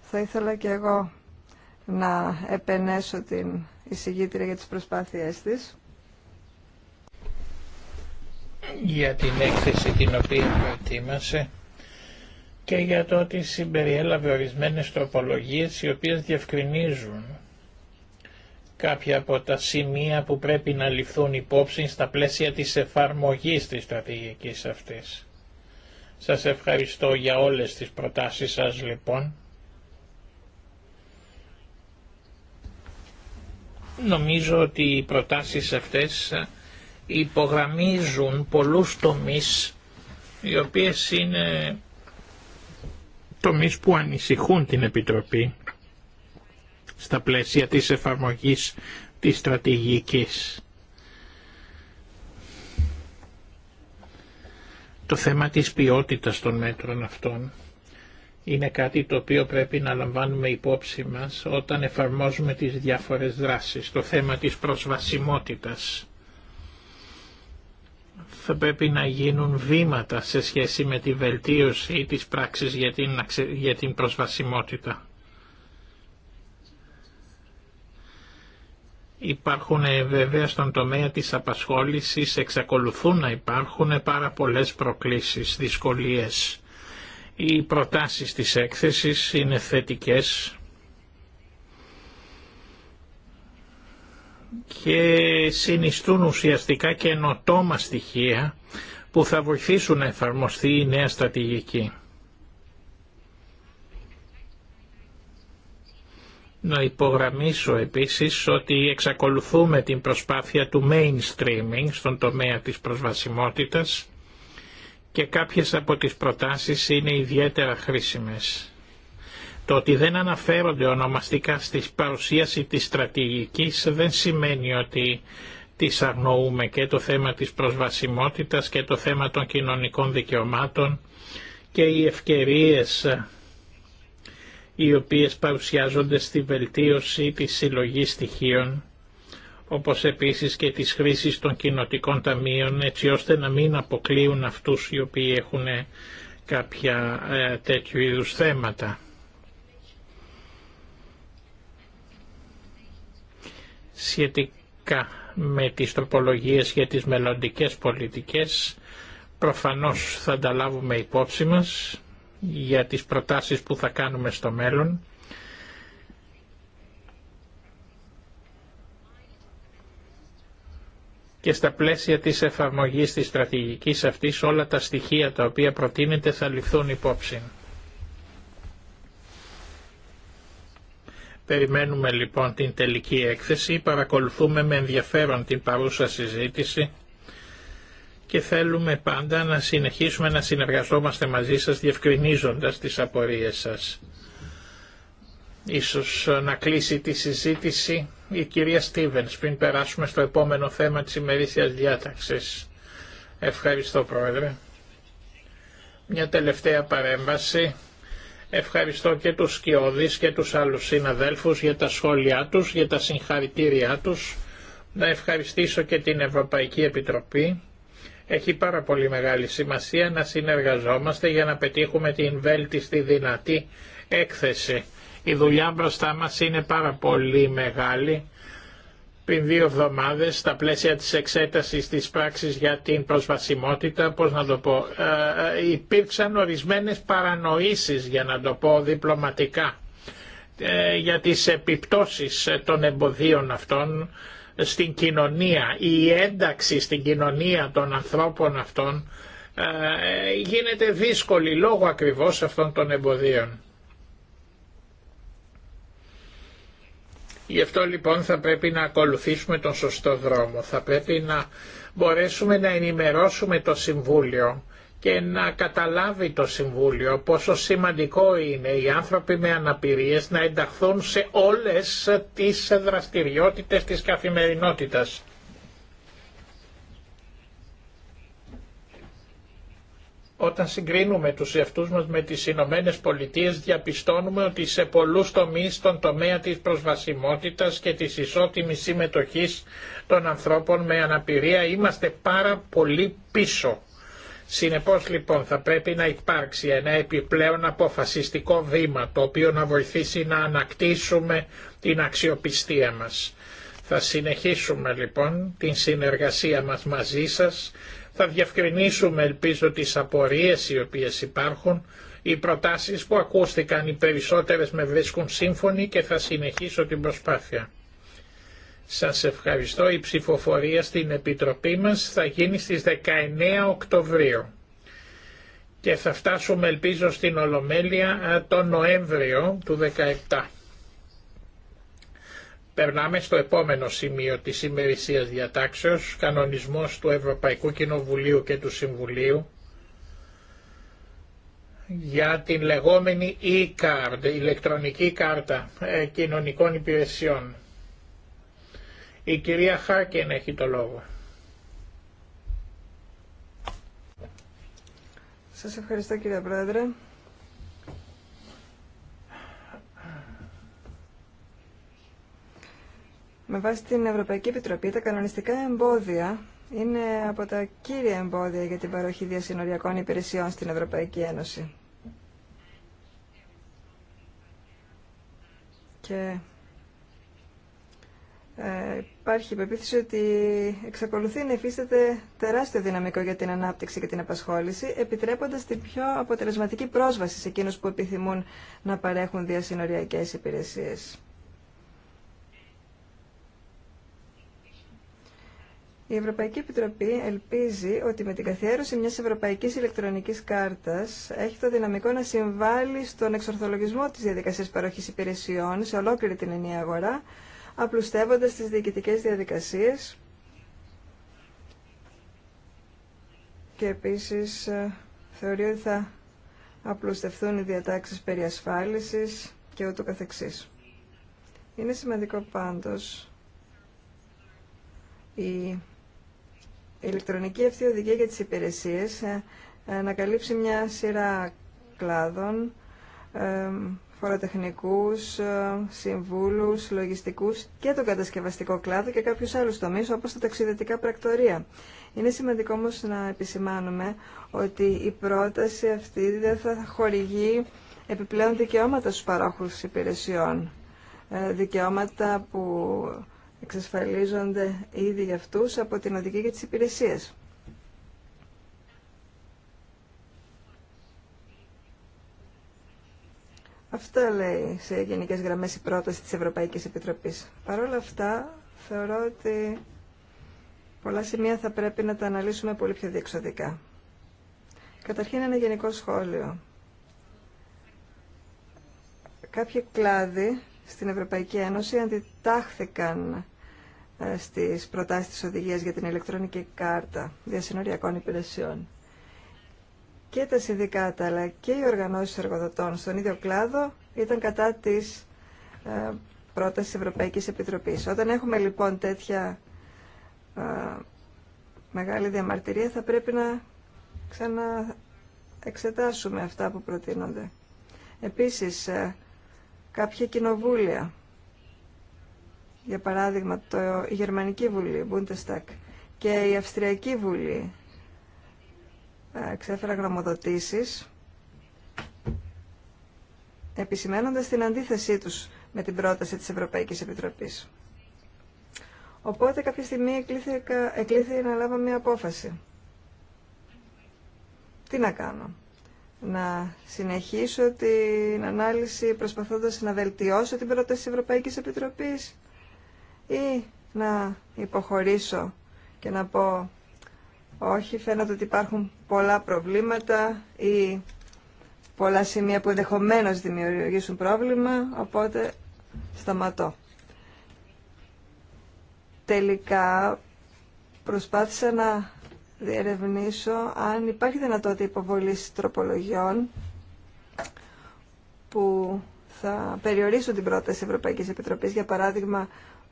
Θα ήθελα και εγώ να επενέσω την εισηγήτρια για τις προσπάθειές της. Για την έκθεση την οποία προετοίμασε και για το ότι συμπεριέλαβε ορισμένες τροπολογίες οι οποίες διευκρινίζουν κάποια από τα σημεία που πρέπει να ληφθούν υπόψη στα πλαίσια της εφαρμογής της στρατηγικής αυτής. Σας ευχαριστώ για όλες τις προτάσεις σας λοιπόν. Νομίζω ότι οι προτάσεις αυτές υπογραμμίζουν πολλούς τομείς οι οποίες είναι τομείς που ανησυχούν την Επιτροπή στα πλαίσια της εφαρμογής της στρατηγικής. Το θέμα της ποιότητας των μέτρων αυτών είναι κάτι το οποίο πρέπει να λαμβάνουμε υπόψη μας όταν εφαρμόζουμε τις διάφορες δράσεις. Το θέμα της προσβασιμότητας θα πρέπει να γίνουν βήματα σε σχέση με τη βελτίωση της πράξης για την, για την προσβασιμότητα. Υπάρχουν ε, βέβαια στον τομέα της απασχόλησης, εξακολουθούν να υπάρχουν πάρα πολλές προκλήσεις, δυσκολίες. Οι προτάσεις της έκθεσης είναι θετικές και συνιστούν ουσιαστικά καινοτόμα στοιχεία που θα βοηθήσουν να εφαρμοστεί η νέα στρατηγική. Να υπογραμμίσω επίσης ότι εξακολουθούμε την προσπάθεια του mainstreaming στον τομέα της προσβασιμότητας και κάποιες από τις προτάσεις είναι ιδιαίτερα χρήσιμες. Το ότι δεν αναφέρονται ονομαστικά στη παρουσίαση της στρατηγικής δεν σημαίνει ότι τις αγνοούμε και το θέμα της προσβασιμότητας και το θέμα των κοινωνικών δικαιωμάτων και οι ευκαιρίες οι οποίες παρουσιάζονται στη βελτίωση της συλλογής στοιχείων, όπως επίσης και της χρήσης των κοινοτικών ταμείων, έτσι ώστε να μην αποκλείουν αυτούς οι οποίοι έχουν κάποια ε, τέτοιου είδους θέματα. Σχετικά με τις τροπολογίες για τις μελλοντικές πολιτικές, προφανώς θα τα υπόψη μας για τις προτάσεις που θα κάνουμε στο μέλλον. και στα πλαίσια της εφαρμογής της στρατηγικής αυτής όλα τα στοιχεία τα οποία προτείνεται θα ληφθούν υπόψη. Περιμένουμε λοιπόν την τελική έκθεση, παρακολουθούμε με ενδιαφέρον την παρούσα συζήτηση και θέλουμε πάντα να συνεχίσουμε να συνεργαζόμαστε μαζί σας διευκρινίζοντας τις απορίες σας. Ίσως ε, να κλείσει τη συζήτηση η κυρία Στίβενς πριν περάσουμε στο επόμενο θέμα της ημερήσιας διάταξης. Ευχαριστώ Πρόεδρε. Μια τελευταία παρέμβαση. Ευχαριστώ και τους Σκιώδης και τους άλλους συναδέλφους για τα σχόλιά τους, για τα συγχαρητήριά τους. Να ευχαριστήσω και την Ευρωπαϊκή Επιτροπή έχει πάρα πολύ μεγάλη σημασία να συνεργαζόμαστε για να πετύχουμε την βέλτιστη δυνατή έκθεση. Η δουλειά μπροστά μας είναι πάρα πολύ μεγάλη. Πριν δύο εβδομάδες, στα πλαίσια της εξέτασης της πράξης για την προσβασιμότητα, πώς να το πω, ε, ε, υπήρξαν ορισμένες παρανοήσεις, για να το πω διπλωματικά, ε, για τις επιπτώσεις των εμποδίων αυτών στην κοινωνία, η ένταξη στην κοινωνία των ανθρώπων αυτών ε, γίνεται δύσκολη λόγω ακριβώς αυτών των εμποδίων. Γι' αυτό λοιπόν θα πρέπει να ακολουθήσουμε τον σωστό δρόμο. Θα πρέπει να μπορέσουμε να ενημερώσουμε το Συμβούλιο και να καταλάβει το Συμβούλιο πόσο σημαντικό είναι οι άνθρωποι με αναπηρίες να ενταχθούν σε όλες τις δραστηριότητες της καθημερινότητας. Όταν συγκρίνουμε τους εαυτούς μας με τις Ηνωμένε Πολιτείες διαπιστώνουμε ότι σε πολλούς τομείς στον τομέα της προσβασιμότητας και της ισότιμης συμμετοχής των ανθρώπων με αναπηρία είμαστε πάρα πολύ πίσω. Συνεπώς λοιπόν θα πρέπει να υπάρξει ένα επιπλέον αποφασιστικό βήμα το οποίο να βοηθήσει να ανακτήσουμε την αξιοπιστία μας. Θα συνεχίσουμε λοιπόν την συνεργασία μας μαζί σας, θα διευκρινίσουμε ελπίζω τις απορίες οι οποίες υπάρχουν, οι προτάσεις που ακούστηκαν οι περισσότερες με βρίσκουν σύμφωνοι και θα συνεχίσω την προσπάθεια. Σας ευχαριστώ. Η ψηφοφορία στην Επιτροπή μας θα γίνει στις 19 Οκτωβρίου και θα φτάσουμε ελπίζω στην Ολομέλεια τον Νοέμβριο του 2017. Περνάμε στο επόμενο σημείο της ημερησίας διατάξεως, κανονισμός του Ευρωπαϊκού Κοινοβουλίου και του Συμβουλίου για την λεγόμενη e-card, ηλεκτρονική κάρτα ε, κοινωνικών υπηρεσιών. Η κυρία Χάκεν έχει το λόγο. Σας ευχαριστώ κύριε Πρόεδρε. Με βάση την Ευρωπαϊκή Επιτροπή, τα κανονιστικά εμπόδια είναι από τα κύρια εμπόδια για την παροχή διασυνοριακών υπηρεσιών στην Ευρωπαϊκή Ένωση. Και ε, υπάρχει η πεποίθηση ότι εξακολουθεί να υφίσταται τεράστιο δυναμικό για την ανάπτυξη και την απασχόληση, επιτρέποντας την πιο αποτελεσματική πρόσβαση σε εκείνου που επιθυμούν να παρέχουν διασυνοριακές υπηρεσίες. Η Ευρωπαϊκή Επιτροπή ελπίζει ότι με την καθιέρωση μιας ευρωπαϊκής ηλεκτρονικής κάρτας έχει το δυναμικό να συμβάλλει στον εξορθολογισμό της διαδικασίας παροχής υπηρεσιών σε ολόκληρη την αγορά, απλουστεύοντας τις διοικητικές διαδικασίες και επίσης ε, θεωρεί ότι θα απλουστευτούν οι διατάξεις περί ασφάλισης και ούτω καθεξής. Είναι σημαντικό πάντως η ηλεκτρονική αυτή οδηγία για τις υπηρεσίες ε, ε, να καλύψει μια σειρά κλάδων φοροτεχνικούς, ε, συμβούλους, λογιστικούς και τον κατασκευαστικό κλάδο και κάποιους άλλους τομείς όπως τα ταξιδετικά πρακτορία. Είναι σημαντικό όμως να επισημάνουμε ότι η πρόταση αυτή δεν θα χορηγεί επιπλέον δικαιώματα στους παρόχους υπηρεσιών. Ε, δικαιώματα που εξασφαλίζονται ήδη για αυτούς από την οδική και τις υπηρεσίες. Αυτά λέει σε γενικέ γραμμές η πρόταση της Ευρωπαϊκή Επιτροπή. Παρ' όλα αυτά, θεωρώ ότι πολλά σημεία θα πρέπει να τα αναλύσουμε πολύ πιο διεξοδικά. Καταρχήν ένα γενικό σχόλιο. Κάποιοι κλάδοι στην Ευρωπαϊκή Ένωση αντιτάχθηκαν ε, στις προτάσεις της οδηγίας για την ηλεκτρονική κάρτα διασυνοριακών υπηρεσιών και τα συνδικάτα αλλά και οι οργανώσεις εργοδοτών στον ίδιο κλάδο ήταν κατά της ε, πρότασης Ευρωπαϊκής Επιτροπής. Όταν έχουμε λοιπόν τέτοια ε, μεγάλη διαμαρτυρία θα πρέπει να ξαναεξετάσουμε αυτά που προτείνονται. Επίσης, ε, κάποια κοινοβούλια, για παράδειγμα το, η Γερμανική Βουλή, Bundestag, και η Αυστριακή Βουλή, ε, εξέφερα γνωμοδοτήσεις επισημένοντας την αντίθεσή τους με την πρόταση της Ευρωπαϊκής Επιτροπής. Οπότε κάποια στιγμή εκλήθη, να λάβω μια απόφαση. Τι να κάνω. Να συνεχίσω την ανάλυση προσπαθώντας να βελτιώσω την πρόταση της Ευρωπαϊκής Επιτροπής ή να υποχωρήσω και να πω όχι, φαίνεται ότι υπάρχουν πολλά προβλήματα ή πολλά σημεία που ενδεχομένως δημιουργήσουν πρόβλημα, οπότε σταματώ. Τελικά προσπάθησα να διερευνήσω αν υπάρχει δυνατότητα υποβολής τροπολογιών που θα περιορίσουν την πρόταση Ευρωπαϊκής Επιτροπής, για παράδειγμα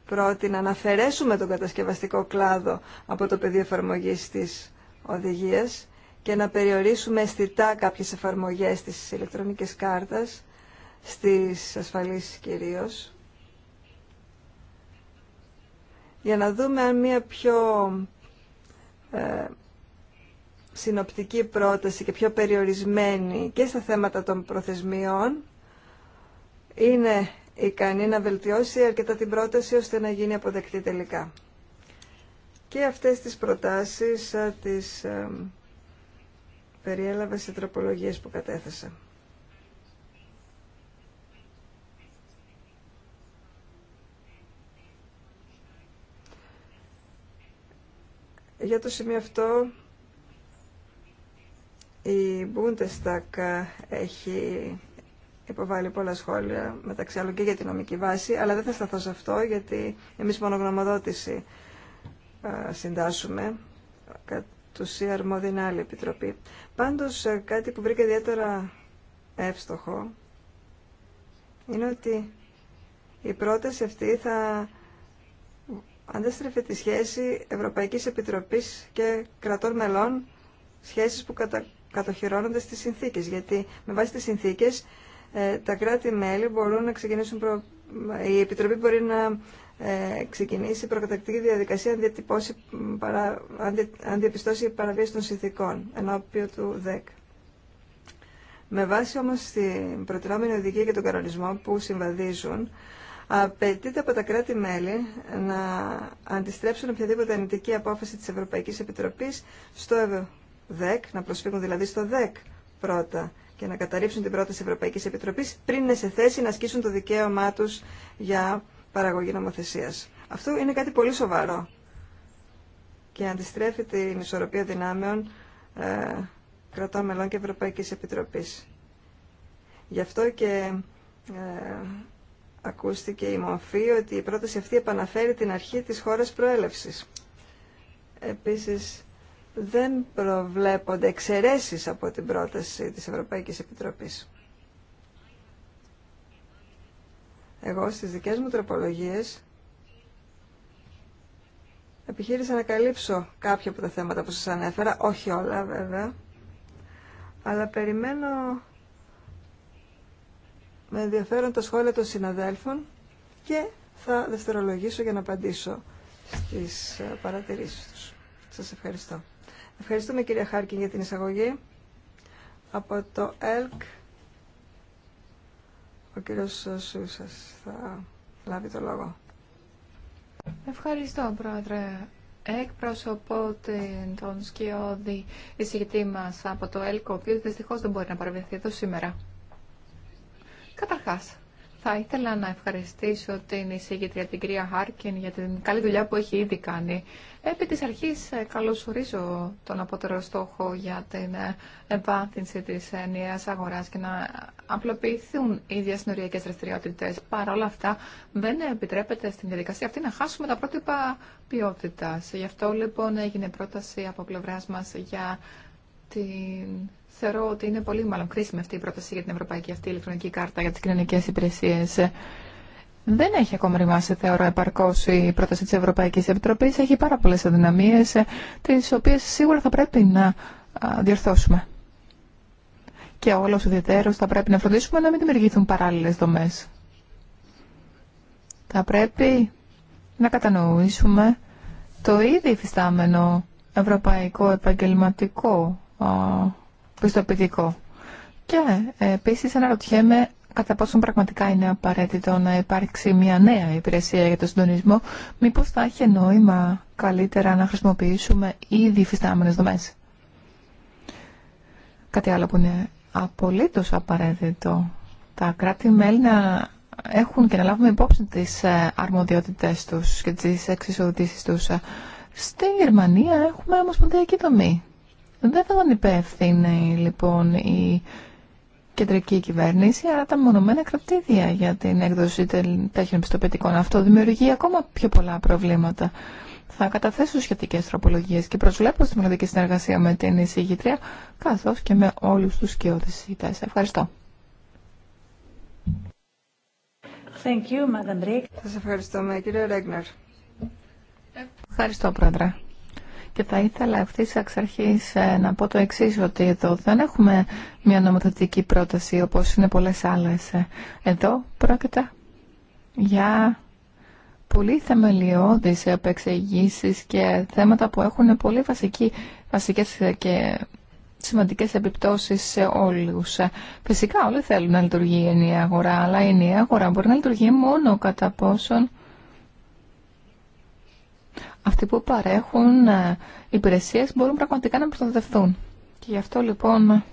Πρώτη, να αφαιρέσουμε τον κατασκευαστικό κλάδο από το πεδίο εφαρμογή της οδηγία και να περιορίσουμε αισθητά κάποιες εφαρμογές της ηλεκτρονικής κάρτας, στι ασφαλίσει κυρίως, για να δούμε αν μια πιο ε, συνοπτική πρόταση και πιο περιορισμένη και στα θέματα των προθεσμιών είναι ικανή να βελτιώσει αρκετά την πρόταση ώστε να γίνει αποδεκτή τελικά. Και αυτές τις προτάσεις ε, τις ε, περιέλαβα σε τροπολογίες που κατέθεσα. Για το σημείο αυτό η Bundestag έχει υποβάλει πολλά σχόλια, μεταξύ άλλων και για τη νομική βάση, αλλά δεν θα σταθώ σε αυτό, γιατί εμείς μόνο γνωμοδότηση ε, συντάσσουμε. Κατ' ουσία αρμόδια είναι άλλη επιτροπή. Πάντως, ε, κάτι που βρήκα ιδιαίτερα εύστοχο είναι ότι η πρόταση αυτή θα αντέστρεφε τη σχέση Ευρωπαϊκής Επιτροπής και κρατών μελών, σχέσεις που κατα... κατοχυρώνονται στις συνθήκες, γιατί με βάση τις συνθήκες ε, τα κράτη-μέλη μπορούν να ξεκινήσουν, προ... η Επιτροπή μπορεί να ε, ξεκινήσει προκατακτική διαδικασία αν, παρα... αν διαπιστώσει παραβίαση των συνθήκων ενώπιο του ΔΕΚ. Με βάση όμως την προτινόμενη οδηγία και τον κανονισμό που συμβαδίζουν, απαιτείται από τα κράτη-μέλη να αντιστρέψουν οποιαδήποτε αρνητική απόφαση της Ευρωπαϊκής Επιτροπής στο ΔΕΚ, να προσφύγουν δηλαδή στο ΔΕΚ πρώτα και να καταρρύψουν την πρόταση Ευρωπαϊκής Επιτροπής πριν είναι σε θέση να ασκήσουν το δικαίωμά τους για παραγωγή νομοθεσίας. Αυτό είναι κάτι πολύ σοβαρό και αντιστρέφει την ισορροπία δυνάμεων ε, κρατών μελών και Ευρωπαϊκής Επιτροπής. Γι' αυτό και ε, ακούστηκε η μορφή ότι η πρόταση αυτή επαναφέρει την αρχή της χώρας προέλευσης. Επίσης, δεν προβλέπονται εξαιρέσεις από την πρόταση της Ευρωπαϊκής Επιτροπής. Εγώ στις δικές μου τροπολογίες επιχείρησα να καλύψω κάποια από τα θέματα που σας ανέφερα, όχι όλα βέβαια, αλλά περιμένω με ενδιαφέρον τα σχόλια των συναδέλφων και θα δευτερολογήσω για να απαντήσω στις παρατηρήσεις τους. Σας ευχαριστώ. Ευχαριστούμε κυρία Χάρκιν για την εισαγωγή. Από το ΕΛΚ, ο κύριος Σούσας θα λάβει το λόγο. Ευχαριστώ, Πρόεδρε. Εκπροσωπώ τον σκιώδη εισηγητή μα από το ΕΛΚ, ο οποίος δυστυχώ δεν μπορεί να παρευρεθεί εδώ σήμερα. Καταρχάς, θα ήθελα να ευχαριστήσω την εισηγητρία την κυρία Χάρκιν για την καλή δουλειά που έχει ήδη κάνει. Επί της αρχής ε, καλωσορίζω τον απότερο στόχο για την ε, επάνθυνση της ενιαίας αγοράς και να απλοποιηθούν οι διασυνοριακές δραστηριότητε. Παρ' όλα αυτά δεν επιτρέπεται στην διαδικασία αυτή να χάσουμε τα πρότυπα ποιότητας. Γι' αυτό λοιπόν έγινε πρόταση από πλευράς μας για την θεωρώ ότι είναι πολύ μάλλον κρίσιμη αυτή η πρόταση για την Ευρωπαϊκή αυτή ηλεκτρονική κάρτα για τι κοινωνικέ υπηρεσίε. Δεν έχει ακόμα ρημάσει, θεωρώ, επαρκώ η πρόταση τη Ευρωπαϊκή Επιτροπή. Έχει πάρα πολλέ αδυναμίε, ε, τι οποίε σίγουρα θα πρέπει να διορθώσουμε. Και όλο ιδιαίτερο θα πρέπει να φροντίσουμε να μην δημιουργηθούν παράλληλε δομέ. Θα πρέπει να κατανοήσουμε το ήδη υφιστάμενο ευρωπαϊκό επαγγελματικό πιστοποιητικό. Και επίση αναρωτιέμαι κατά πόσον πραγματικά είναι απαραίτητο να υπάρξει μια νέα υπηρεσία για τον συντονισμό, μήπω θα έχει νόημα καλύτερα να χρησιμοποιήσουμε ήδη φυστάμενε δομέ. Κάτι άλλο που είναι απολύτω απαραίτητο. Τα κράτη-μέλη να έχουν και να λάβουμε υπόψη τι ε, αρμοδιότητες τους και τι εξισοδοτήσεις του. Ε, στη Γερμανία έχουμε ομοσπονδιακή δομή. Δεν τον υπεύθυνε, λοιπόν η κεντρική κυβέρνηση, αλλά τα μονομένα κρατήδια για την έκδοση τέτοιων πιστοποιητικών. Αυτό δημιουργεί ακόμα πιο πολλά προβλήματα. Θα καταθέσω σχετικέ τροπολογίε και προσβλέπω στη μελλοντική συνεργασία με την εισηγήτρια, καθώ και με όλου του σκιώδει συζητητέ. Ευχαριστώ. Thank ευχαριστώ, κύριε Ρέγκνερ. Ευχαριστώ, Πρόεδρε. Και θα ήθελα αυτή εξ αρχή ε, να πω το εξή, ότι εδώ δεν έχουμε μια νομοθετική πρόταση όπω είναι πολλέ άλλε. Ε, εδώ πρόκειται για πολύ θεμελιώδει επεξεγήσεις και θέματα που έχουν πολύ βασική, βασικές και σημαντικέ επιπτώσεις σε όλους. Ε, φυσικά όλοι θέλουν να λειτουργεί η ενιαία αγορά, αλλά η ενιαία αγορά μπορεί να λειτουργεί μόνο κατά πόσον αυτοί που παρέχουν ε, υπηρεσίες μπορούν πραγματικά να προστατευτούν. Και γι' αυτό λοιπόν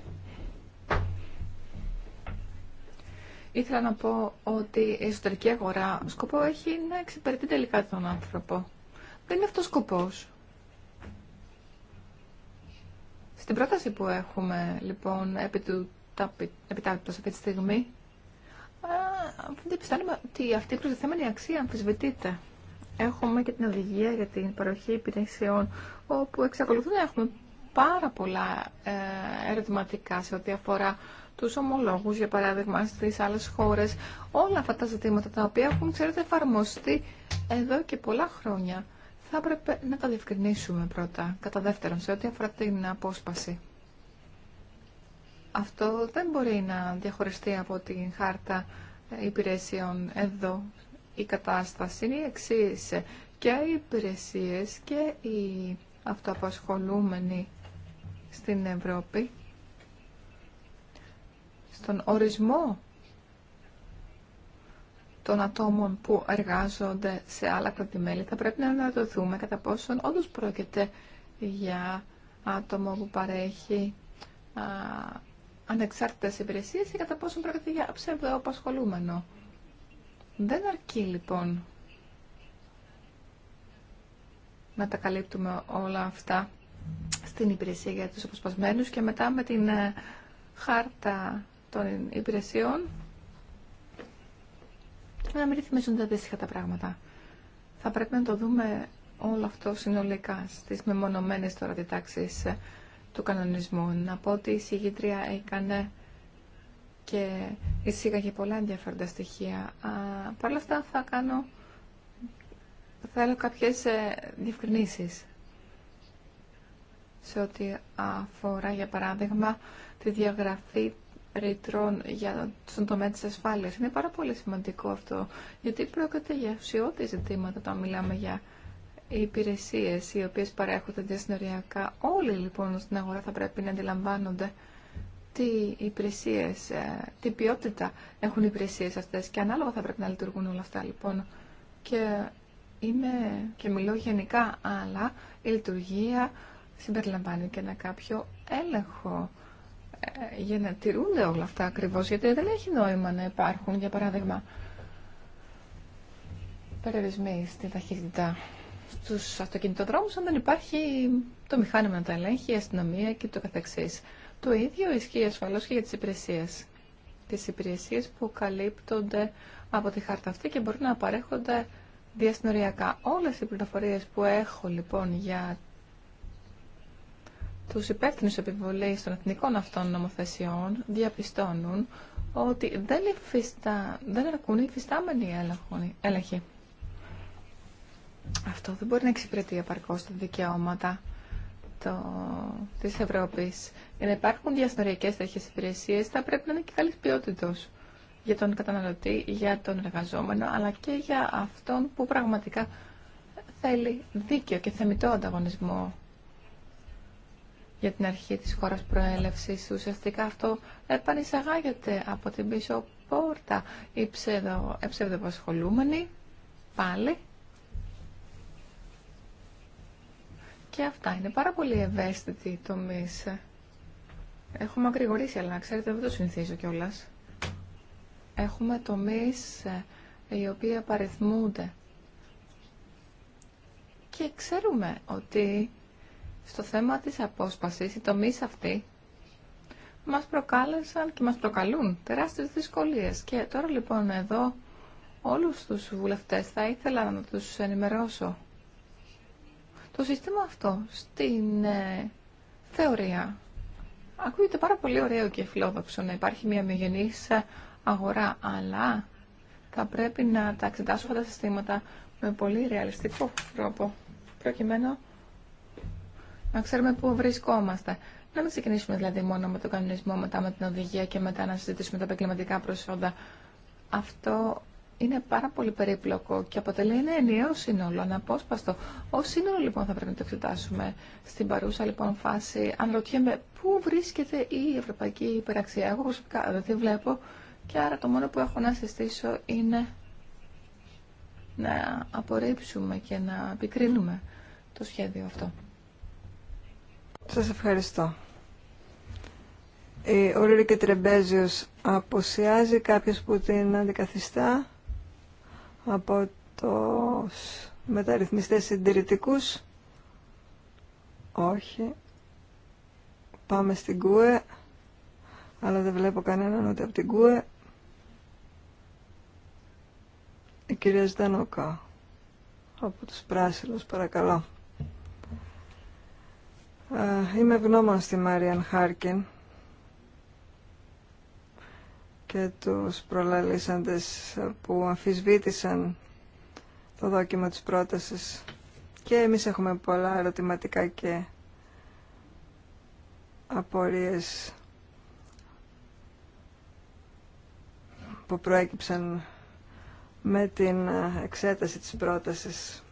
ήθελα να πω ότι η εσωτερική αγορά σκοπό έχει να εξυπηρετεί τελικά τον άνθρωπο. Δεν είναι αυτός σκοπός. Στην πρόταση που έχουμε λοιπόν επί του επιτάπητος αυτή τη στιγμή δεν πιστεύουμε ότι αυτή η προστιθέμενη αξία αμφισβητείται έχουμε και την οδηγία για την παροχή υπηρεσιών, όπου εξακολουθούν να έχουμε πάρα πολλά ε, ερωτηματικά σε ό,τι αφορά τους ομολόγους, για παράδειγμα, στις άλλες χώρες. Όλα αυτά τα ζητήματα τα οποία έχουν, ξέρετε, εφαρμοστεί εδώ και πολλά χρόνια. Θα έπρεπε να τα διευκρινίσουμε πρώτα, κατά δεύτερον, σε ό,τι αφορά την απόσπαση. Αυτό δεν μπορεί να διαχωριστεί από την χάρτα ε, υπηρεσιών εδώ η κατάσταση είναι η εξή Και οι υπηρεσίε και οι αυτοαπασχολούμενοι στην Ευρώπη στον ορισμό των ατόμων που εργάζονται σε άλλα κρατημέλη θα πρέπει να αναρωτηθούμε κατά πόσον όντω πρόκειται για άτομο που παρέχει ανεξάρτητες υπηρεσίες ή κατά πόσον πρόκειται για ψευδοαπασχολούμενο. Δεν αρκεί λοιπόν να τα καλύπτουμε όλα αυτά στην υπηρεσία για τους αποσπασμένους και μετά με την ε, χάρτα των υπηρεσιών να μην ρυθμίζονται αντίστοιχα τα πράγματα. Θα πρέπει να το δούμε όλο αυτό συνολικά στις μεμονωμένες τώρα διτάξεις ε, του κανονισμού. Να πω ότι η συγγήτρια έκανε και εισήγαγε πολλά ενδιαφέροντα στοιχεία. Παρ' όλα αυτά θα κάνω, θέλω κάποιες ε, διευκρινήσεις σε ό,τι αφορά, για παράδειγμα, τη διαγραφή ρητρών για τον τομέα της ασφάλειας. Είναι πάρα πολύ σημαντικό αυτό, γιατί πρόκειται για ουσιώδη ζητήματα όταν μιλάμε για υπηρεσίες οι οποίες παρέχονται διασυνοριακά. Όλοι λοιπόν στην αγορά θα πρέπει να αντιλαμβάνονται τι υπηρεσίε, ε, τι ποιότητα έχουν οι υπηρεσίε αυτέ και ανάλογα θα πρέπει να λειτουργούν όλα αυτά λοιπόν. Και είμαι και μιλώ γενικά, αλλά η λειτουργία συμπεριλαμβάνει και ένα κάποιο έλεγχο ε, για να τηρούνται όλα αυτά ακριβώ. γιατί δεν έχει νόημα να υπάρχουν, για παράδειγμα, περιορισμοί στη ταχύτητα στου αυτοκινητοδρόμου, αν δεν υπάρχει το μηχάνημα να τα ελέγχει, η αστυνομία και το καθεξής. Το ίδιο ισχύει ασφαλώ και για τι υπηρεσίε. Τι υπηρεσίε που καλύπτονται από τη χάρτα αυτή και μπορούν να παρέχονται διασυνοριακά. Όλες οι πληροφορίε που έχω λοιπόν για του υπεύθυνου επιβολή των εθνικών αυτών νομοθεσιών διαπιστώνουν ότι δεν, υφιστα... δεν αρκούν οι υφιστάμενοι έλεγχοι. Αυτό δεν μπορεί να εξυπηρετεί επαρκώ τα δικαιώματα το, της Ευρώπης. Για να υπάρχουν διασυνοριακές τέτοιες υπηρεσίες θα πρέπει να είναι και καλής ποιότητος για τον καταναλωτή, για τον εργαζόμενο, αλλά και για αυτόν που πραγματικά θέλει δίκαιο και θεμητό ανταγωνισμό για την αρχή της χώρας προέλευσης. Ουσιαστικά αυτό επανεισαγάγεται από την πίσω πόρτα. Οι ψευδοπασχολούμενοι πάλι Και αυτά είναι πάρα πολύ ευαίσθητοι τομεί. Έχουμε αλλά ξέρετε δεν το συνηθίζω κιόλα. Έχουμε τομεί ε, οι οποίοι απαριθμούνται. Και ξέρουμε ότι στο θέμα της απόσπασης οι τομείς αυτοί μας προκάλεσαν και μας προκαλούν τεράστιες δυσκολίες. Και τώρα λοιπόν εδώ όλους τους βουλευτές θα ήθελα να τους ενημερώσω το σύστημα αυτό στην ε, θεωρία ακούγεται πάρα πολύ ωραίο και φιλόδοξο να υπάρχει μια μεγενής ε, αγορά, αλλά θα πρέπει να τα εξετάσουμε τα συστήματα με πολύ ρεαλιστικό τρόπο, προκειμένου να ξέρουμε πού βρισκόμαστε. Να μην ξεκινήσουμε δηλαδή μόνο με τον κανονισμό, μετά με την οδηγία και μετά να συζητήσουμε τα επαγγελματικά προσόντα. Αυτό είναι πάρα πολύ περίπλοκο και αποτελεί ένα ενιαίο σύνολο, αναπόσπαστο. Ω σύνολο λοιπόν θα πρέπει να το εξετάσουμε. Στην παρούσα λοιπόν φάση Αν ρωτιέμαι πού βρίσκεται η ευρωπαϊκή υπεραξία. Εγώ προσωπικά δεν τη βλέπω και άρα το μόνο που έχω να συστήσω είναι να απορρίψουμε και να επικρίνουμε το σχέδιο αυτό. Σας ευχαριστώ. Ε, ο Ρίρικε Τρεμπέζιος αποσιάζει κάποιος που την αντικαθιστά από τους μεταρρυθμιστές συντηρητικούς. Όχι. Πάμε στην ΚΟΕ. Αλλά δεν βλέπω κανέναν ούτε από την ΚΟΕ. Η κυρία Ζητανοκά, από τους πράσινους παρακαλώ. Ε, είμαι ευγνώμων στη Μάριαν Χάρκιν και τους προλαλήσαντες που αμφισβήτησαν το δόκιμα της πρότασης. Και εμείς έχουμε πολλά ερωτηματικά και απορίες που προέκυψαν με την εξέταση της πρότασης.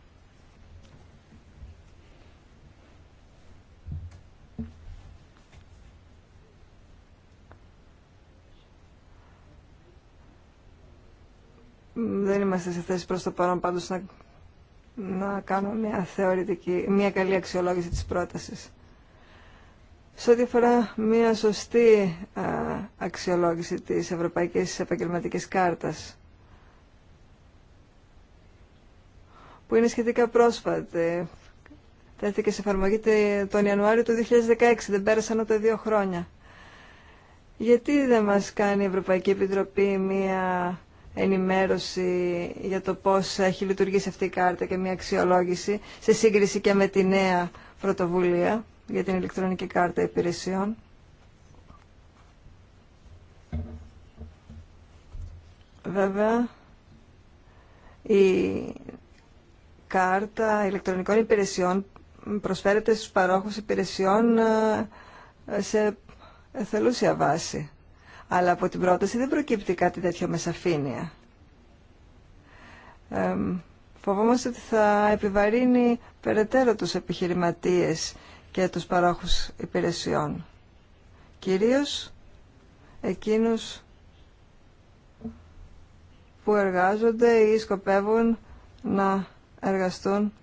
δεν είμαστε σε θέση προς το παρόν πάντως να, να κάνουμε μια θεωρητική, μια καλή αξιολόγηση της πρότασης. Σε ό,τι αφορά μια σωστή αξιολόγηση της Ευρωπαϊκής Επαγγελματική Κάρτας, που είναι σχετικά πρόσφατη, τέθηκε σε εφαρμογή τον Ιανουάριο του 2016, δεν πέρασαν ούτε δύο χρόνια. Γιατί δεν μας κάνει η Ευρωπαϊκή Επιτροπή μια ενημέρωση για το πώς έχει λειτουργήσει αυτή η κάρτα και μια αξιολόγηση σε σύγκριση και με τη νέα πρωτοβουλία για την ηλεκτρονική κάρτα υπηρεσιών. Βέβαια, η κάρτα ηλεκτρονικών υπηρεσιών προσφέρεται στους παρόχους υπηρεσιών ε, σε εθελούσια βάση. Αλλά από την πρόταση δεν προκύπτει κάτι τέτοιο με σαφήνεια. Ε, φοβόμαστε ότι θα επιβαρύνει περαιτέρω τους επιχειρηματίες και τους παρόχους υπηρεσιών. Κυρίως εκείνους που εργάζονται ή σκοπεύουν να εργαστούν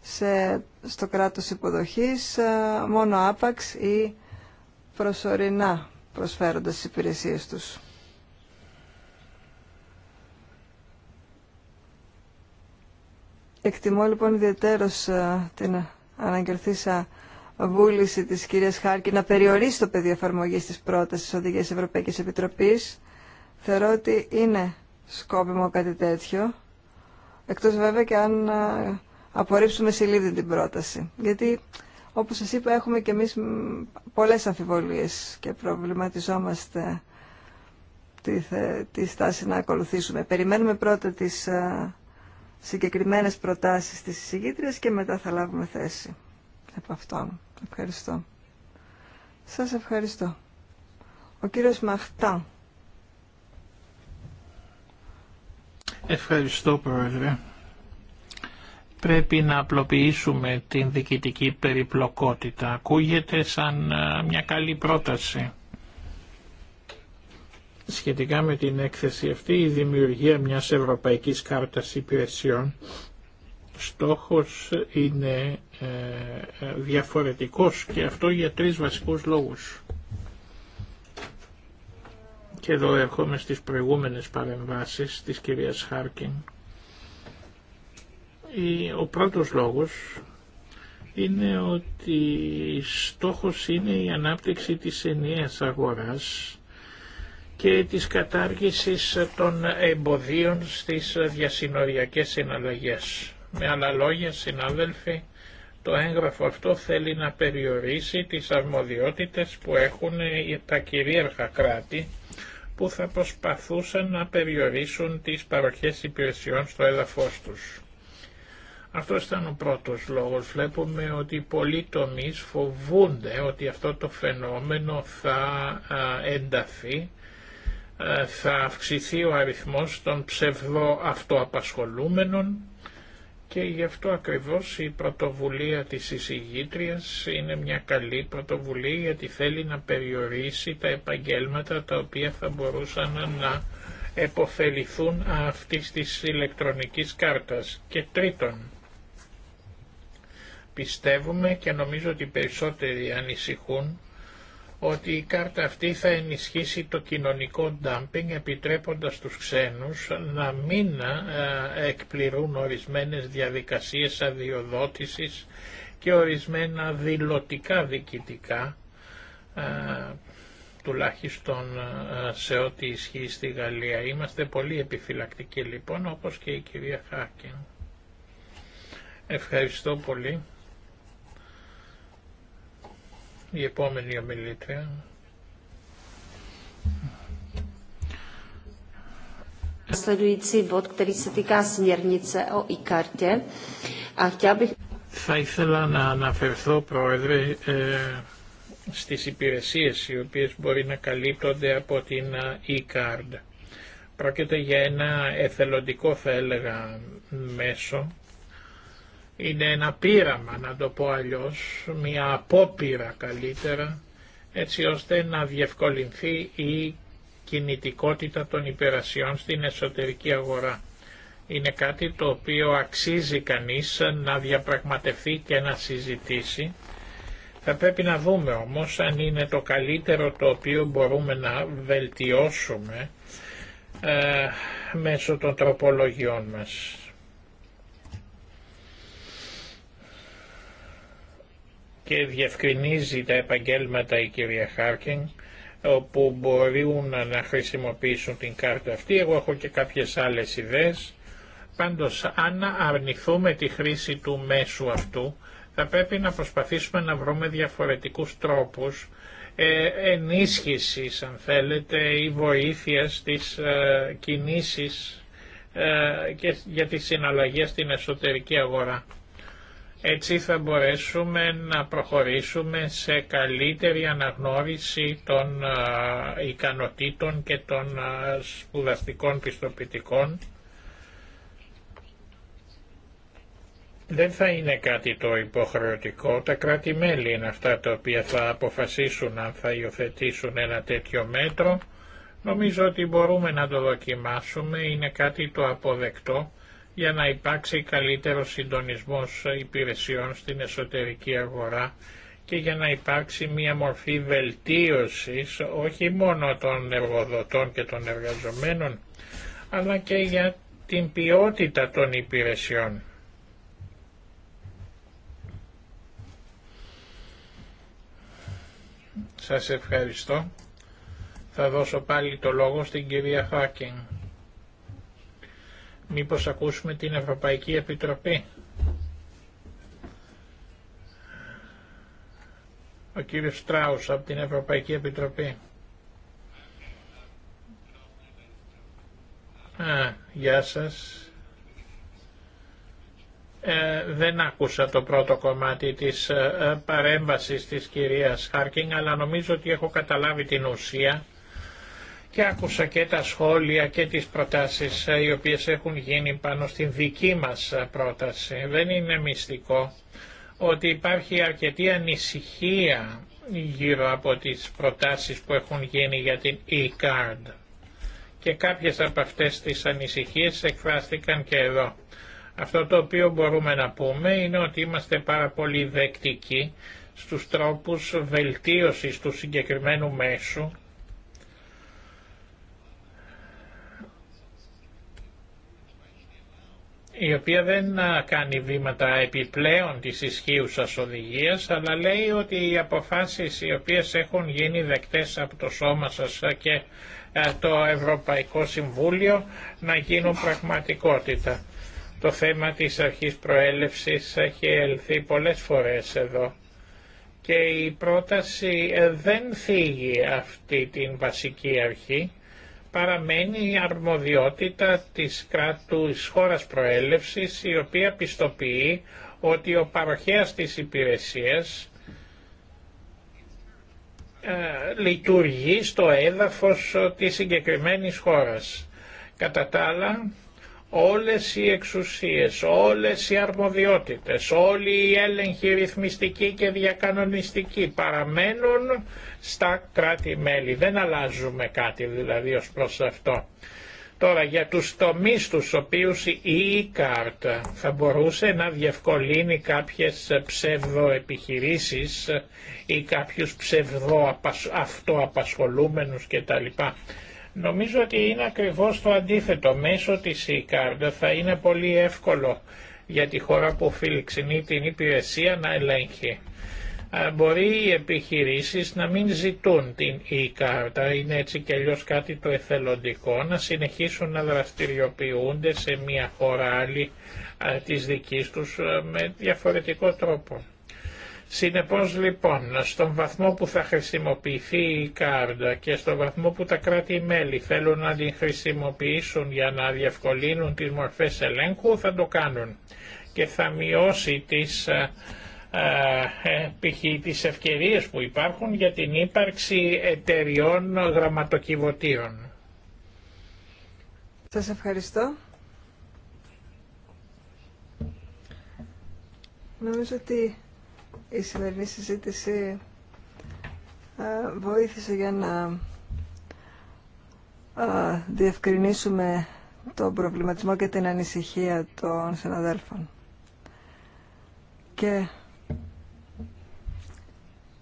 σε, στο κράτος υποδοχής ε, μόνο άπαξ ή προσωρινά προσφέροντας τις υπηρεσίες τους. Εκτιμώ λοιπόν ιδιαίτερος ε, την αναγκερθήσα βούληση της κυρίας Χάρκη να περιορίσει το πεδίο εφαρμογή της πρότασης της Οδηγίας Ευρωπαϊκής Επιτροπής. Θεωρώ ότι είναι σκόπιμο κάτι τέτοιο, εκτός βέβαια και αν ε, απορρίψουμε σε την πρόταση. Γιατί όπως σας είπα, έχουμε και εμείς πολλές αμφιβολίες και προβληματιζόμαστε τη, τι στάση να ακολουθήσουμε. Περιμένουμε πρώτα τις ε, συγκεκριμένες προτάσεις της εισηγήτριας και μετά θα λάβουμε θέση από αυτόν. Ευχαριστώ. Σας ευχαριστώ. Ο κύριος Μαχτά. Ευχαριστώ, Πρόεδρε πρέπει να απλοποιήσουμε την διοικητική περιπλοκότητα. Ακούγεται σαν ε, μια καλή πρόταση. Σχετικά με την έκθεση αυτή, η δημιουργία μιας Ευρωπαϊκής Κάρτας Υπηρεσιών στόχος είναι ε, διαφορετικός και αυτό για τρεις βασικούς λόγους. Και εδώ έρχομαι στις προηγούμενες παρεμβάσεις της κυρίας Χάρκιν ο πρώτος λόγος είναι ότι στόχος είναι η ανάπτυξη της ενιαίας αγοράς και της κατάργησης των εμποδίων στις διασυνοριακές συναλλαγές. Με άλλα λόγια, συνάδελφοι, το έγγραφο αυτό θέλει να περιορίσει τις αρμοδιότητες που έχουν τα κυρίαρχα κράτη που θα προσπαθούσαν να περιορίσουν τις παροχές υπηρεσιών στο έδαφος τους. Αυτό ήταν ο πρώτος λόγος. Βλέπουμε ότι πολλοί τομείς φοβούνται ότι αυτό το φαινόμενο θα ενταθεί, θα αυξηθεί ο αριθμός των ψευδοαυτοαπασχολούμενων και γι' αυτό ακριβώς η πρωτοβουλία της εισηγήτριας είναι μια καλή πρωτοβουλία γιατί θέλει να περιορίσει τα επαγγέλματα τα οποία θα μπορούσαν να εποφεληθούν αυτής της ηλεκτρονικής κάρτας. Και τρίτον, πιστεύουμε και νομίζω ότι περισσότεροι ανησυχούν ότι η κάρτα αυτή θα ενισχύσει το κοινωνικό dumping επιτρέποντας τους ξένους να μην εκπληρούν ορισμένες διαδικασίες αδειοδότησης και ορισμένα δηλωτικά διοικητικά τουλάχιστον σε ό,τι ισχύει στη Γαλλία. Είμαστε πολύ επιφυλακτικοί λοιπόν όπως και η κυρία Χάκιν. Ευχαριστώ πολύ η επόμενη ομιλήτρια. Θα ήθελα να αναφερθώ, Πρόεδρε, ε, στις υπηρεσίες οι οποίες μπορεί να καλύπτονται από την ε, e-card. Πρόκειται για ένα εθελοντικό, θα έλεγα, μέσο είναι ένα πείραμα να το πω αλλιώς, μια απόπειρα καλύτερα, έτσι ώστε να διευκολυνθεί η κινητικότητα των υπηρεσιών στην εσωτερική αγορά. Είναι κάτι το οποίο αξίζει κανείς να διαπραγματευτεί και να συζητήσει. Θα πρέπει να δούμε όμως αν είναι το καλύτερο το οποίο μπορούμε να βελτιώσουμε ε, μέσω των τροπολογιών μας. και διευκρινίζει τα επαγγέλματα η κυρία Χάρκιν όπου μπορούν να χρησιμοποιήσουν την κάρτα αυτή. Εγώ έχω και κάποιες άλλες ιδέες. Πάντως, αν αρνηθούμε τη χρήση του μέσου αυτού, θα πρέπει να προσπαθήσουμε να βρούμε διαφορετικούς τρόπους ε, ενίσχυσης, αν θέλετε, ή βοήθειας της ε, κινήσεις ε, και για τις συναλλαγές στην εσωτερική αγορά. Έτσι θα μπορέσουμε να προχωρήσουμε σε καλύτερη αναγνώριση των ικανοτήτων και των σπουδαστικών πιστοποιητικών. Δεν θα είναι κάτι το υποχρεωτικό. Τα κράτη-μέλη είναι αυτά τα οποία θα αποφασίσουν αν θα υιοθετήσουν ένα τέτοιο μέτρο. Νομίζω ότι μπορούμε να το δοκιμάσουμε. Είναι κάτι το αποδεκτό για να υπάρξει καλύτερο συντονισμός υπηρεσιών στην εσωτερική αγορά και για να υπάρξει μια μορφή βελτίωσης όχι μόνο των εργοδοτών και των εργαζομένων αλλά και για την ποιότητα των υπηρεσιών. Σας ευχαριστώ. Θα δώσω πάλι το λόγο στην κυρία Χάκινγκ. Μήπως ακούσουμε την Ευρωπαϊκή Επιτροπή. Ο κύριος Στράους από την Ευρωπαϊκή Επιτροπή. Α, γεια σας. Ε, δεν άκουσα το πρώτο κομμάτι της ε, παρέμβασης της κυρίας Χάρκινγκ, αλλά νομίζω ότι έχω καταλάβει την ουσία και άκουσα και τα σχόλια και τις προτάσεις ε, οι οποίες έχουν γίνει πάνω στην δική μας ε, πρόταση. Δεν είναι μυστικό ότι υπάρχει αρκετή ανησυχία γύρω από τις προτάσεις που έχουν γίνει για την e-card και κάποιες από αυτές τις ανησυχίες εκφράστηκαν και εδώ. Αυτό το οποίο μπορούμε να πούμε είναι ότι είμαστε πάρα πολύ δεκτικοί στους τρόπους βελτίωσης του συγκεκριμένου μέσου η οποία δεν κάνει βήματα επιπλέον της ισχύουσας οδηγίας, αλλά λέει ότι οι αποφάσεις οι οποίες έχουν γίνει δεκτές από το σώμα σας και το Ευρωπαϊκό Συμβούλιο να γίνουν πραγματικότητα. Το θέμα της αρχής προέλευσης έχει έλθει πολλές φορές εδώ και η πρόταση ε, δεν θίγει αυτή την βασική αρχή, παραμένει η αρμοδιότητα της κράτους χώρας προέλευσης η οποία πιστοποιεί ότι ο παροχέας της υπηρεσίας ε, λειτουργεί στο έδαφος της συγκεκριμένης χώρας. Κατά τα όλες οι εξουσίες, όλες οι αρμοδιότητες, όλοι οι έλεγχοι ρυθμιστικοί και διακανονιστικοί παραμένουν στα κράτη-μέλη. Δεν αλλάζουμε κάτι δηλαδή ως προς αυτό. Τώρα για τους τομείς τους οποίους η e θα μπορούσε να διευκολύνει κάποιες ψευδοεπιχειρήσεις ή κάποιους ψευδοαυτοαπασχολούμενους κτλ. Νομίζω ότι είναι ακριβώς το αντίθετο. Μέσω της e-card θα είναι πολύ εύκολο για τη χώρα που φιλοξενεί την υπηρεσία να ελέγχει. Μπορεί οι επιχειρήσεις να μην ζητούν την e card είναι έτσι και αλλιώς κάτι το εθελοντικό, να συνεχίσουν να δραστηριοποιούνται σε μια χώρα άλλη της δικής τους με διαφορετικό τρόπο. Συνεπώς λοιπόν, στον βαθμό που θα χρησιμοποιηθεί η κάρτα και στον βαθμό που τα κράτη-μέλη θέλουν να την χρησιμοποιήσουν για να διευκολύνουν τις μορφές ελέγχου, θα το κάνουν και θα μειώσει τις, α, ε, ε, ε, ευκαιρίες που υπάρχουν για την ύπαρξη εταιριών γραμματοκιβωτίων. Σας ευχαριστώ. Νομίζω ότι η σημερινή συζήτηση ε, βοήθησε για να ε, διευκρινίσουμε τον προβληματισμό και την ανησυχία των συναδέλφων. Και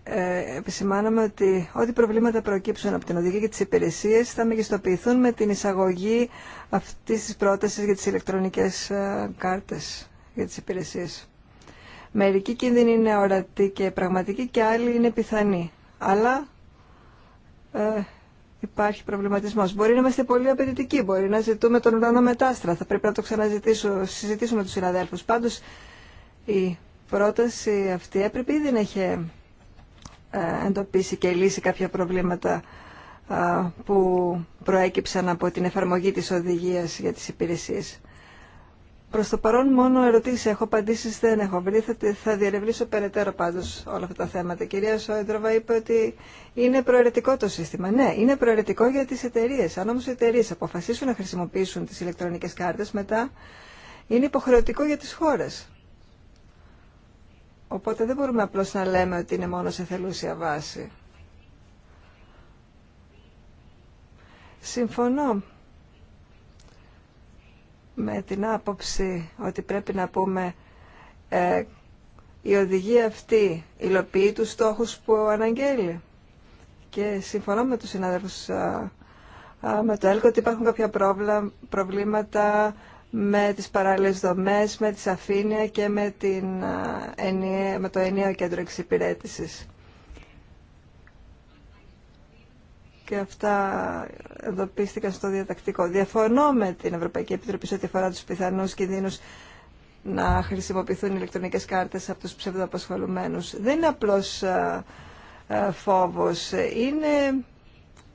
ε, επισημάναμε ότι ό,τι προβλήματα προκύψουν από την οδηγία και τις υπηρεσίες θα μεγιστοποιηθούν με την εισαγωγή αυτής της πρότασης για τις ηλεκτρονικές ε, κάρτες για τις υπηρεσίες. Μερικοί κίνδυνοι είναι ορατοί και πραγματικοί και άλλοι είναι πιθανοί. Αλλά ε, υπάρχει προβληματισμό. Μπορεί να είμαστε πολύ απαιτητικοί, μπορεί να ζητούμε τον ουρανό μετάστρα. Θα πρέπει να το ξαναζητήσουμε με τους συναδέλφου. Πάντως η πρόταση αυτή έπρεπε ήδη να είχε ε, εντοπίσει και λύσει κάποια προβλήματα που προέκυψαν από την εφαρμογή της οδηγίας για τις υπηρεσίες. Προς το παρόν μόνο ερωτήσεις έχω, απαντήσεις δεν έχω βρει. Θα, θα διερευνήσω περαιτέρω πάντως όλα αυτά τα θέματα. Η κυρία Σόιντροβα είπε ότι είναι προαιρετικό το σύστημα. Ναι, είναι προαιρετικό για τις εταιρείε. Αν όμως οι εταιρείε αποφασίσουν να χρησιμοποιήσουν τις ηλεκτρονικές κάρτες μετά, είναι υποχρεωτικό για τις χώρες. Οπότε δεν μπορούμε απλώς να λέμε ότι είναι μόνο σε θελούσια βάση. Συμφωνώ με την άποψη ότι πρέπει να πούμε ε, η οδηγία αυτή υλοποιεί τους στόχους που αναγγέλει. Και συμφωνώ με τους συνάδελφους ε, ε, με το ΕΛΚΟ ότι υπάρχουν κάποια πρόβλα, προβλήματα με τις παράλληλες δομές, με τη σαφήνεια και με, την, ε, με το ενιαίο κέντρο εξυπηρέτησης. και αυτά εντοπίστηκαν στο διατακτικό. Διαφωνώ με την Ευρωπαϊκή Επιτροπή σε ό,τι αφορά του πιθανού κινδύνου να χρησιμοποιηθούν ηλεκτρονικές κάρτες από του ψευδοαπασχολουμένου. Δεν είναι απλώ ε, ε, φόβος, είναι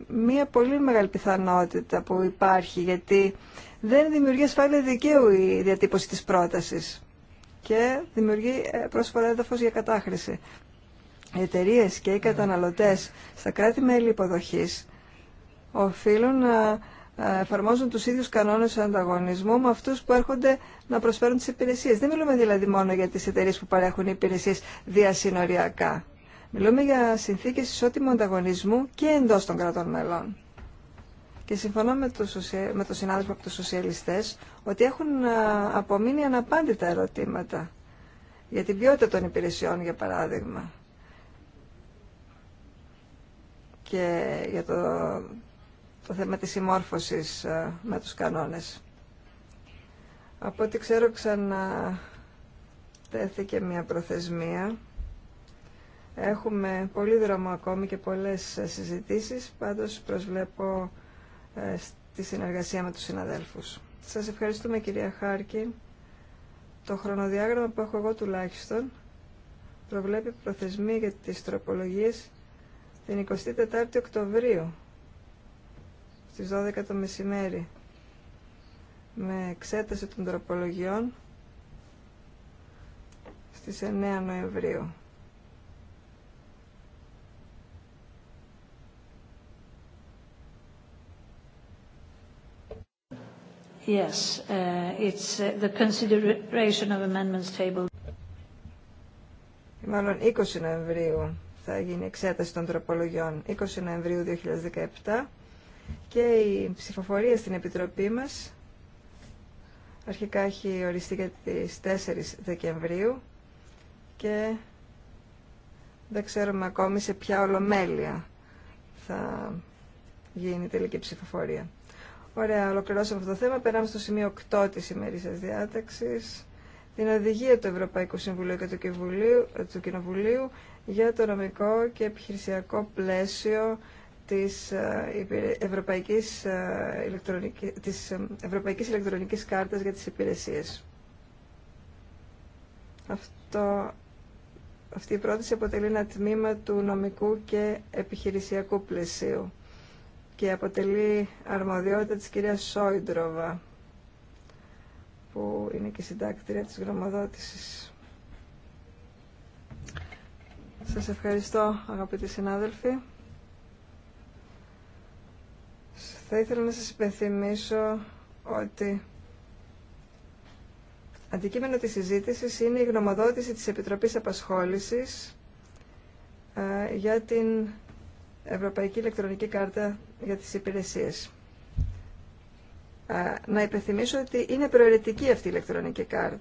μια πολύ μεγάλη πιθανότητα που υπάρχει γιατί δεν δημιουργεί ασφάλεια δικαίου η διατύπωση της πρότασης και δημιουργεί ε, πρόσφορα για κατάχρηση οι εταιρείε και οι καταναλωτέ στα κράτη-μέλη υποδοχής οφείλουν να ε, εφαρμόζουν τους ίδιους κανόνες ανταγωνισμού με αυτού που έρχονται να προσφέρουν τι υπηρεσίε. Δεν μιλούμε δηλαδή μόνο για τι εταιρείε που παρέχουν υπηρεσίε διασυνοριακά. Μιλούμε για συνθήκε ισότιμου ανταγωνισμού και εντό των κρατών μελών. Και συμφωνώ με τον με το συνάδελφο από τους σοσιαλιστές ότι έχουν ε, απομείνει αναπάντητα ερωτήματα για την ποιότητα των υπηρεσιών, για παράδειγμα και για το, το θέμα της συμμόρφωσης ε, με τους κανόνες. Από ό,τι ξέρω ξανά τέθηκε μια προθεσμία. Έχουμε πολύ δρόμο ακόμη και πολλές ε, συζητήσεις, πάντως προσβλέπω ε, στη συνεργασία με τους συναδέλφους. Σας ευχαριστούμε κυρία Χάρκιν. Το χρονοδιάγραμμα που έχω εγώ τουλάχιστον προβλέπει προθεσμία για τις τροπολογίες την 24η Οκτωβρίου στις 12 το μεσημέρι με εξέταση των τροπολογιών στις 9 Νοεμβρίου. Yes, uh, it's uh, the consideration of amendments table. Μάλλον 20 Νοεμβρίου θα γίνει εξέταση των τροπολογιών 20 Νοεμβρίου 2017 και η ψηφοφορία στην Επιτροπή μας αρχικά έχει οριστεί για τις 4 Δεκεμβρίου και δεν ξέρουμε ακόμη σε ποια ολομέλεια θα γίνει η τελική ψηφοφορία. Ωραία, ολοκληρώσαμε αυτό το θέμα. Περάμε στο σημείο 8 της ημερήσιας διάταξης την οδηγία του Ευρωπαϊκού Συμβουλίου και του του Κοινοβουλίου για το νομικό και επιχειρησιακό πλαίσιο της ε, Ευρωπαϊκής ε, Ηλεκτρονικής, της ε, Ευρωπαϊκής Ηλεκτρονικής Κάρτας για τις υπηρεσίες. Αυτό, αυτή η πρόταση αποτελεί ένα τμήμα του νομικού και επιχειρησιακού πλαισίου και αποτελεί αρμοδιότητα της κυρίας Σόιντροβα που είναι και συντάκτηρια της γνωμοδότησης. Σας ευχαριστώ αγαπητοί συνάδελφοι. Θα ήθελα να σας υπενθυμίσω ότι αντικείμενο της συζήτησης είναι η γνωμοδότηση της Επιτροπής Απασχόλησης ε, για την Ευρωπαϊκή Ελεκτρονική Κάρτα για τις Υπηρεσίες. Ε, να υπενθυμίσω ότι είναι προαιρετική αυτή η ηλεκτρονική κάρτα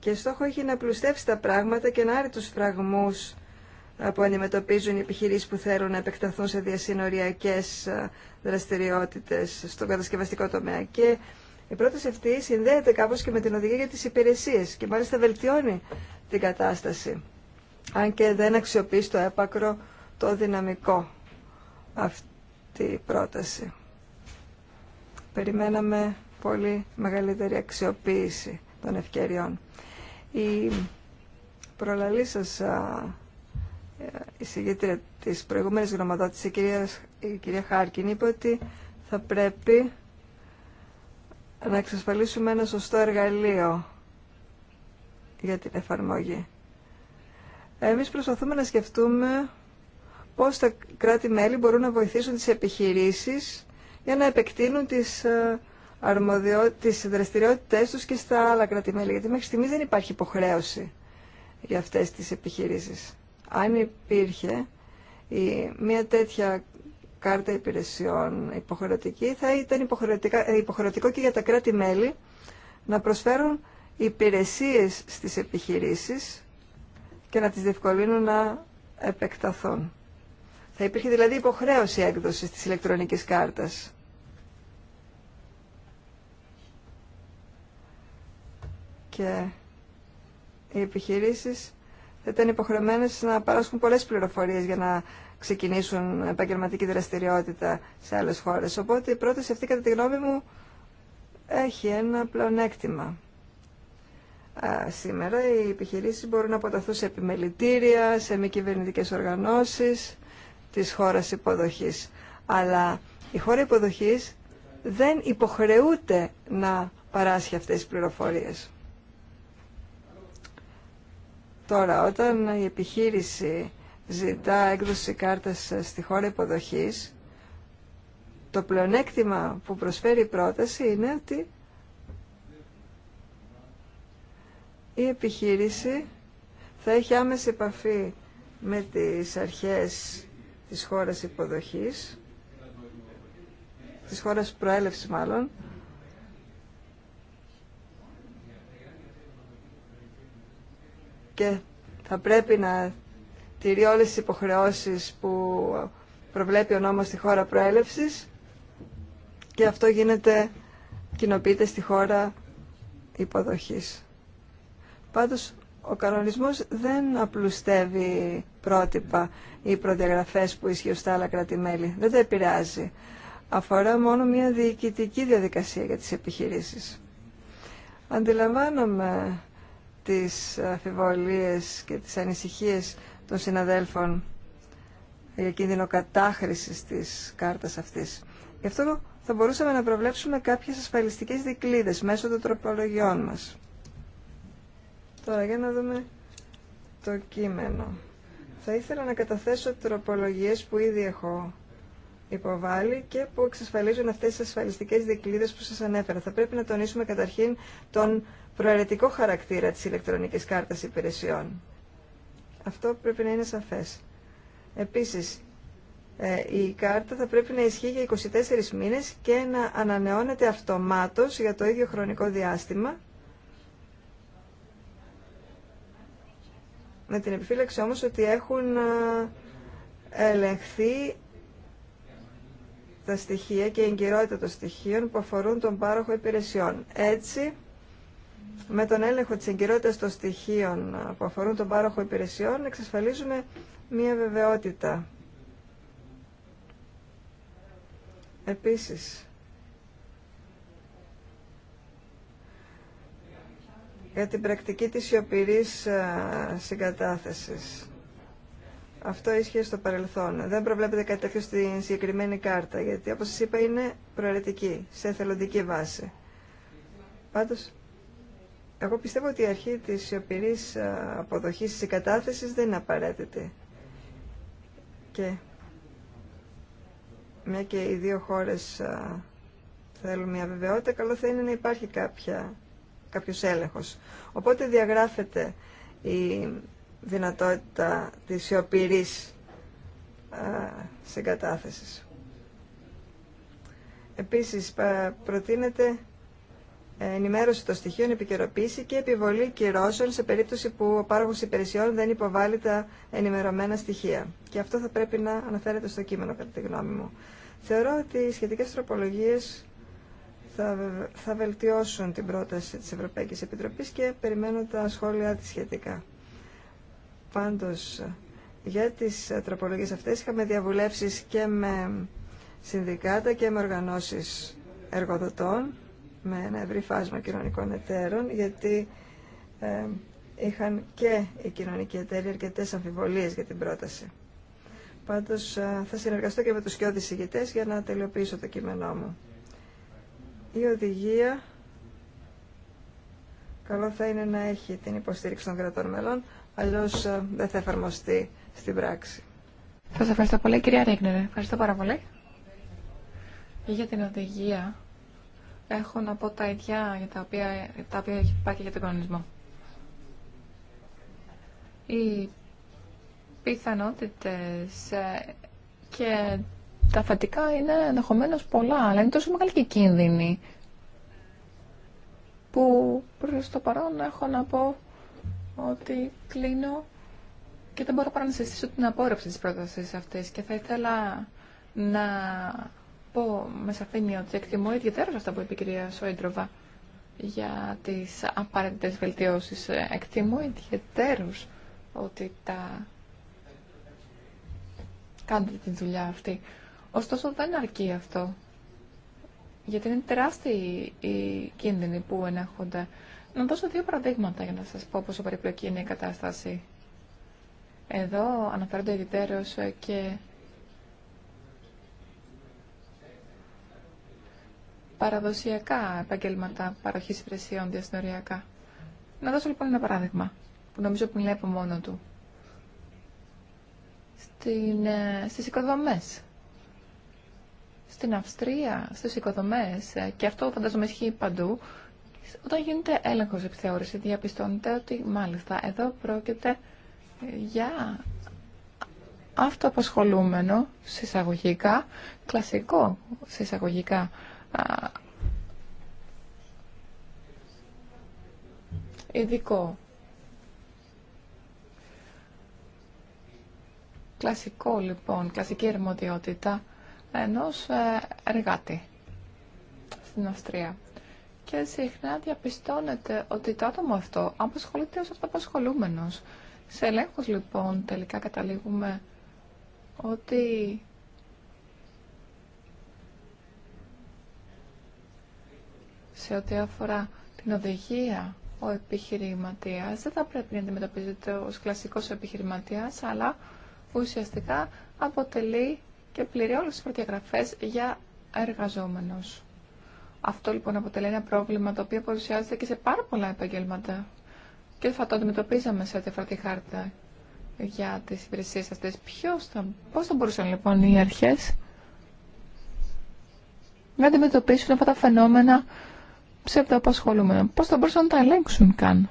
και στόχο έχει να πλουστεύσει τα πράγματα και να άρει τους φραγμούς ε, που αντιμετωπίζουν οι επιχειρήσεις που θέλουν να επεκταθούν σε διασυνοριακές ε, δραστηριότητες στον κατασκευαστικό τομέα. Και η πρόταση αυτή συνδέεται κάπως και με την οδηγία για τις υπηρεσίες και μάλιστα βελτιώνει την κατάσταση, αν και δεν αξιοποιεί στο έπακρο το δυναμικό αυτή η πρόταση. Περιμέναμε πολύ μεγαλύτερη αξιοποίηση των ευκαιριών. Η προλαλή σα η τη της προηγούμενης η κυρία, η Χάρκιν, είπε ότι θα πρέπει να εξασφαλίσουμε ένα σωστό εργαλείο για την εφαρμογή. Εμείς προσπαθούμε να σκεφτούμε πώς τα κράτη-μέλη μπορούν να βοηθήσουν τις επιχειρήσεις για να επεκτείνουν τις τις δραστηριότητές τους και στα άλλα κρατημέλη. Γιατί μέχρι στιγμή δεν υπάρχει υποχρέωση για αυτές τις επιχειρήσεις. Αν υπήρχε η, μια τέτοια κάρτα υπηρεσιών υποχρεωτική, θα ήταν ε, υποχρεωτικό και για τα κράτη-μέλη να προσφέρουν υπηρεσίες στις επιχειρήσεις και να τις διευκολύνουν να επεκταθούν. Θα υπήρχε δηλαδή υποχρέωση έκδοσης της ηλεκτρονικής κάρτας. και οι επιχειρήσεις θα ήταν υποχρεωμένες να παράσχουν πολλές πληροφορίες για να ξεκινήσουν επαγγελματική δραστηριότητα σε άλλες χώρες. Οπότε η πρόταση αυτή κατά τη γνώμη μου έχει ένα πλεονέκτημα. σήμερα οι επιχειρήσεις μπορούν να αποταθούν σε επιμελητήρια, σε μη κυβερνητικέ οργανώσεις της χώρας υποδοχής. Αλλά η χώρα υποδοχής δεν υποχρεούται να παράσχει αυτές τις πληροφορίες. Τώρα, όταν η επιχείρηση ζητά έκδοση κάρτας στη χώρα υποδοχής, το πλεονέκτημα που προσφέρει η πρόταση είναι ότι η επιχείρηση θα έχει άμεση επαφή με τις αρχές της χώρας υποδοχής, της χώρας προέλευσης μάλλον, και θα πρέπει να τηρεί όλε τι υποχρεώσεις που προβλέπει ο νόμος στη χώρα προέλευσης και αυτό γίνεται, κοινοποιείται στη χώρα υποδοχής. Πάντως, ο κανονισμός δεν απλουστεύει πρότυπα ή προδιαγραφές που ισχύουν στα άλλα κράτη-μέλη. Δεν τα επηρεάζει. Αφορά μόνο μια διοικητική διαδικασία για τις επιχειρήσεις. Αντιλαμβάνομαι τις αφιβολίες και τις ανησυχίες των συναδέλφων για κίνδυνο κατάχρησης της κάρτας αυτής. Γι' αυτό θα μπορούσαμε να προβλέψουμε κάποιες ασφαλιστικές δικλίδες μέσω των τροπολογιών μας. Τώρα για να δούμε το κείμενο. Θα ήθελα να καταθέσω τροπολογίες που ήδη έχω και που εξασφαλίζουν αυτέ τι ασφαλιστικέ δικλείδε που σα ανέφερα. Θα πρέπει να τονίσουμε καταρχήν τον προαιρετικό χαρακτήρα τη ηλεκτρονική κάρτα υπηρεσιών. Αυτό πρέπει να είναι σαφέ. Επίση, ε, η κάρτα θα πρέπει να ισχύει για 24 μήνες και να ανανεώνεται αυτομάτως για το ίδιο χρονικό διάστημα με την επιφύλαξη όμως ότι έχουν ε, ελεγχθεί τα στοιχεία και η εγκυρότητα των στοιχείων που αφορούν τον πάροχο υπηρεσιών. Έτσι, με τον έλεγχο της εγκυρότητας των στοιχείων που αφορούν τον πάροχο υπηρεσιών, εξασφαλίζουμε μία βεβαιότητα. Επίσης, για την πρακτική της σιωπηρής ε, συγκατάθεσης. Αυτό ίσχυε στο παρελθόν. Δεν προβλέπεται κάτι τέτοιο στην συγκεκριμένη κάρτα, γιατί όπως σας είπα είναι προαιρετική, σε εθελοντική βάση. Πάντως, εγώ πιστεύω ότι η αρχή της σιωπηρής αποδοχής της κατάθεσης δεν είναι απαραίτητη. Και μια και οι δύο χώρες θέλουν μια βεβαιότητα, καλό θα είναι να υπάρχει κάποια, κάποιος έλεγχος. Οπότε διαγράφεται η δυνατότητα της σιωπηρής ε, συγκατάθεσης. Επίσης, προτείνεται ενημέρωση των στοιχείων, επικαιροποίηση και επιβολή κυρώσεων σε περίπτωση που ο πάροχος υπηρεσιών δεν υποβάλλει τα ενημερωμένα στοιχεία. Και αυτό θα πρέπει να αναφέρεται στο κείμενο, κατά τη γνώμη μου. Θεωρώ ότι οι σχετικές τροπολογίες θα, θα βελτιώσουν την πρόταση της Ευρωπαϊκής Επιτροπής και περιμένω τα σχόλια της σχετικά. Πάντως, για τις τροπολογίες αυτές είχαμε διαβουλεύσεις και με συνδικάτα και με οργανώσεις εργοδοτών, με ένα ευρύ φάσμα κοινωνικών εταίρων, γιατί ε, είχαν και οι κοινωνικοί εταίροι αρκετέ αμφιβολίες για την πρόταση. Πάντως, ε, θα συνεργαστώ και με τους σκιώδης ηγητές για να τελειοποιήσω το κείμενό μου. Η οδηγία καλό θα είναι να έχει την υποστήριξη των κρατών μελών, αλλιώς ε, δεν θα εφαρμοστεί στην πράξη. Σας ευχαριστώ πολύ κυρία Ρίγνερ. Ευχαριστώ πάρα πολύ. Για την οδηγία έχω να πω τα ίδια για τα οποία, τα οποία έχει πάει για τον κανονισμό. Οι πιθανότητε ε, και τα φατικά είναι ενδεχομένω πολλά, αλλά είναι τόσο μεγάλη και κίνδυνη που προς το παρόν έχω να πω ότι κλείνω και δεν μπορώ παρά να συστήσω την απόρρευση της πρότασης αυτής και θα ήθελα να πω με σαφήνεια ότι εκτιμώ ιδιαίτερα αυτά που είπε η κυρία Σόιντροβα για τις απαραίτητες βελτιώσεις. Εκτιμώ ιδιαίτερως ότι τα κάνετε τη δουλειά αυτή. Ωστόσο δεν αρκεί αυτό. Γιατί είναι τεράστιοι οι κίνδυνοι που ενέχονται να δώσω δύο παραδείγματα για να σας πω πόσο περιπλοκή είναι η κατάσταση. Εδώ αναφέρονται ιδιαίτερως ε, και παραδοσιακά επαγγέλματα παροχής υπηρεσιών διασυνοριακά. Να δώσω λοιπόν ένα παράδειγμα που νομίζω που μιλάει από μόνο του. Στην, ε, στις οικοδομές. Στην Αυστρία, στις οικοδομές, ε, και αυτό φαντάζομαι ισχύει παντού, όταν γίνεται έλεγχος επιθεώρηση, διαπιστώνεται ότι μάλιστα εδώ πρόκειται για αυτοαπασχολούμενο, συσσαγωγικά, κλασικό συσσαγωγικά ειδικό. Κλασικό λοιπόν, κλασική ερμοδιότητα ενός ε, εργάτη στην Αυστρία και συχνά διαπιστώνεται ότι το άτομο αυτό απασχολείται ως αυτοαπασχολούμενος. Σε ελέγχους λοιπόν τελικά καταλήγουμε ότι σε ό,τι αφορά την οδηγία ο επιχειρηματίας δεν θα πρέπει να αντιμετωπίζεται ως κλασικός επιχειρηματίας αλλά ουσιαστικά αποτελεί και πληρεί όλες τις προδιαγραφές για εργαζόμενος. Αυτό λοιπόν αποτελεί ένα πρόβλημα το οποίο παρουσιάζεται και σε πάρα πολλά επαγγέλματα. Και θα το αντιμετωπίζαμε σε ό,τι αφορά τη χάρτα για τι υπηρεσίες αυτέ. Πώ θα, πώς θα μπορούσαν λοιπόν οι αρχέ, να αντιμετωπίσουν αυτά τα φαινόμενα ψευδοαπασχολούμενα. Πώ θα μπορούσαν να τα ελέγξουν καν.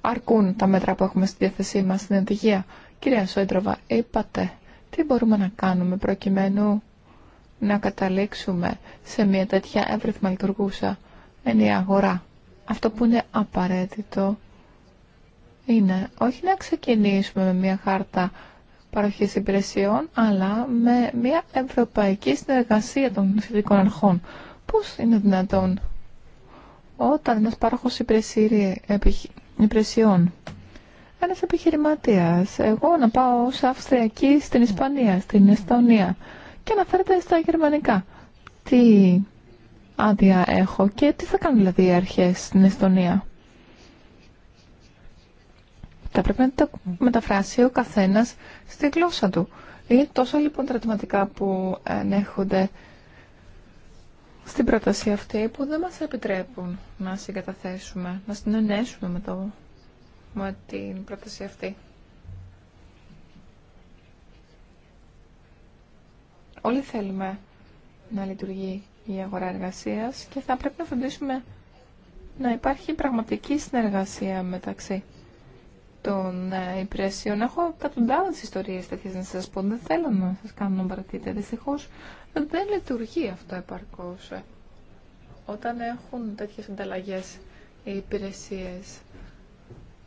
Αρκούν τα μέτρα που έχουμε στη διάθεσή μα στην αντιγεία. Κυρία Σόιντροβα, είπατε τι μπορούμε να κάνουμε προκειμένου να καταλήξουμε σε μια τέτοια εύρυθμα λειτουργούσα ενιαία αγορά. Αυτό που είναι απαραίτητο είναι όχι να ξεκινήσουμε με μια χάρτα παροχής υπηρεσιών, αλλά με μια ευρωπαϊκή συνεργασία των σχετικών αρχών. Πώς είναι δυνατόν όταν ένας πάροχος υπηρεσιών, ένας επιχειρηματίας, εγώ να πάω ως Αυστριακή στην Ισπανία, στην Εστονία, και αναφέρεται στα γερμανικά. Τι άδεια έχω και τι θα κάνουν δηλαδή οι αρχές στην Εστονία. Θα πρέπει να τα μεταφράσει ο καθένας στη γλώσσα του. Είναι τόσο λοιπόν τρατηματικά που ενέχονται στην πρόταση αυτή που δεν μας επιτρέπουν να συγκαταθέσουμε, να συνενέσουμε με, το, με την πρόταση αυτή. Όλοι θέλουμε να λειτουργεί η αγορά εργασία και θα πρέπει να φροντίσουμε να υπάρχει πραγματική συνεργασία μεταξύ των ε, υπηρεσιών. Έχω εκατοντάδε ιστορίε τέτοιε να σα πω. Δεν θέλω να σα κάνω να παρατηρείτε. Δυστυχώ δεν λειτουργεί αυτό επαρκώς. Όταν έχουν τέτοιε ανταλλαγέ οι υπηρεσίε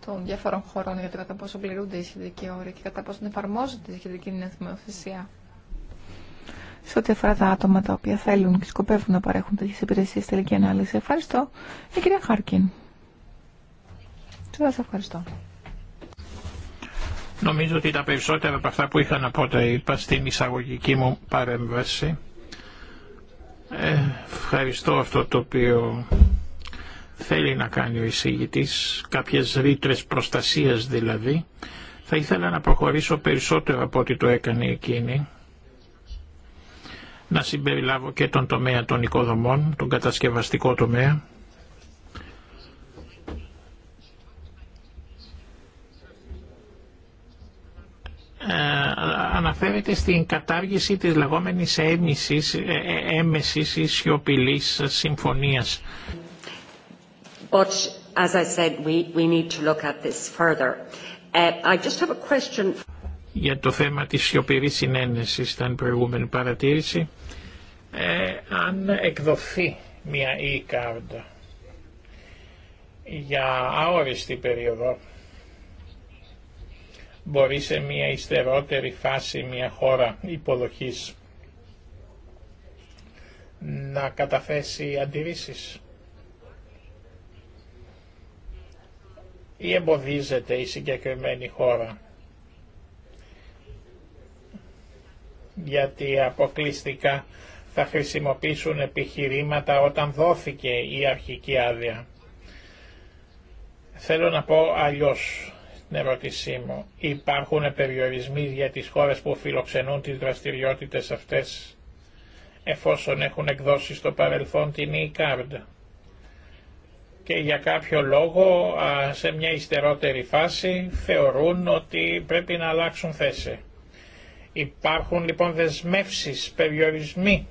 των διάφορων χωρών για το κατά πόσο πληρούνται οι σχετικοί όροι και κατά πόσο εφαρμόζονται η σχετική νομοθεσία σε ό,τι αφορά τα άτομα τα οποία θέλουν και σκοπεύουν να παρέχουν τέτοιε υπηρεσίε τελική ανάλυση. Ευχαριστώ. Η κυρία Χάρκιν. Σα ευχαριστώ. Νομίζω ότι τα περισσότερα από αυτά που είχα να πω τα είπα στην εισαγωγική μου παρέμβαση. Ε, ευχαριστώ αυτό το οποίο θέλει να κάνει ο εισηγητής, κάποιες ρήτρες προστασίας δηλαδή. Θα ήθελα να προχωρήσω περισσότερο από ό,τι το έκανε εκείνη να συμπεριλάβω και τον τομέα των οικοδομών, τον κατασκευαστικό τομέα. Ε, αναφέρεται στην κατάργηση της λεγόμενης έμεσης, ε, ε, έμεσης ή σιωπηλής συμφωνίας. But as I said, we, we need to look at this further. Uh, I just have a question. Για το θέμα της σιωπηρής συνένεσης ήταν προηγούμενη παρατήρηση. Ε, αν εκδοθεί μια e-card για αόριστη περίοδο μπορεί σε μια ιστερότερη φάση μια χώρα υποδοχής να καταθέσει αντιρρήσεις. Ή εμποδίζεται η συγκεκριμένη χώρα. Γιατί αποκλειστικά θα χρησιμοποιήσουν επιχειρήματα όταν δόθηκε η αρχική άδεια. Θέλω να πω αλλιώς την ερώτησή μου. Υπάρχουν περιορισμοί για τις χώρες που φιλοξενούν τις δραστηριότητες αυτές εφόσον έχουν εκδώσει στο παρελθόν την e-card και για κάποιο λόγο σε μια ιστερότερη φάση θεωρούν ότι πρέπει να αλλάξουν θέση. Υπάρχουν λοιπόν δεσμεύσεις, περιορισμοί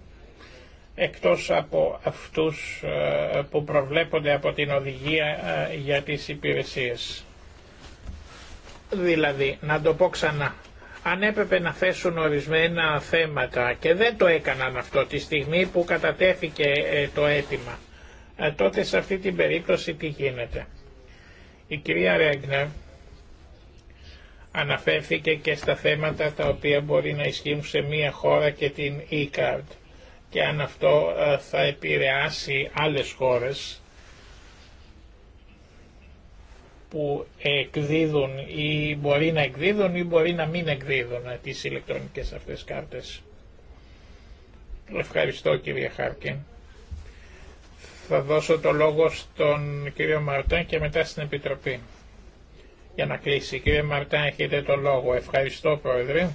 εκτός από αυτούς ε, που προβλέπονται από την οδηγία ε, για τις υπηρεσίες. Δηλαδή, να το πω ξανά, αν έπρεπε να θέσουν ορισμένα θέματα και δεν το έκαναν αυτό τη στιγμή που κατατέθηκε ε, το αίτημα, τότε σε αυτή την περίπτωση τι γίνεται. Η κυρία Ρέγκνερ αναφέρθηκε και στα θέματα τα οποία μπορεί να ισχύουν σε μία χώρα και την e-card και αν αυτό ε, θα επηρεάσει άλλες χώρες που εκδίδουν ή μπορεί να εκδίδουν ή μπορεί να μην εκδίδουν ε, τις ηλεκτρονικές αυτές κάρτες. Ευχαριστώ κύριε Χάρκιν. Θα δώσω το λόγο στον κύριο Μαρτάν και μετά στην Επιτροπή για να κλείσει. Κύριε Μαρτάν έχετε το λόγο. Ευχαριστώ πρόεδρε.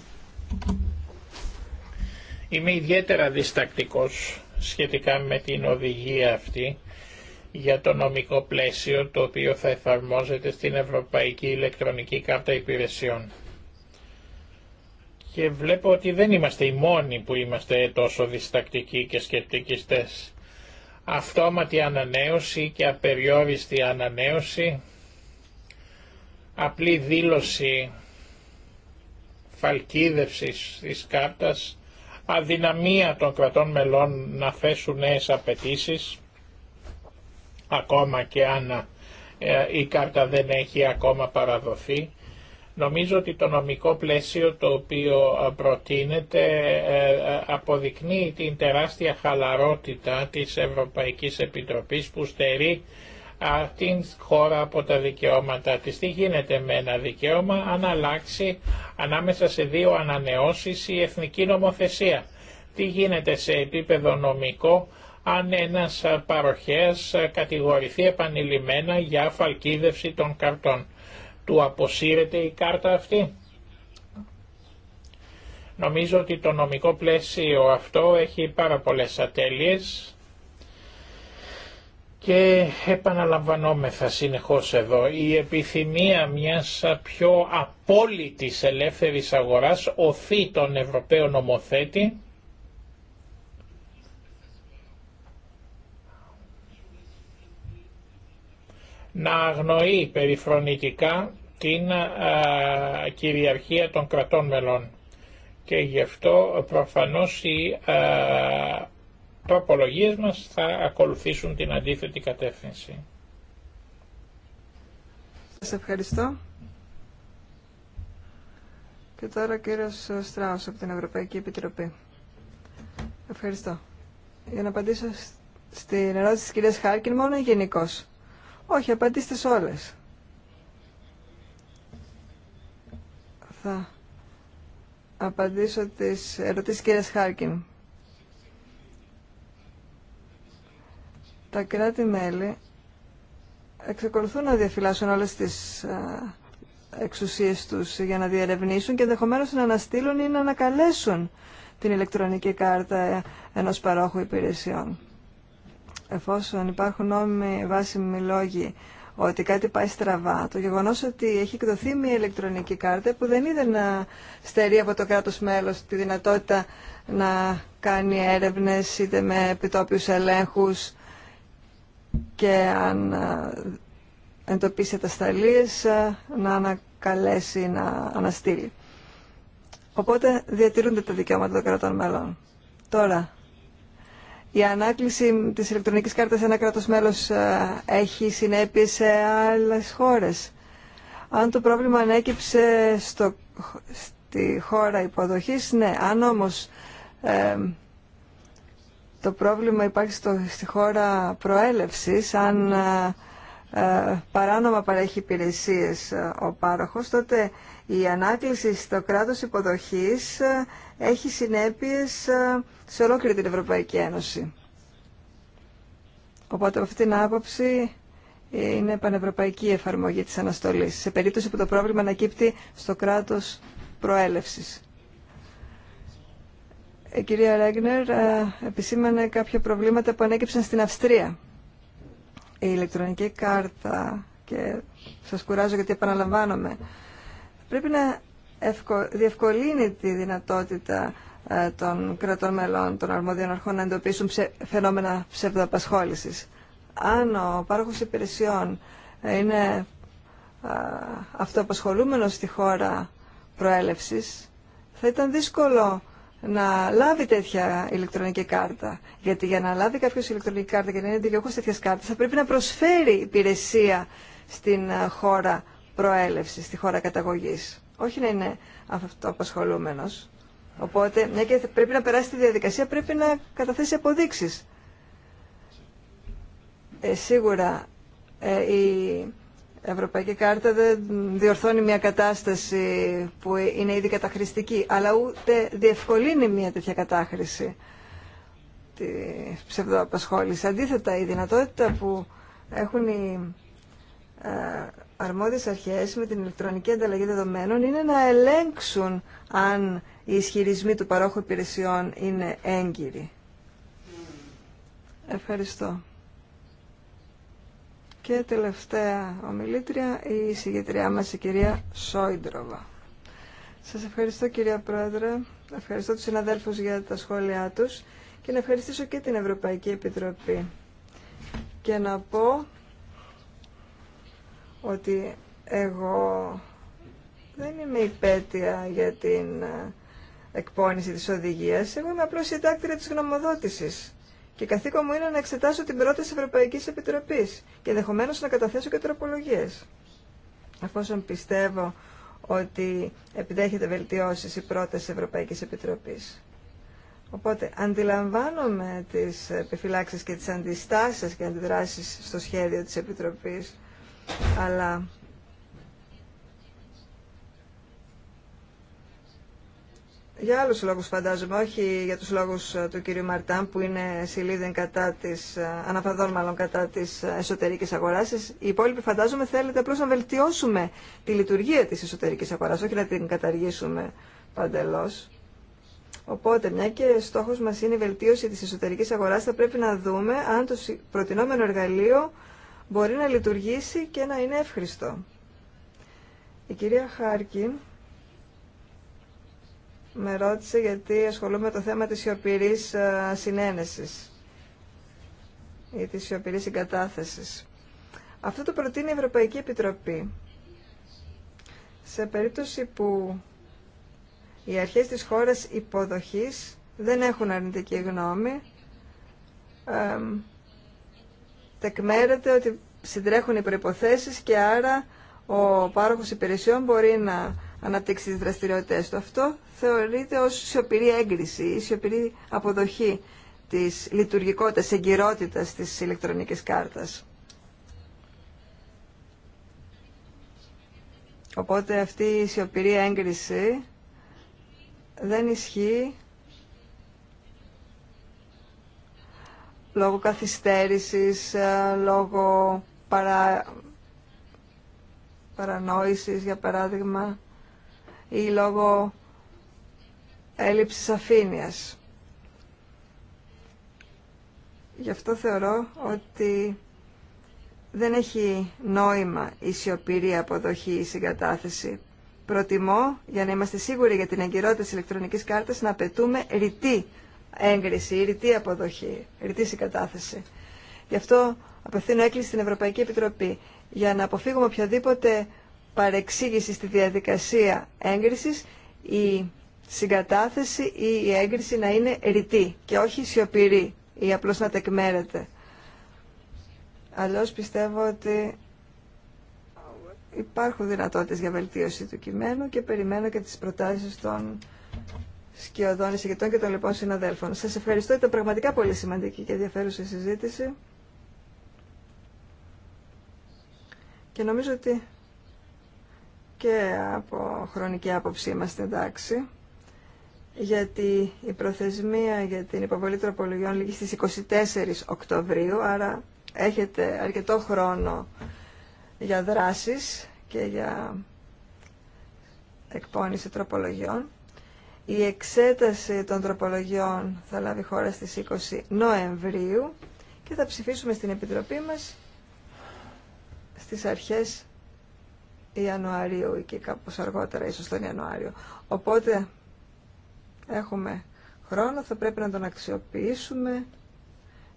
Είμαι ιδιαίτερα διστακτικός σχετικά με την οδηγία αυτή για το νομικό πλαίσιο το οποίο θα εφαρμόζεται στην Ευρωπαϊκή Ηλεκτρονική Κάρτα Υπηρεσιών. Και βλέπω ότι δεν είμαστε οι μόνοι που είμαστε τόσο διστακτικοί και σκεπτικιστές. Αυτόματη ανανέωση και απεριόριστη ανανέωση, απλή δήλωση φαλκίδευσης της κάρτας αδυναμία των κρατών μελών να θέσουν νέες απαιτήσει, ακόμα και αν ε, η κάρτα δεν έχει ακόμα παραδοθεί. Νομίζω ότι το νομικό πλαίσιο το οποίο ε, προτείνεται ε, αποδεικνύει την τεράστια χαλαρότητα της Ευρωπαϊκής Επιτροπής που στερεί την χώρα από τα δικαιώματα της. Τι γίνεται με ένα δικαίωμα αν αλλάξει ανάμεσα σε δύο ανανεώσεις η εθνική νομοθεσία. Τι γίνεται σε επίπεδο νομικό αν ένας παροχέας κατηγορηθεί επανειλημμένα για αφαλκίδευση των καρτών. Του αποσύρεται η κάρτα αυτή. Νομίζω ότι το νομικό πλαίσιο αυτό έχει πάρα πολλές ατέλειες και επαναλαμβανόμεθα συνεχώς εδώ, η επιθυμία μιας πιο απόλυτης ελεύθερης αγοράς οθεί τον Ευρωπαίο νομοθέτη να αγνοεί περιφρονητικά την α, κυριαρχία των κρατών μελών. Και γι' αυτό προφανώς η τροπολογίες μας θα ακολουθήσουν την αντίθετη κατεύθυνση. Σας ευχαριστώ. Και τώρα ο κύριος Στράους από την Ευρωπαϊκή Επιτροπή. Ευχαριστώ. Για να απαντήσω στην ερώτηση της κυρίας Χάρκιν μόνο γενικώ. Όχι, απαντήστε σε όλες. Θα απαντήσω τις ερωτήσεις της κυρίας Χάρκιν τα κράτη-μέλη εξακολουθούν να διαφυλάσσουν όλες τις ε, εξουσίες τους για να διερευνήσουν και ενδεχομένω να αναστείλουν ή να ανακαλέσουν την ηλεκτρονική κάρτα ενός παρόχου υπηρεσιών. Εφόσον υπάρχουν νόμιμοι βάσιμοι λόγοι ότι κάτι πάει στραβά, το γεγονός ότι έχει εκδοθεί μια ηλεκτρονική κάρτα που δεν είδε να στερεί από το κράτος μέλος τη δυνατότητα να κάνει έρευνες είτε με επιτόπιους ελέγχους και αν ε, εντοπίσει σταλίες, ε, να ανακαλέσει, να αναστείλει. Οπότε διατηρούνται τα δικαιώματα των κρατών μέλων. Τώρα, η ανάκληση της ηλεκτρονικής κάρτας σε ένα κράτος μέλος ε, έχει συνέπειες σε άλλες χώρες. Αν το πρόβλημα ανέκυψε στο, στη χώρα υποδοχής, ναι. Αν όμως το πρόβλημα υπάρχει στο, στη χώρα προέλευσης, αν ε, ε, παράνομα παρέχει υπηρεσίες ε, ο πάροχος, τότε η ανάκληση στο κράτος υποδοχής έχει συνέπειες σε ολόκληρη την Ευρωπαϊκή Ένωση. Οπότε από αυτήν την άποψη είναι πανευρωπαϊκή εφαρμογή της αναστολής, σε περίπτωση που το πρόβλημα ανακύπτει στο κράτος προέλευσης η ε, κυρία Ρέγνερ ε, επισήμανε κάποια προβλήματα που ανέκυψαν στην Αυστρία. Η ηλεκτρονική κάρτα, και σας κουράζω γιατί επαναλαμβάνομαι, πρέπει να διευκολύνει τη δυνατότητα ε, των κρατών μελών, των αρμόδιων αρχών να εντοπίσουν φαινόμενα ψευδοαπασχόλησης. Αν ο πάροχος υπηρεσιών είναι αυτοαπασχολούμενος στη χώρα προέλευσης, θα ήταν δύσκολο να λάβει τέτοια ηλεκτρονική κάρτα. Γιατί για να λάβει κάποιο ηλεκτρονική κάρτα και να είναι δικαιούχο τέτοια κάρτα, θα πρέπει να προσφέρει υπηρεσία στην ε, χώρα προέλευση, στη χώρα καταγωγή. Όχι να είναι αυτοαπασχολούμενο. Οπότε, μια και πρέπει να περάσει τη διαδικασία, πρέπει να καταθέσει αποδείξει. Ε, σίγουρα ε, η Ευρωπαϊκή Κάρτα δεν διορθώνει μια κατάσταση που είναι ήδη καταχρηστική, αλλά ούτε διευκολύνει μια τέτοια κατάχρηση τη ψευδοαπασχόληση. Αντίθετα, η δυνατότητα που έχουν οι ε, αρμόδιες αρχές με την ηλεκτρονική ανταλλαγή δεδομένων είναι να ελέγξουν αν οι ισχυρισμοί του παρόχου υπηρεσιών είναι έγκυροι. Ευχαριστώ. Και τελευταία ομιλήτρια, η συγγετριά μας, η κυρία Σόιντροβα. Σας ευχαριστώ κυρία Πρόεδρε, ευχαριστώ τους συναδέλφους για τα σχόλιά τους και να ευχαριστήσω και την Ευρωπαϊκή Επιτροπή. Και να πω ότι εγώ δεν είμαι υπέτεια για την ε, εκπόνηση της οδηγίας, εγώ είμαι απλώς συντάκτρια της γνωμοδότησης. Και καθήκον μου είναι να εξετάσω την πρόταση ευρωπαϊκή Επιτροπή και ενδεχομένω να καταθέσω και τροπολογίε, Αφόσον πιστεύω ότι επιδέχεται βελτιώσει η πρόταση ευρωπαϊκή Επιτροπή. Οπότε αντιλαμβάνομαι τις επιφυλάξεις και τις αντιστάσεις και αντιδράσεις στο σχέδιο της Επιτροπής, αλλά για άλλους λόγους φαντάζομαι, όχι για τους λόγους ε, του κύριου Μαρτάν που είναι σελίδιν κατά της, ε, αναφαδόν μάλλον κατά της ε, εσωτερικής αγοράς. Οι υπόλοιποι φαντάζομαι θέλετε απλώς να βελτιώσουμε τη λειτουργία της εσωτερικής αγοράς, όχι να την καταργήσουμε παντελώς. Οπότε, μια και στόχος μας είναι η βελτίωση της εσωτερικής αγοράς, θα πρέπει να δούμε αν το προτινόμενο εργαλείο μπορεί να λειτουργήσει και να είναι εύχριστο. Η κυρία Χάρκιν με ρώτησε γιατί ασχολούμαι με το θέμα της σιωπηρής ε, συνένεσης ή της σιωπηρής συγκατάθεσης. Αυτό το προτείνει η Ευρωπαϊκή Επιτροπή. Σε περίπτωση που οι αρχές της χώρας υποδοχής δεν έχουν αρνητική γνώμη, ε, τεκμέρεται ότι συντρέχουν οι προϋποθέσεις και άρα ο πάροχος υπηρεσιών μπορεί να αναπτύξει τις δραστηριότητες του. Αυτό θεωρείται ως σιωπηρή έγκριση ή σιωπηρή αποδοχή της λειτουργικότητας, εγκυρότητας της ηλεκτρονικής κάρτας. Οπότε αυτή η σιωπηρή έγκριση δεν ισχύει λόγω καθυστέρησης, ε, λόγω παρα... παρανόησης, για παράδειγμα ή λόγω έλλειψης αφήνειας. Γι' αυτό θεωρώ ότι δεν έχει νόημα η σιωπηρή αποδοχή ή συγκατάθεση. Προτιμώ, για να είμαστε σίγουροι για την εγκυρότητα της ηλεκτρονικής κάρτας, να απαιτούμε ρητή έγκριση, ρητή αποδοχή, ρητή συγκατάθεση. Γι' αυτό απευθύνω έκκληση στην Ευρωπαϊκή Επιτροπή για να αποφύγουμε οποιαδήποτε παρεξήγηση στη διαδικασία έγκρισης η συγκατάθεση ή η έγκριση να είναι ρητή και όχι σιωπηρή ή απλώς να τεκμέρεται. Αλλιώς πιστεύω ότι υπάρχουν δυνατότητες για βελτίωση του κειμένου και περιμένω και τις προτάσεις των σκιωδών εισηγητών και των λοιπόν συναδέλφων. Σας ευχαριστώ, ήταν πραγματικά πολύ σημαντική και ενδιαφέρουσα συζήτηση. Και νομίζω ότι και από χρονική άποψη είμαστε εντάξει γιατί η προθεσμία για την υποβολή τροπολογιών λήγει στις 24 Οκτωβρίου άρα έχετε αρκετό χρόνο για δράσεις και για εκπόνηση τροπολογιών. Η εξέταση των τροπολογιών θα λάβει χώρα στις 20 Νοεμβρίου και θα ψηφίσουμε στην Επιτροπή μας στις αρχές Ιανουαρίου ή και κάπως αργότερα, ίσως τον Ιανουάριο. Οπότε έχουμε χρόνο, θα πρέπει να τον αξιοποιήσουμε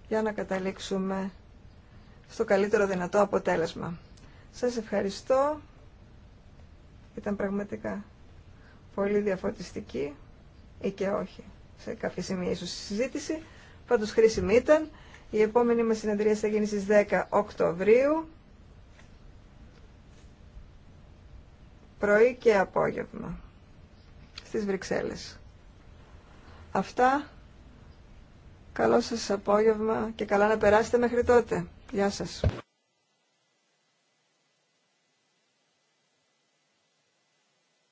για να καταλήξουμε στο καλύτερο δυνατό αποτέλεσμα. Σας ευχαριστώ. Ήταν πραγματικά πολύ διαφωτιστική ή και όχι. Σε κάποια σημεία ίσως η συζήτηση. Πάντως χρήσιμη ήταν. Η επόμενη μας συνεδρία θα γίνει στις 10 Οκτωβρίου. πρωί και απόγευμα στις Βρυξέλλες. Αυτά. Καλό σας απόγευμα και καλά να περάσετε μέχρι τότε. Γεια σας.